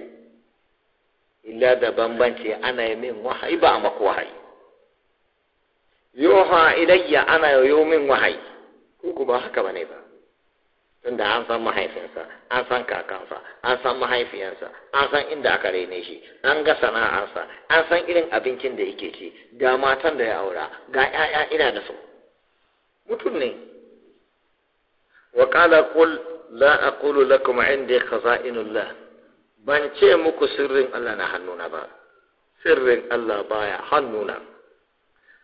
illa أنا يمين وحي yi وحي يوحى إلي أنا يومين وحي كوكو ana yi tunda an san mahaifinsa an san kakansa an san mahaifiyansa, an san inda aka raine shi an ga sana'arsa an san irin abincin da yake ci ga matan da ya aura ga 'ya'ya ina da su mutum ne wa qala qul la aqulu lakum indi khaza'inullah ban ce muku sirrin Allah na hannuna ba sirrin Allah baya hannuna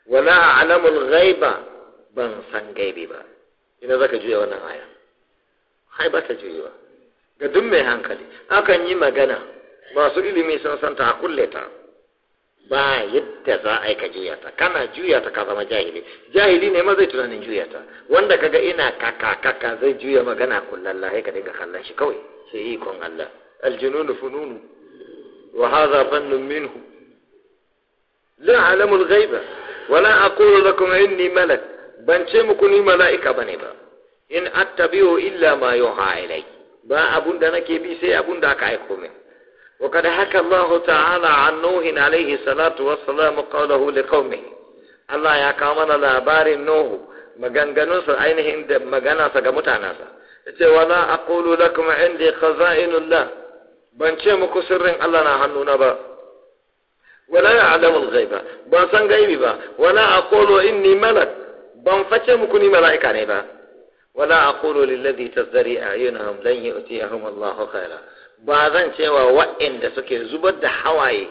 wala a'lamul ghaiba ban san gaibi ba ina zaka juya wannan aya ai ba ta ba ga duk mai hankali akan yi magana masu ilimi sun san a kulle ta ba yadda za a yi ka juya ta kana juya ta ka zama jahili jahili ne ma zai tunanin juya ta wanda kaga ina kaka kaka zai juya magana kullum lahi ka dinga kallon shi kawai sai kon Allah aljununu fununu wa hadha fannun minhu la alamul ghaiba wala aqulu lakum inni malak ban ce muku ni mala'ika bane ba in attabi'u illa ma yuha ilai ba abun da nake bi sai abun da aka aiko min wa kad haka Allah ta'ala an nuhin alaihi salatu wassalam qalahu liqaumihi Allah ya kawo mana labarin Nuhu maganganunsa ainihin da maganarsa ga mutanansa. yace wala aqulu lakum indi khaza'inullah ban ce muku sirrin Allah na hannuna ba wala ya'lamu al-ghaiba ban san gaibi ba wala aqulu inni malak ban face muku ni mala'ika ne ba wala a lillazi tazdari a'yunuhum lan yu'tiyahum Allahu khaira ba zan cewa wa'inda suke zubar da hawaye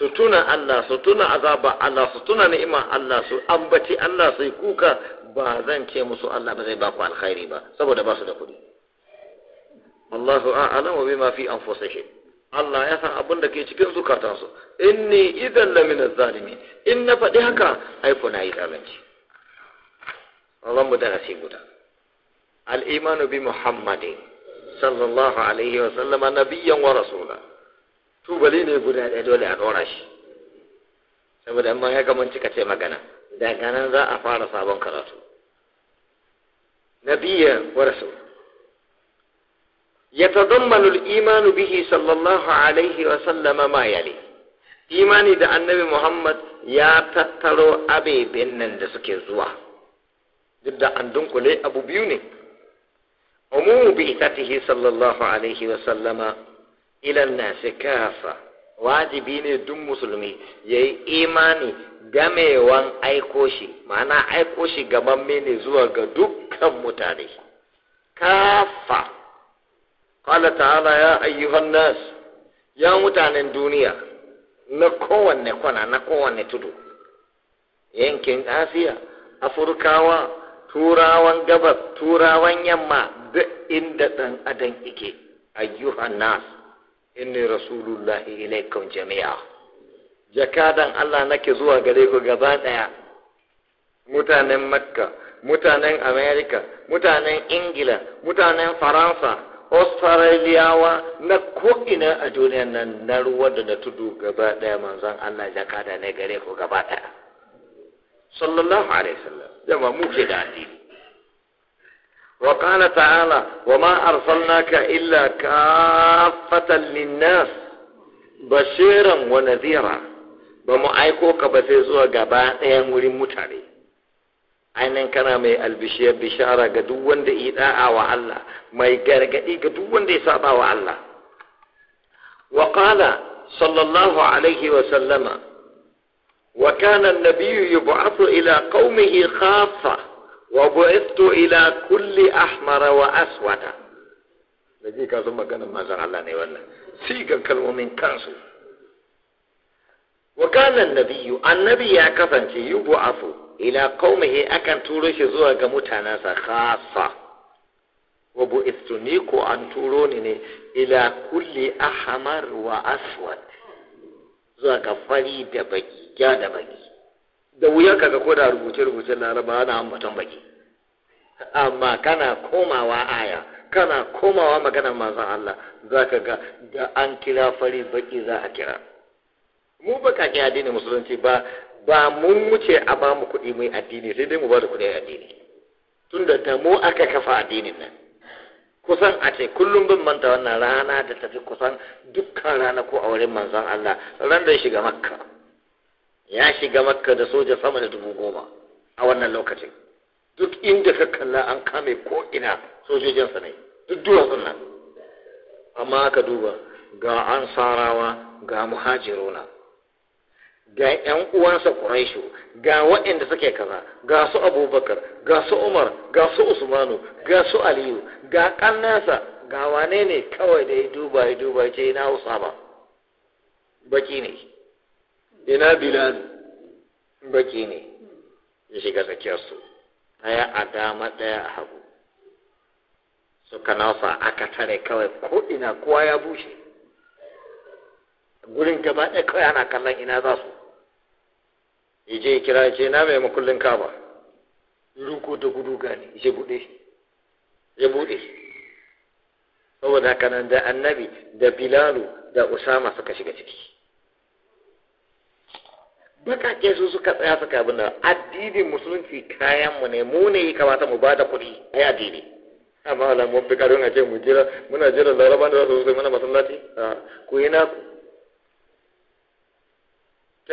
su tuna Allah su tuna azaba Allah su tuna ni'ima Allah su ambaci Allah su kuka ba zan ce musu Allah ba zai ba ku alkhairi ba saboda ba su da kuɗi Allahu a'lamu ma fi anfusihim Allah ya san abunda da ke cikin zukatansu ni idan lamina zalimi in na faɗi haka haifu na yi zalunci Allah mu darasi guda الإيمان بمحمد صلى الله na biyan نبيا ورسولا tubali ne guda ɗaya dole a ɗora shi saboda amma ya gaman cika ce magana daga nan za a fara sabon karatu Ya ta يتضمن الإيمان به sallallahu alaihi wa sallama ma يلي imani da annabi Muhammad ya tattaro abeben nan da suke zuwa duk da an dunkule abu biyu ne عموم sallallahu alaihi wa sallama ilal إلى الناس wajibi ne duk musulmi ya yi imani gamewan aiko shi ma'ana aiko shi gaban mene zuwa ga dukkan mutane kafa qala ta'ala ya ayyuhan nas ya mutanen duniya na kowanne kwana na kowanne tudu yankin asiya afurkawa turawan gabas turawan yamma duk inda ɗan adam yake a nas inni rasulullahi ilaikum jami'a jakadan Allah nake zuwa gare ku gaba ɗaya mutanen makka mutanen america mutanen ingila mutanen faransa australiyawa na ko'ina a duniyar nan na ruwa da na tudu gaba ɗaya manzon Allah jakada ne gare ku gaba ɗaya sallallahu alaihi wasallam jama'a mu ke da addini وقال تعالى وما أرسلناك إلا كافة للناس بشيرا ونذيرا بمعيكوك بسيزوها قبائيا ولمتعلي Ainin kana mai albishiyar bishara ga duk wanda ya da'a wa Allah mai gargadi ga duk wanda ya saba wa Allah wa qala sallallahu alaihi wa sallama wa kana an-nabiyyu yub'athu ila qaumihi khaffa wa bu'istu ila kulli ahmara wa aswada da ji ka san maganar manzon Allah ne wannan kalmomin kansu wa kana annabiyyu annabi ya kasance yubu'afu ila qaumihi akan turo shi zuwa ga mutanansa khassa wa bu'istu ni ko an turo ni ne ila kulli ahmar wa aswad fari da baki ja da baki da wuyan kaga ko da rubuce rubuce na raba, ana ambaton baki amma kana komawa aya kana komawa maganar manzon Allah zaka ga da an kira fari baki za a kira mu ka ke addinin musulunci ba ba mun wuce a ba mu kuɗi mai addini sai dai mu ba da kuɗi addini tunda da mu aka kafa addinin nan kusan a ce kullum bin manta wannan rana da tafi kusan dukkan rana ko a wurin manzon Allah ran da shiga makka ya shiga makka da soja sama da dubu goma a wannan lokacin duk inda ka kalla an kame ko ina sojojinsa ne duk duwatsun nan amma aka duba ga an sarawa ga muhajiruna ga yan uwansa Quraishu ga waɗanda suke kaza ga su Abubakar ga su Umar ga su Usmanu ga su Aliyu ga kannansa ga wane ne kawai da ya duba ya duba ce na Usama baki ne ina bilal baki ne ya shiga tsakiyarsu ɗaya a dama ɗaya a hagu suka nasa aka tare kawai ko'ina kowa ya bushe gurin gaba ɗaya kawai ana kallon ina za su Ije kira ce na mai makullin kaba ruko da gudu gani ya buɗe ya buɗe saboda kanan da annabi da bilalu da usama suka shiga ciki bakake su suka tsaya su abin da addinin musulunci kayan mu ne mu ne ya ta mu ba da kuɗi ai addini amma wala mu fi karin a ce mu jira muna jira da za su mana masallaci ku yi ku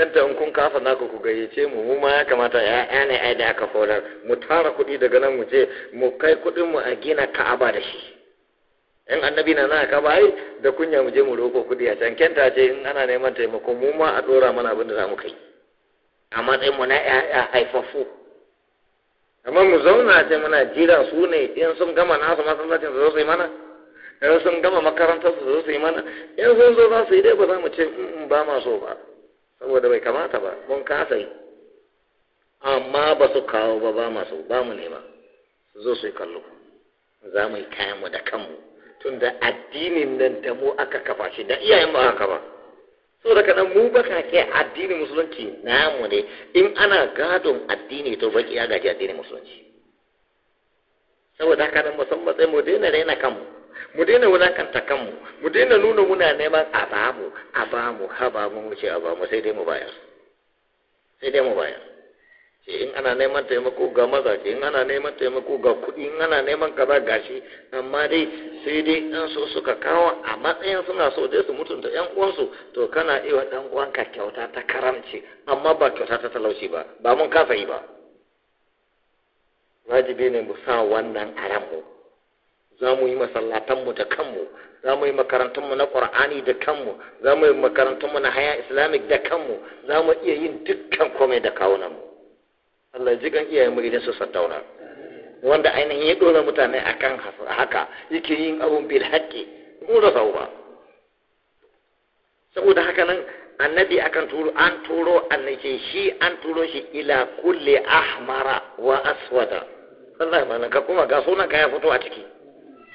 in kun kafa naku ku gayyace mu mu ma ya kamata ya ne ai da aka fara mu tara kuɗi daga nan mu ce mu kai kuɗin mu a gina ka'aba da shi in annabi na na ka bai da kunya mu je mu roko kuɗi a can kenta ce in ana neman taimako mu ma a ɗora mana abin da za mu kai a matsayinmu na ƴaƴa haifafu. amma mu zauna ce muna jira su ne in sun gama nasu masallacin su zo su yi mana in sun gama makarantar su zo su yi mana in sun zo za su yi dai ba za mu ce in ba ma so ba saboda bai kamata ba mun kasa yi amma ba su kawo ba ba ma so ba mu nema su zo su yi kallo za mu yi kayanmu da kanmu tunda addinin nan da mu aka kafa shi da iyayen ba haka ba. so daga nan mu bakake addinin musulunci namu ne in ana gadon addini to baki ya gaji addinin musulunci saboda haka nan musamman sai mu daina raina kanmu mu daina wulakanta kanmu mu daina nuna muna neman a bamu a bamu ha bamu mu ce a bamu sai dai mu bayar sai dai mu bayar ce in ana neman taimako ga mazaje in ana neman taimako ga kuɗi in ana neman kaza gashi amma dai sai dai in so suka kawo a matsayin suna so dai su mutunta yan uwansu to kana iya dan uwanka kyauta ta karamci amma ba kyauta ta talauci ba ba mun kasa yi ba wajibi ne mu sa wannan a za mu yi masallatanmu da kanmu za mu yi makarantunmu na ƙur'ani da kanmu za mu yi makarantunmu na haya islamic da kanmu za mu iya yin dukkan komai da kawunanmu Allah ji kan iyayen mu su sandauna wanda ainihin ya dora mutane akan haka yake yin abun bil haqqi mu da sauwa saboda haka nan annabi akan turo an turo annake shi an turo shi ila kulli ahmara wa aswada Allah ya ka kuma ga sunan ka ya fito a ciki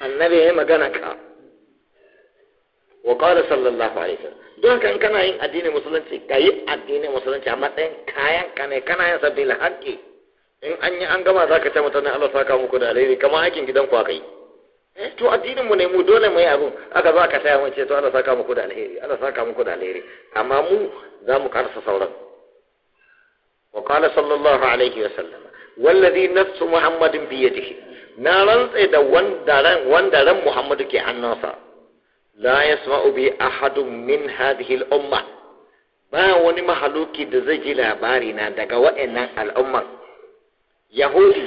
annabi ya magana ka wa qala sallallahu alaihi wasallam don kan kana yin addini musulunci ka yi addini musulunci a matsayin kayan ka ne kana yin sabbin haƙƙi in an yi an gama za ka ce mutane Allah saka muku da alheri kamar aikin gidan ku aka yi eh, to addinin mu ne mu dole mu yi abu aka zo aka taya mun ce to Allah saka muku da alheri Allah saka muku da alheri amma mu za mu karsa sauran wa qala sallallahu alaihi wa sallam wallazi nafsu muhammadin bi yadihi na rantsa da wanda ran wanda ran muhammadu ke hannunsa la ubi bi ahadun min hadihil umma ba wani mahaluki da zai ji labari na daga waɗannan al'umma yahudi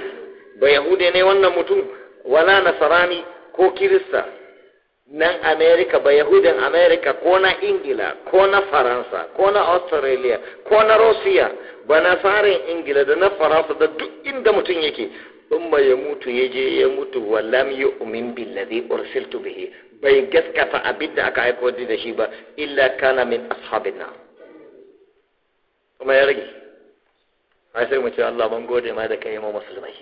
ba yahudi ne wannan mutum wala nasarani ko kirista nan amerika ba yahudin amerika ko na ingila ko na faransa ko na australia ko na russia ba na farin ingila da na faransa da duk inda mutum yake in ya mutu ya je ya mutu wallam yu'min billazi ursiltu bihi bai gaskata abin da aka aiko da shi ba illa kana min ashabin kuma ya rage ai sai mu ce Allah ban gode ma da kai ma musulmai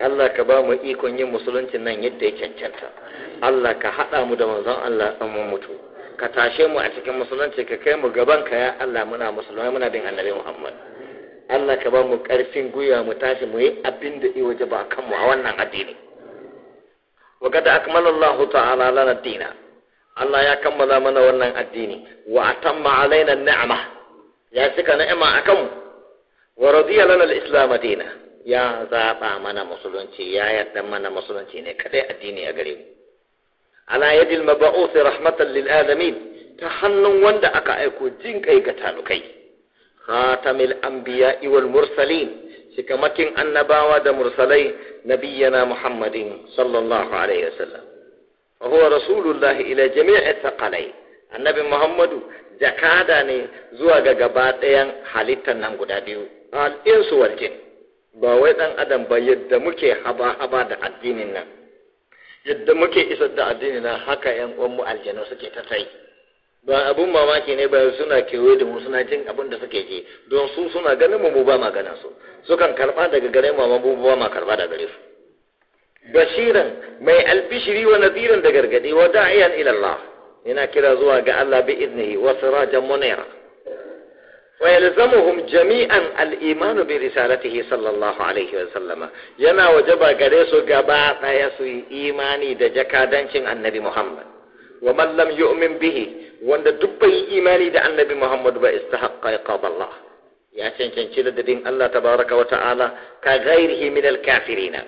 Allah ka ba mu ikon yin musuluncin nan yadda ya cancanta Allah ka haɗa mu da manzon Allah an mu mutu ka tashe mu a cikin musulunci ka kai mu gaban ka ya Allah muna musulmai muna bin annabi Muhammad Allah ka ba mu ƙarfin gwiwa mu tashi mu yi abin da iwaje ba kanmu a wannan addini wa kada akmalallahu ta'ala lana dina Allah ya kammala mana wannan addini wa atamma alaina ni'ama ya cika ni'ima a mu wa radiya lana al-islam dina ya zaba mana musulunci ya yarda mana musulunci ne kadai addini a gare mu ala yadil mab'uth rahmatan lil alamin ta hannun wanda aka aiko jin kai ga talukai khatamil anbiya'i wal mursalin cikamakin annabawa da mursalai nabiyyana muhammadin sallallahu alaihi wasallam wa huwa rasulullahi ila jami'i thaqalai annabi muhammadu jakada ne zuwa ga gaba ɗayan halittar nan guda biyu al'insu wal jin ba wai dan adam ba yadda muke haba haba da addinin nan yadda muke isar da addinin nan haka yan uwan mu aljanu suke ta tsayi ba abun mamaki ne bayan suna kewaye da mu suna jin abin da suke ji don su suna ganin mu ba ma ganin su sukan karba daga gare mu amma mu ba ma karba daga gare su bashiran mai albishiri wa nadiran da gargadi wa da'iyan ila Allah yana kira zuwa ga Allah bi idnihi wa sirajan munira wa yalzamuhum jami'an al-iman bi risalatihi sallallahu alaihi wa sallama yana wajaba gare su gaba daya su imani da jakadancin annabi Muhammad wa man lam yu'min bihi wanda duk bai imani da annabi Muhammad ba istahaqqa iqab Allah ya cancanci da din Allah tabaaraka wa ta'ala ka ghairihi min al-kafirina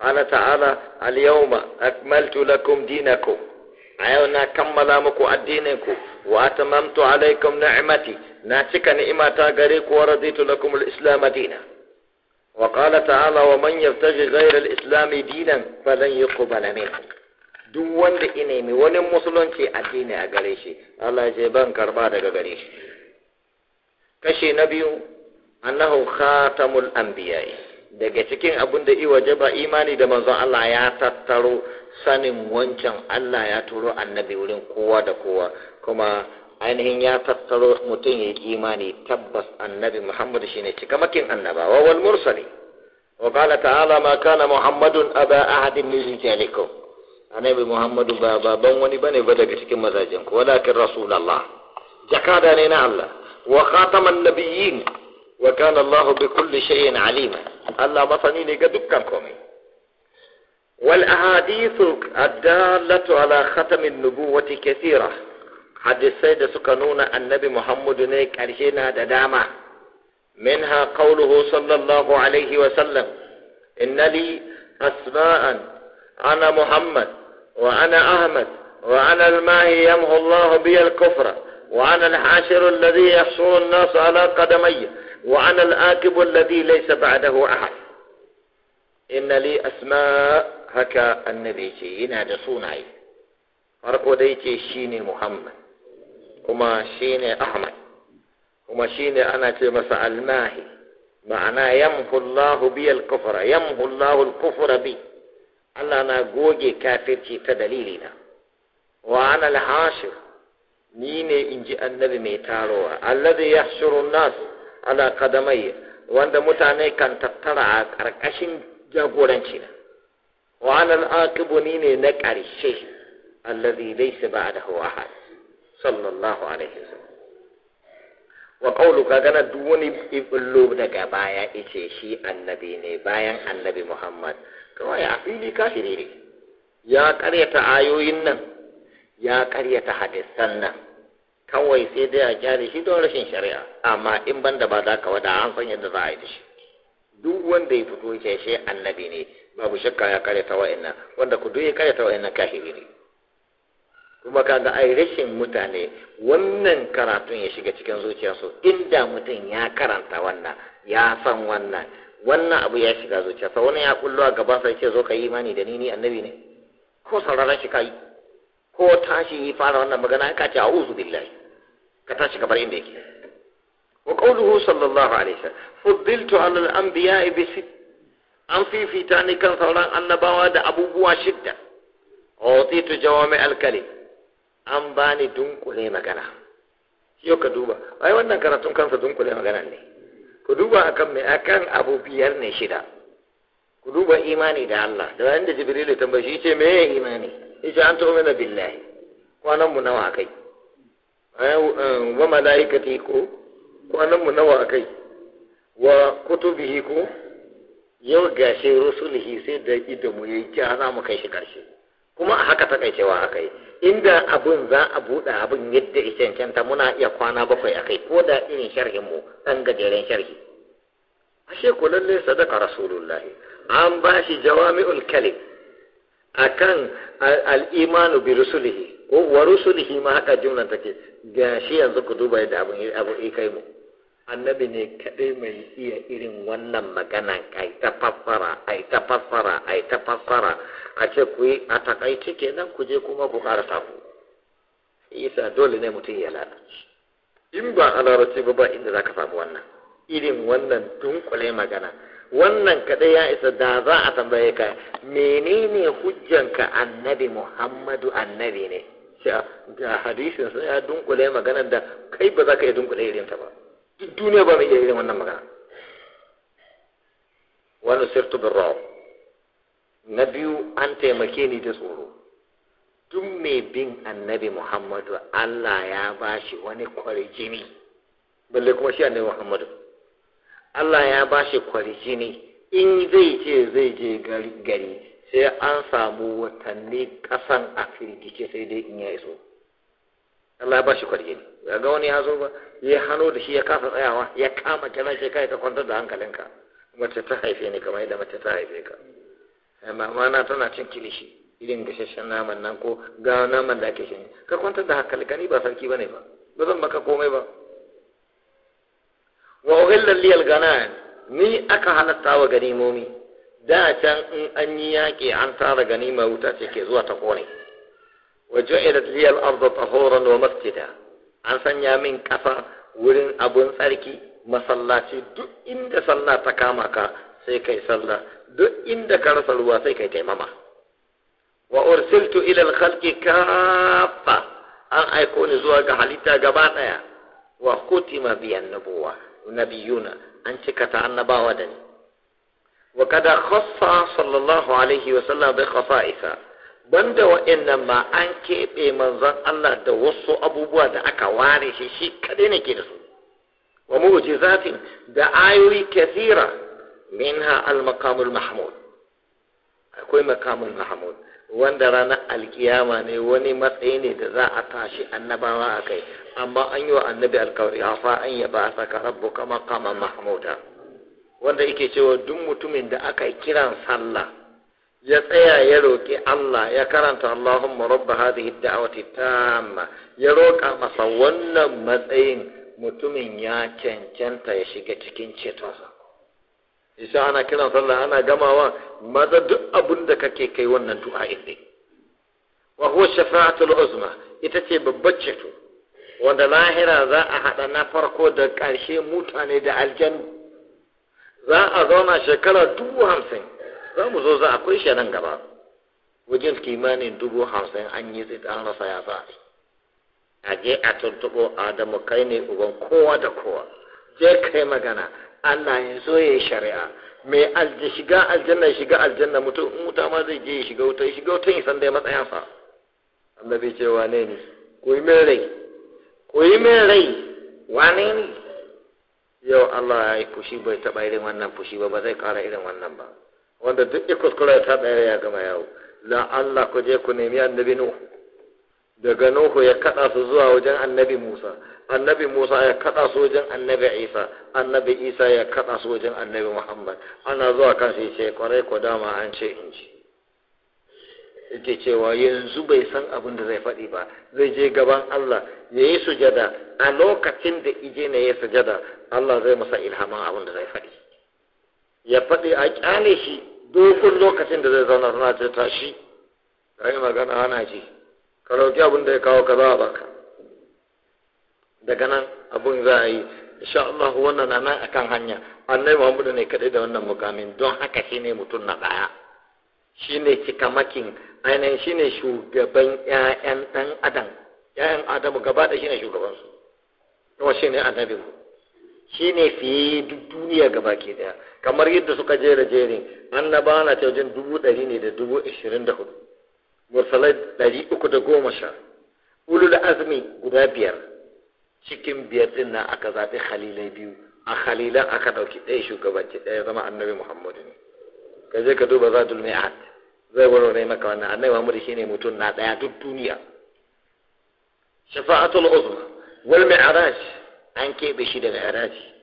qala ta'ala al-yawma akmaltu lakum dinakum ayuna kammala muku addininku wa atamamtu alaykum ni'mati na cika ni'imata gare ku wa raditu lakum al-islam dinan wa qala ta'ala wa man yabtaji ghayra al-islam dinan falan yuqbala minhu duk wanda ina mai wani musulunci addini a gare shi Allah ya ban karba daga gare shi kashi na biyu annahu khatamul anbiya'i daga cikin abin da iwaje ba imani da manzon Allah ya tattaro sanin wancan Allah ya turo annabi wurin kowa da kowa kuma ainihin ya tattaro mutum ya imani tabbas annabi Muhammad shine cikamakin annabawa wal mursali وقال تعالى ما كان محمد أبا أحد من رجالكم annabi muhammadu ba baban wani bane ba daga cikin mazajen ku walakin rasulullah jakada ne na Allah wa khataman nabiyyin wa kana Allah bi kulli shay'in alima Allah masani ne ga dukkan komai wal ahadithu addalatu ala khatamin nubuwati kathira hadisai da suka nuna annabi muhammadu ne karshe na da dama منها قوله صلى الله عليه وسلم إن لي أسماء أنا محمد وأنا أحمد وأنا الماهي يمحو الله بي الكفر وأنا الحاشر الذي يحصل الناس على قدمي وأنا الآكب الذي ليس بعده أحد إن لي أسماء هكا النبي شينا جسوناي فرقو ديتي شيني محمد وما شيني أحمد وما شيني أنا تمسع الماهي معنى يمحو الله بي الكفر يمحو الله الكفر بي Allah na goge kafirci ta dalilina wa ana hashir ni ne in ji annabi mai tarowa allazi yahshuru nas ala qadamai wanda mutane kan tattara a karkashin jagoranci na wa ana al-aqibu ni ne na karshe allazi laysa ba'dahu ahad sallallahu alaihi wasallam wa qawlu gana duk wani ibullo daga baya ice shi annabi ne bayan annabi Muhammad kawai a fili kafiri ne ya karyata ayoyin nan ya karyata hadisan nan kawai sai dai a kyale shi don rashin shari'a amma in banda ba za ka wada an san yadda za a yi da shi duk wanda ya fito ya shi annabi ne babu shakka ya karyata wa'annan wanda ku duk ya karyata wa'annan kafiri ne kuma ga ai rashin mutane wannan karatun ya shiga cikin zuciyarsu inda mutum ya karanta wannan ya san wannan wannan abu ya shiga zuciyarsa wani ya kullu a gaban sa ce zo ka yi imani da ni ni annabi ne ko sauraron shi ka yi ko tashi yi fara wannan magana ka ce a'udhu billahi ka tashi kamar inda yake wa qawluhu sallallahu alaihi wasallam fuddiltu ala al-anbiya'i bi sitt an fifita ni kan sauran annabawa da abubuwa shidda utitu jawami al-kalim an bani dunkule magana yau ka duba ai wannan karatun kansa dunkule magana ne ku duba akan mai akan abu biyar ne shida ku duba imani da Allah da wanda Jibril ya tambaye shi ce ya imani yace an tu'mina billahi kwanan mu nawa kai? Eh, wa malaikati ko kwanan mu nawa kai? wa kutubihi ko yau gashe rusulihi sai da idan mu yi. kyara mu kai shi karshe kuma a haka takaicewa aka yi inda abun za a buɗe abun yadda cancanta muna iya kwana bakwai a kai ko da irin sharhin mu ɗan gajeren sharhi ashe ko lalle sadaka rasulullah an ba shi jawami'ul kalim akan al-imanu bi rusulihi wa rusulihi ma haka jumlan take gashi yanzu ku duba yadda abun yi kai mu annabi ne kaɗai mai iya irin wannan magana yi ta fassara yi ta fassara yi ta fassara a ce ku yi a takaice kenan ku je kuma ku ta ku isa dole ne mutum ya lada in ba a larabci ba ba inda za ka samu wannan irin wannan dunkule magana wannan kaɗai ya isa da za a tambaye ka menene ka annabi muhammadu annabi ne ga hadisinsa ya dunkule magana da kai ba za ka yi dunkule irinta ba duk duniya ba mai iya irin wannan magana wani sirtu bin rawa na biyu an taimake ni da tsoro duk mai bin annabi muhammadu allah ya ba shi wani kwarjini balle kuma shi annabi muhammadu allah ya ba shi kwarjini in zai ce zai je gari sai an samu watanni kasan a firgice sai dai in ya iso allah ya ba shi kwarjini ya ga wani ya zo ba ya hano da shi ya kasa tsayawa ya kama kenan shi kai ka kwantar da hankalinka mace ta haife ni kamar yadda mace ta haife ka eh, amma na tana cin kilishi irin gasasshen naman nan ko ga naman da ake shi ka kwantar da hankalinka ni ba sarki bane ba ba zan maka komai ba wa uhilla liyal ganan ni aka halatta wa ganimomi da can in an yi yaƙi an tara ganima wuta ce ke zuwa ta kone wa ju'ilat liyal ardu tahuran wa masjida an sanya min ƙasa wurin abun tsarki masallaci duk inda sallah ta kama ka sai kai sallah duk inda ka rasa ruwa sai kai taimama wa ursiltu ila al-khalqi kaffa an aiko ni zuwa ga halitta gaba daya wa kutima bi annabuwa nabiyuna an cika ta annabawa da ni wa kada khassa sallallahu alaihi wa sallam bi khasa'isa banda wa'annan ma an keɓe manzon Allah da wasu abubuwa da aka ware shi shi kaɗai ne ke da su wa mu'jizatin da ayoyi kathira minha al-maqamul mahmud akwai maqamul mahmud wanda ranar alkiyama ne wani matsayi ne da za a tashi annabawa a kai amma an yi wa annabi alkawari hafa an ya ba saka rabbuka maqaman mahmuda wanda yake cewa duk mutumin da aka kiran sallah ya tsaya ya roƙi Allah ya karanta Allahumma rabba hadhihi da'wati tamma ya roƙa masa wannan matsayin mutumin ya cancanta ya shiga cikin cetonsa isa ana kiran sallah ana gamawa maza duk abin da kake kai wannan du'a din wa huwa shafa'atul uzma ita ce babbar ceto wanda lahira za a haɗa na farko da ƙarshe mutane da aljanu za a zauna shekara dubu hamsin za mu zo za akwai shi nan gaba wajen kimanin dubu hamsin an yi tsit an rasa ya sa a je a tuntuɓo adamu kai ne uban kowa da kowa je kai magana Allah ya zo ya yi shari'a mai alje shiga aljanna shiga aljanna mutum in wuta ma zai je ya shiga wuta ya shiga wuta ya san dai matsayinsa annabi ce wane ne ku yi min rai ku yi min rai wane ne yau Allah ya yi fushi bai taɓa irin wannan fushi ba ba zai ƙara irin wannan ba wanda duk ikuskura ta ɗaya ya gama yawo la Allah ku je ku nemi annabi Nuhu daga Nuhu ya kaɗa su zuwa wajen annabi Musa annabi Musa ya kaɗa su wajen annabi Isa annabi Isa ya kaɗa su wajen annabi Muhammad ana zuwa kan sai ce kwarai ko dama an ce in ji yake cewa yanzu bai san abin da zai faɗi ba zai je gaban Allah ya yi sujada a lokacin da ije na ya sujada Allah zai masa ilhaman abin da zai faɗi ya faɗi a ƙyale shi dokun lokacin da zai zauna suna ce tashi ka yi magana ana ce ka roƙi abin da ya kawo ka za a baka daga nan abin za a yi insha Allah wannan na nan akan hanya annai Muhammadu ne kaɗai da wannan mukamin don haka shi ne mutum na baya. shi ne cikamakin ainihin shi ne shugaban 'ya'yan ɗan adam 'ya'yan adamu gaba da shi ne shugabansu kuma shi ne annabinmu shi ne fiye duk duniya gaba ke daya kamar yadda suka jera jerin annaba na ta wajen dubu ɗari ne da dubu ashirin da hudu mursalai ɗari uku da goma sha ulu da azumi guda biyar cikin biyar din na aka zaɓi halilai biyu a halilan aka ɗauki ɗaya shugabanci ɗaya zama annabi muhammadu ne ka je ka duba za zadul mi'at zai warware maka wannan annabi muhammadu ne mutum na ɗaya duk duniya shafa'atul uzma wal mi'raj an keɓe shi daga haraji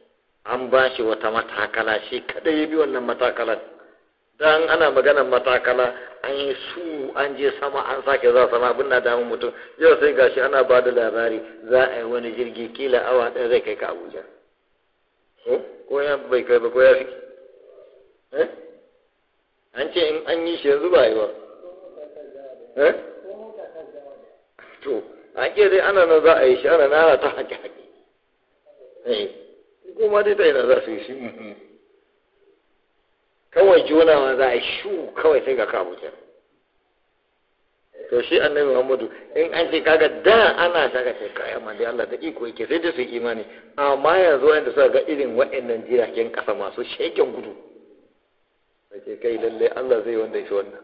an ba shi wata matakala shi kadai ya bi wannan matakalan dan ana maganar matakala an yi su an je sama an sake za sama abin na damun mutum yau sai gashi ana ba da labari za a yi wani jirgi kila awa ɗaya zai kai ka abuja eh? ko ya bai kai ba ko ya fi eh? an ce in an yi shi yanzu ba yi ba eh? to a dai ana nan za a yi shi ana nana ta haƙe-haƙe kuma dai ta za su yi shi kawai jonawa za a shu kawai sai ga kabutar to shi annabi muhammadu in an ce kaga da ana shaka ce kaya ma dai Allah da iko yake sai da su imani amma yanzu wanda suka ga irin waɗannan jiragen kasa masu sheken gudu sai ce kai lalle Allah zai wanda shi wannan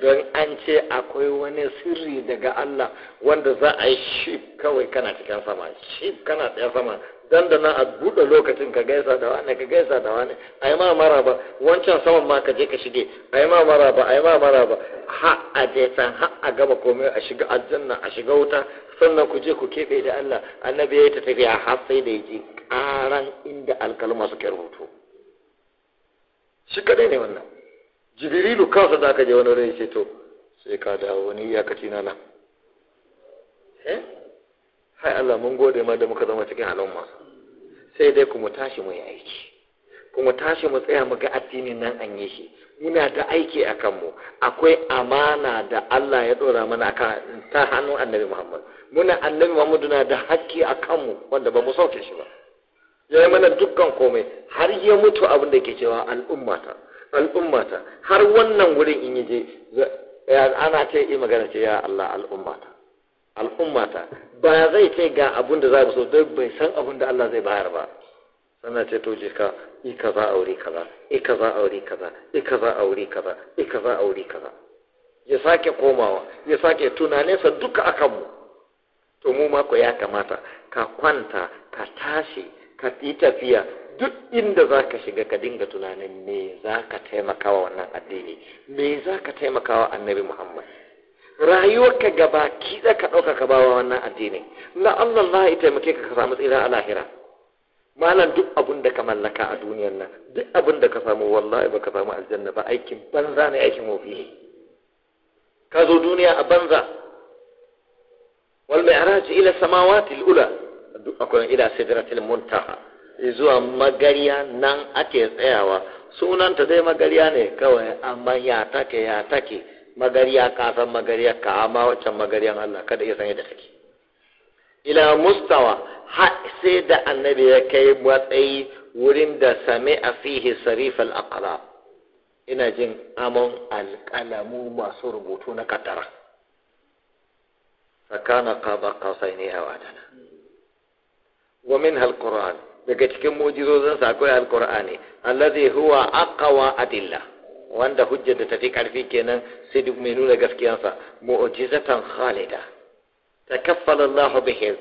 don an ce akwai wani sirri daga Allah wanda za a yi shi kawai kana cikin sama shi kana tsaya sama na a buɗe lokacin ka gaisa da wani ka gaisa da wani a yi ma ba. wancan saman ma ka je ka shige a yi ma ba, a yi ma mara ba. ha a je can ha a gaba komai a shiga aljanna a shiga wuta sannan ku je ku keɓe da Allah annabi ya yi ta tafiya har sai da ya ji ƙaran inda alkalma suke rubutu shi kadai ne wannan jibrilu kansa da aka je wani rai ce to sai ka dawo wani iyakaci na nan eh hai Allah mun gode ma da muka zama cikin al'umma sai dai kuma tashi mu aiki kuma tashi mu tsaya mu ga addinin nan an yi shi muna da aiki a kanmu akwai amana da Allah ya dora mana ta hannun annabi Muhammad muna annabi Muhammad na da hakki a kanmu wanda ba mu sauke shi ba ya yi mana dukkan komai har ya mutu abin da ke cewa al'ummata al'ummata har wannan wurin in yi je ana ce yi magana ce ya Allah al'ummata al'ummata ba zai ce ga abun da za so don bai san abun da Allah zai bayar ba sana ce to je ka wuri kaza wuri kaza i ka za kaza i kaza yi kaza i a wuri kaza ya sake komawa ya sake tunaninsa duka akan kanmu to mu mako ya kamata ka kwanta ka tashi ka yi tafiya duk inda za ka shiga ka dinga tunanin me za ka taimakawa wannan addini me za ka taimakawa annabi muhammad rayuwarka gaba ki za ka ɗauka ka bawa wannan addini na Allah Allah ya taimake ka ka samu tsira a lahira malam duk abin da ka mallaka a duniyar nan duk abin da ka samu wallahi ba ka samu aljanna ba aikin banza ne aikin wofi ka zo duniya a banza wal mi'raj ila samawati al-ula duk akwai ila sidratil muntaha zuwa magariya nan ake tsayawa sunanta dai magariya ne kawai amma ya take ya take magariya ka san magariya ka amma waccan magariyan Allah kada ya sanya da take ila mustawa har sai da annabi ya kai matsayi wurin da same a fihi sarif al ina jin amon alƙalamu masu rubutu na katara sakana qaba qasaini aw adana wa al qur'an daga cikin mu'jizozin sa akwai qur'ani allazi huwa aqwa adillah wanda hujjar da ta fi ƙarfi kenan sai duk mai nuna gaskiyansa mu'jizatan khalida takaffala Allahu biha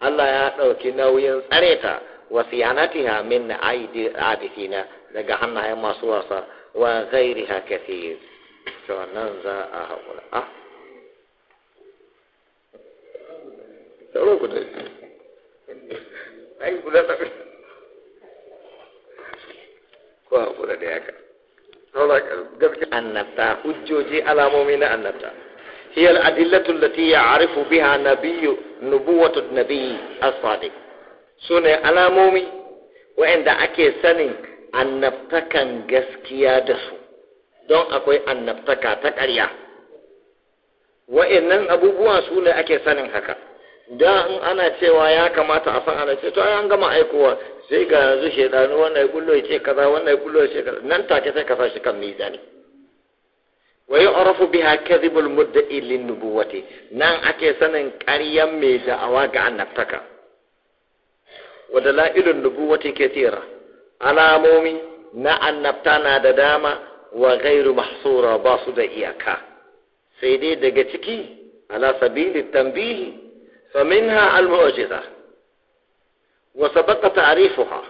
Allah ya ɗauki nauyin tsareta wa siyanatiha min aidi abithina daga hannayen masu wasa wa ghairiha kathir to nan za a hakura ah sauro ku da ku haƙura Uh, annabta hujjoji alamomi na annabta hiya al'adillatu lati ya arifu biha nabiyu nubuwatu nabi asadi su ne alamomi wa'anda ake sanin annabtakan gaskiya da su don akwai annabtaka ta ƙarya wa'annan abubuwa su ne ake sanin haka da in ana cewa ya kamata a san ana ce to an gama aikowa sai ga yanzu shaidanu wannan ya kullo ya ce kaza wannan ya kullo ce kaza nan take sai ka sashi kan mizani wa yu'rafu biha kadhibul mudda'i lin nubuwati nan ake sanin ƙaryan mai da'awa ga annabtaka wa dalailun nubuwati katira alamomi na annabta na da dama wa ghairu mahsura ba su da iyaka sai dai daga ciki ala sabili tanbihi fa minha al mu'jizah wa sabaqa ta'rifuha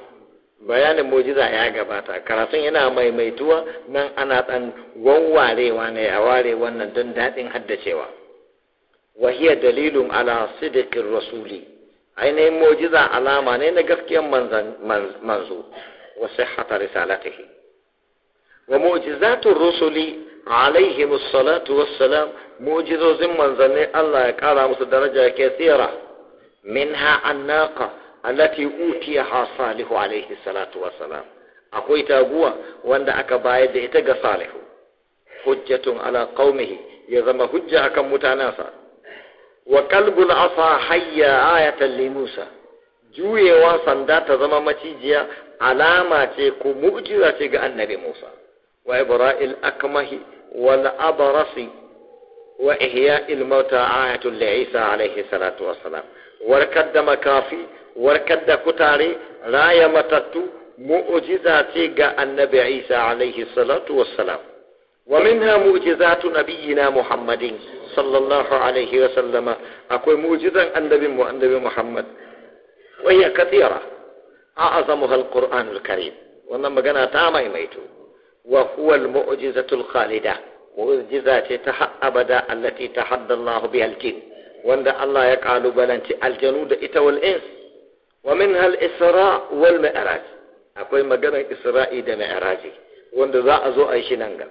bayanin mujiza ya gabata karatun yana maimaituwa nan ana dan wanwarewa ne a ware wannan don daɗin haddacewa wa hiya dalilun ala sidiqir rasuli ainihin mujiza alama ne na gaskiyar manzo wa sihhata risalatihi wa mu'jizatur rusuli alaihim assalatu wassalam mu'jizozin manzanni Allah ya kara musu daraja kasira minha annaqa allati utiyaha salihu alaihi akwai taguwa wanda aka bayar da ita ga salihu hujjatun ala qaumihi ya zama hujja akan mutanansa wa qalbul asa hayya ayatan li musa juyewa sanda ta zama macijiya alama ce ko mu'jiza ga annabi musa wa ibra'il akmahi wal abrasi wa ihya'il mauta ayatun li isa alaihi warkar da makafi warkar da kutare raya matattu mu'jiza ce ga annabi Isa alaihi salatu wassalam wa minha mu'jizatu nabiyina Muhammadin sallallahu alaihi wa sallama akwai mu'jizan annabin mu annabi Muhammad wa hiya kathira a'azamuha al-Qur'anul Karim wannan magana ta maimaito wa huwa al-mu'jizatul khalida mu'jiza ce ta abada allati tahadda Allah biha al wanda Allah ya kalubalanci aljanu da ita wal ins wa min hal isra wal akwai maganar isra'i da mi'raji wanda za a zo a yi shi nan ga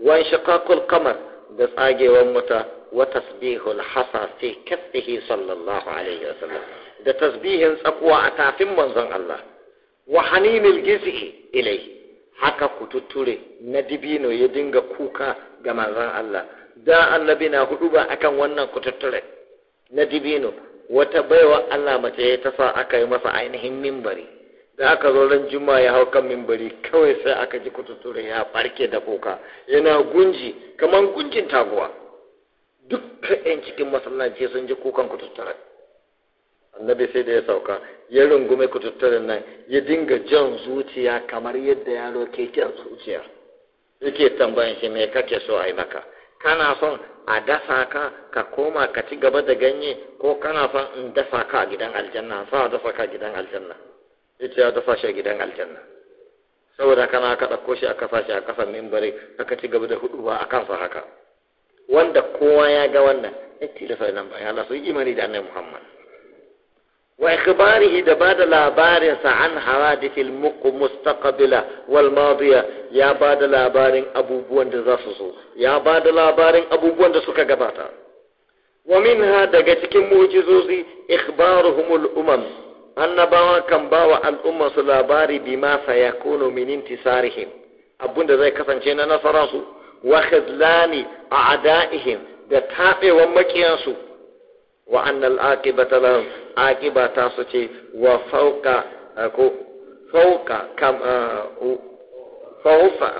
wa shaqaqul qamar da tsagewan wata wa tasbihul hasa fi kasbihi sallallahu alaihi wasallam da tasbihin tsakuwa a tafin manzon Allah wa haninil gizhi ilai haka kututture na dibino ya dinga kuka ga manzon Allah da annabi na huɗu ba akan wannan kututture na dibino wata baiwa Allah mace ta sa aka yi masa ainihin mimbari da aka zo ran juma ya hau kan mimbari kawai sai aka ji kututture ya farke da kuka yana gunji kamar gunjin taguwa dukkan 'yan cikin masallaci sun ji kukan kututture annabi sai da ya sauka ya rungume kututturen nan ya dinga jan zuciya kamar yadda yaro ke jan zuciya yake tambayan shi me kake so a yi maka kana son a dasa ka ka koma ka ci gaba da ganye ko kana son in dasa ka a gidan aljanna sa a dasa ka a gidan aljanna ita ya dasa shi a gidan aljanna saboda kana ka ɗauko shi a kasa shi a ƙasan mimbari ka ci gaba da huduwa a kansa haka wanda kowa ya ga wannan ya tilasa nan ba, ya lasu yi imani da annabi Muhammad wa ikhbarihi da bada labarinsa an hawadithil mustaqbila wal madiya ya bada labarin abubuwan da za su zo ya bada labarin abubuwan da suka gabata wa minha daga cikin mu'jizozi ikhbaruhumul umam annabawa kan bawa al'umma su labari bima sayakunu min intisarihim abunda zai kasance na nasararsu wa khizlani a'da'ihim da tabewan makiyansu wa annal aqibata lahum akiba ta su ce wa fauka eh, ko fauka kam eh,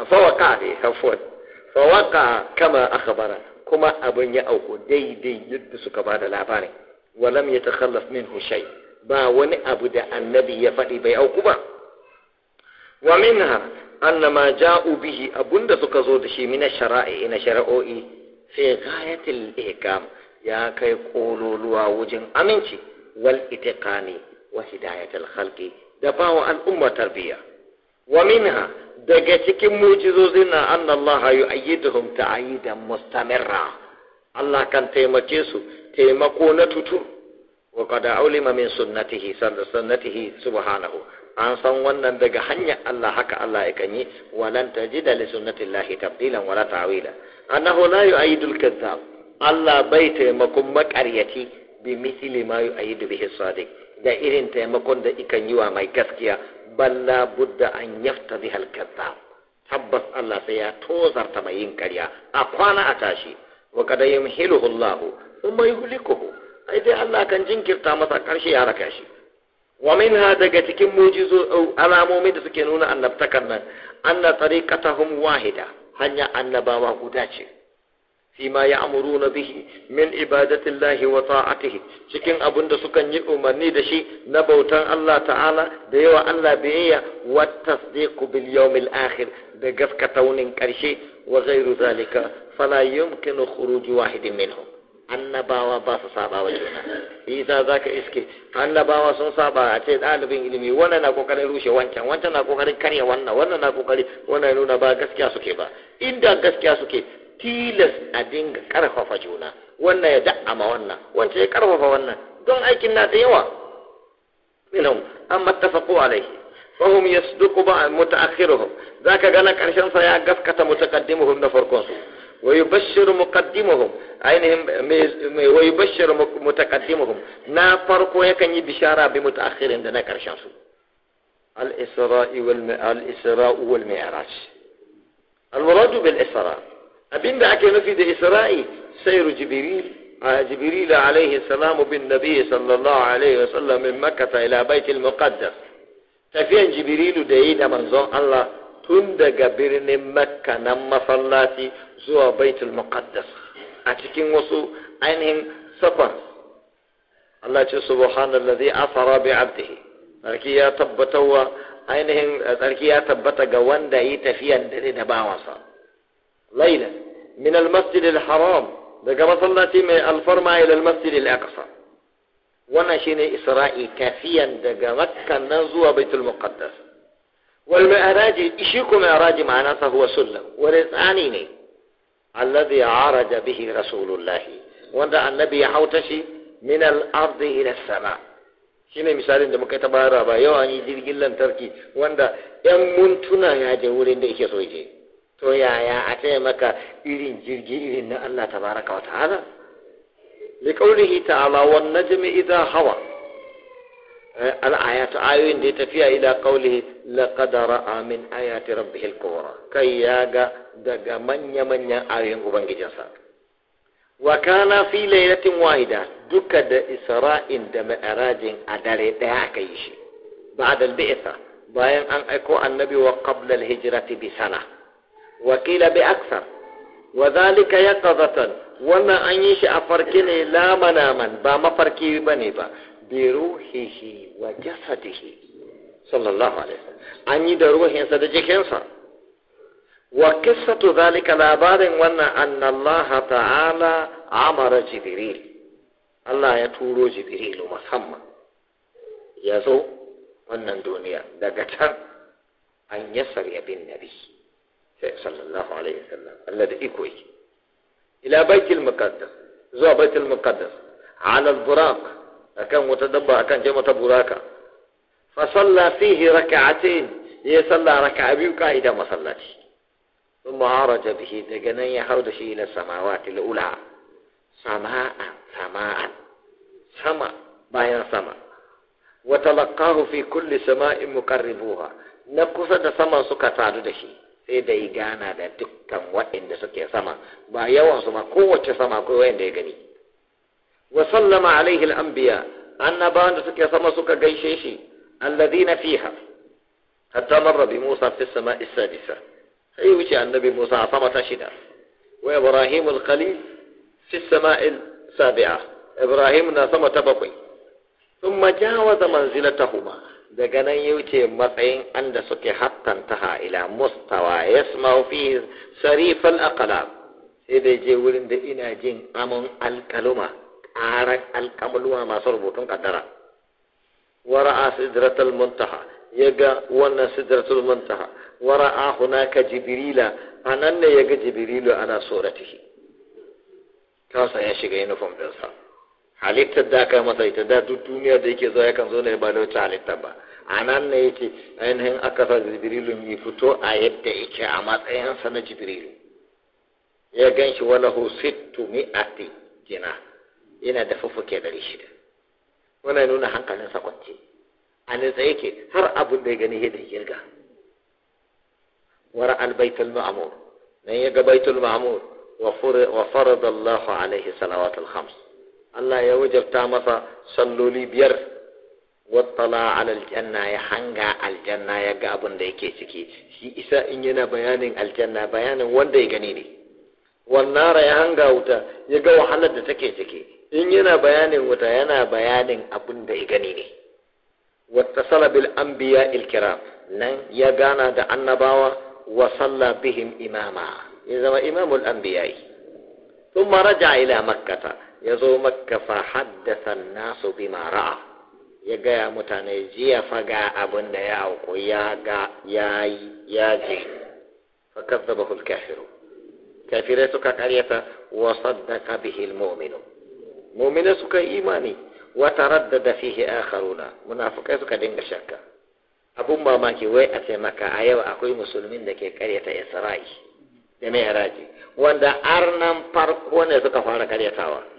fawaka ne hafuwan fawaka kama akabara kuma abin ya auku daidai yadda suka ba da labarin walam ya takhallaf min hushai ba wani abu da annabi ya faɗi bai auku ba wa minha annama ja'u bihi abunda suka zo da shi mina shara'i na shari'o'i fi ghayatil ihkam ya kai kololuwa wajen aminci wal itiqani wa hidayatul khalqi da bawa al'umma tarbiyya wa daga cikin mu'jizozin na anna Allah yu'ayyiduhum ta'ayidan mustamirra Allah kan taimake su taimako na tutu wa qad ulima min sunnatihi sunnatihi subhanahu an san wannan daga hanyar Allah haka Allah ya yi. walan tajida li sunnatillahi tabdilan wala ta'wila annahu la yu'ayyidul kazzab Allah bai taimakon maƙaryaci bi misli ma yu'ayyidu bihi sadiq da irin taimakon da ikan yi wa mai gaskiya balla budda an yafta bihal kadhab tabbas Allah sai ya tozarta mai yin karya a kwana a tashi wa kada yumhiluhu Allah thumma yuhlikuhu ai dai Allah kan jinkirta masa karshe ya raka shi wa minha daga cikin mujizu alamomi da suke nuna annabtakar nan anna tariqatahum wahida hanya annabawa guda ce فيما يأمرون به من عبادة الله وطاعته cikin abin da sukan yi umarni da shi na bautan Allah ta'ala da yawa Allah biyayya wa tasdiqu bil yawmil akhir da gaskata wunin karshe annabawa ba su saba wa juna isa zaka iske annabawa sun saba a ce ɗalibin ilimi wannan na kokarin rushe wancan wancan na kokarin karya wannan wannan na kokarin wannan nuna ba gaskiya suke ba inda gaskiya suke tilas a dinga karfafa juna wannan ya da'ama wannan wancan ya karfafa wannan don aikin na da yawa minhum amma tafaqu alaihi fahum yasduqu ba mutaakhiruhum zaka ga na karshen sa ya gaskata mutaqaddimuhum na farkon su wa yubashshiru muqaddimuhum ainihin wa yubashshiru mutaqaddimuhum na farko yakan yi bishara bi mutaakhirin da na karshen su al-isra'i wal al-isra'u wal mi'raj al-muradu bil-isra' abinda ake nufi da isra'i sayru jibril jibril alaihi salamu bin nabi sallallahu alaihi wasallam min makkah ila baitul muqaddas tafiyan jibrilu da yi da manzon Allah tun daga birnin makka nan masallaci zuwa baitul muqaddas a cikin wasu ainihin safar Allah ce subhanallazi asara bi abdihi sarki ya tabbatawa ya tabbata ga wanda yi tafiyan dare da bawansa ليلة من المسجد الحرام دقى مصلاتي من الفرما إلى المسجد الأقصى وانا شين إسرائي كافيا دقى مكة نزوى بيت المقدس والمعراج إشيكم معراج معناته هو سلم ورزعانيني الذي عرج به رسول الله وانا النبي حوتشي من الأرض إلى السماء shi مثال misalin da muka ta bara ba yau تركي yi jirgin lantarki wanda 'yan muntuna ya je wurin da yake to yaya a taya maka irin jirgi irin na Allah ta tabaraka wa ta'ala li qawlihi ta'ala wan najmi idha hawa eh, al ayatu ayoyin da tafiya ila qawlihi laqad ra'a min ayati rabbihil kubra kai ya ga daga manya manyan ayoyin ubangijinsa wa kana fi laylatin wahida duka da isra'in da mi'rajin a dare daya aka shi ba'da al bayan an aiko annabi wa qabla al hijrati bi sana wakila bi aksar wa zalika yaqazatan wannan an yi shi a farki ne la ba mafarki bane ba bi ruhihi wa jasadihi sallallahu alaihi an yi da ruhinsa da jikinsa wa qissatu zalika labarin wannan anna ta'ala amara jibril Allah ya turo jibril musamman ya zo wannan duniya daga can an yasar ya bin nabi صلى الله عليه وسلم الذي إكوي إلى بيت المقدس زو بيت المقدس على البراق كان متدبر كان جمة براكة فصلى فيه ركعتين يصلى ركع أبيك إذا ما صلتي ثم عرج به دقنين يحرده إلى السماوات الأولى سماء سماء سماء بين سماء وتلقاه في كل سماء مقربوها نقصد سماء سكتار دشي sai da ya gana da dukkan waɗanda suke sama ba yawan su ma kowace sama akwai waɗanda ya gani wa sallama alaihi al-anbiya annabawan da suke sama suka gaishe shi Alladhi na fiha hatta marra bi Musa fi sama samai sadisa sai wuce annabi Musa a sama ta shida wa Ibrahim al-Khalil fi sama samai sabi'a Ibrahim na sama ta bakwai thumma jawaza manzilatahuma daga nan ya wuce matsayin an da suke hattantaha ila mustawa ya smau fi sarifan akala sai dai je wurin da ina jin amon alkaluma ƙarar alkamaluma masu rubutun kaddara wara'a sidratul muntaha ya ga wannan sidratul muntaha wara'a hunaka jibrila a nan ne ya ga jibrilu ana tsoratihi kansa ya shiga yunifom ɗinsa halittar da aka masa ita da duk duniyar da yake zo ya kan zo ne ba da wata halitta ba a nan ne yake ainihin aka sa jibrilu ya fito a yadda yake a matsayinsa na jibrilu ya gan shi wala husittu mi'ati jina yana da fuffuke dari shida wannan nuna hankalin sa kwance a nitsa yake har abin da ya gani ya da girga wara albaitul ma'amur nan ya ga baitul ma'amur wa farada Allahu alaihi salawatul khams Allah ya wajabta masa salloli biyar wattala alal ya hanga aljanna ya ga abin da yake ciki shi isa in yana bayanin aljanna bayanin wanda ya gani ne wannara ya hanga wuta ya ga wahalar da take ciki in yana bayanin wuta yana bayanin abin da ya gani ne wattasala bil anbiya il nan ya gana da annabawa wa salla bihim imama ya zama imamul anbiya'i thumma raja ila makkata ya zo makka fa haddasa nasu bima ra'a ya gaya mutane jiya fa ga abin da ya auku ya ga ya yi ya ji fa kazzaba kafiru kafirai suka karyata wa saddaka bihi mu'minu mu'mina suka imani wa taraddada fihi akharuna su suka dinga shakka abun mamaki wai a ce maka a yau akwai musulmin da ke karyata isra'i da mai haraji wanda arnan farko ne suka fara karyatawa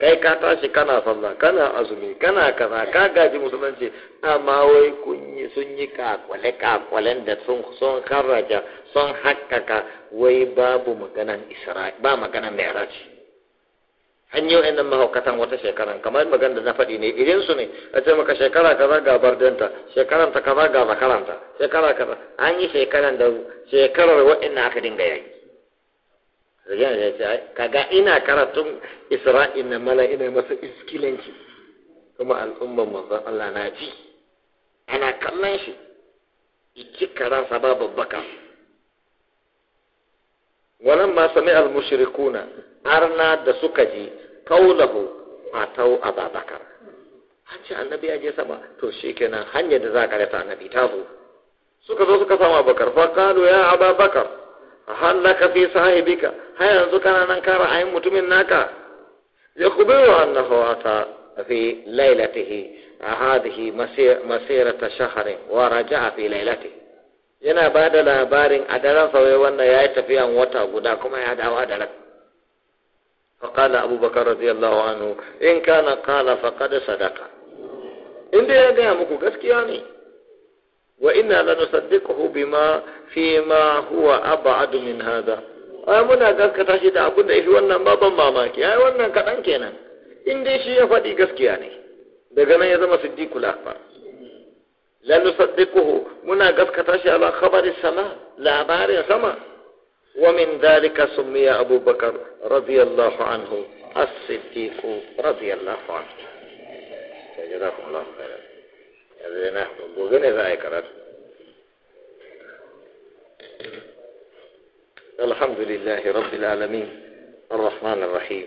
kai ka tashi kana sallah kana azumi kana kaza ka gaji musulunci amma wai kun yi sun yi kakwale kakwalen da sun sun karraja sun hakkaka wai babu maganan isra'i ba maganan mi'raj hanyoyin nan mahaukatan wata shekaran kamar magana da na faɗi ne idan su ne a ce maka shekara kaza ga bardinta shekaran kaza ga zakaranta shekara kaza an yi shekaran da shekarar wa'in aka dinga yayi ya ce kaga ina karatun isra'il na mala ina masa iskilanci kuma al'umman mazan Allah na ji ana kallon shi iki karansa ba babbaka walan ma sami al-mushrikuna arna da suka ji kaulahu atau ababakar an ce annabi ya je sama to kenan hanyar da za ka rata annabi ta zo suka zo suka samu abakar fa ya ababakar halaka fi sahibika har yanzu kana nan kara ayin mutumin naka ya kubiru annahu ata fi lailatihi a hadihi masirata shaharin wa a fi lailatihi yana ba da labarin a daren sauye wannan ya yi tafiyan wata guda kuma ya dawa da rak فقال abubakar radiyallahu anhu in kana kala كان sadaka فقد ya gaya muku gaskiya ne وإنا لنصدقه بما فيما هو أبعد من هذا أي آه، منا قال كتاشي تعبون إيش وانا ما بما ماكي أي آه، وانا كتان كينا إن دي شيء يفادي قسكي يعني دقنا يزم صديق الأخبار لنصدقه منا قال كتاشي على خبر السماء لا بار السماء ومن ذلك سمي أبو بكر رضي الله عنه الصديق رضي الله عنه جزاكم الله خيرا يعني الحمد لله رب العالمين الرحمن الرحيم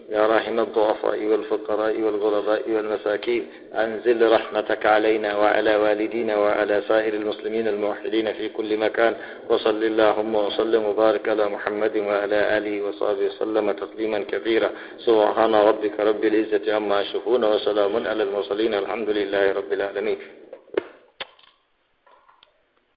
يا رحم الضعفاء والفقراء والغرباء والمساكين أنزل رحمتك علينا وعلى والدينا وعلى سائر المسلمين الموحدين في كل مكان وصل اللهم وسلم وبارك على محمد وعلى آله وصحبه وسلم تقديما كثيرا سبحان ربك رب العزة عما يشوفون وسلام على المرسلين الحمد لله رب العالمين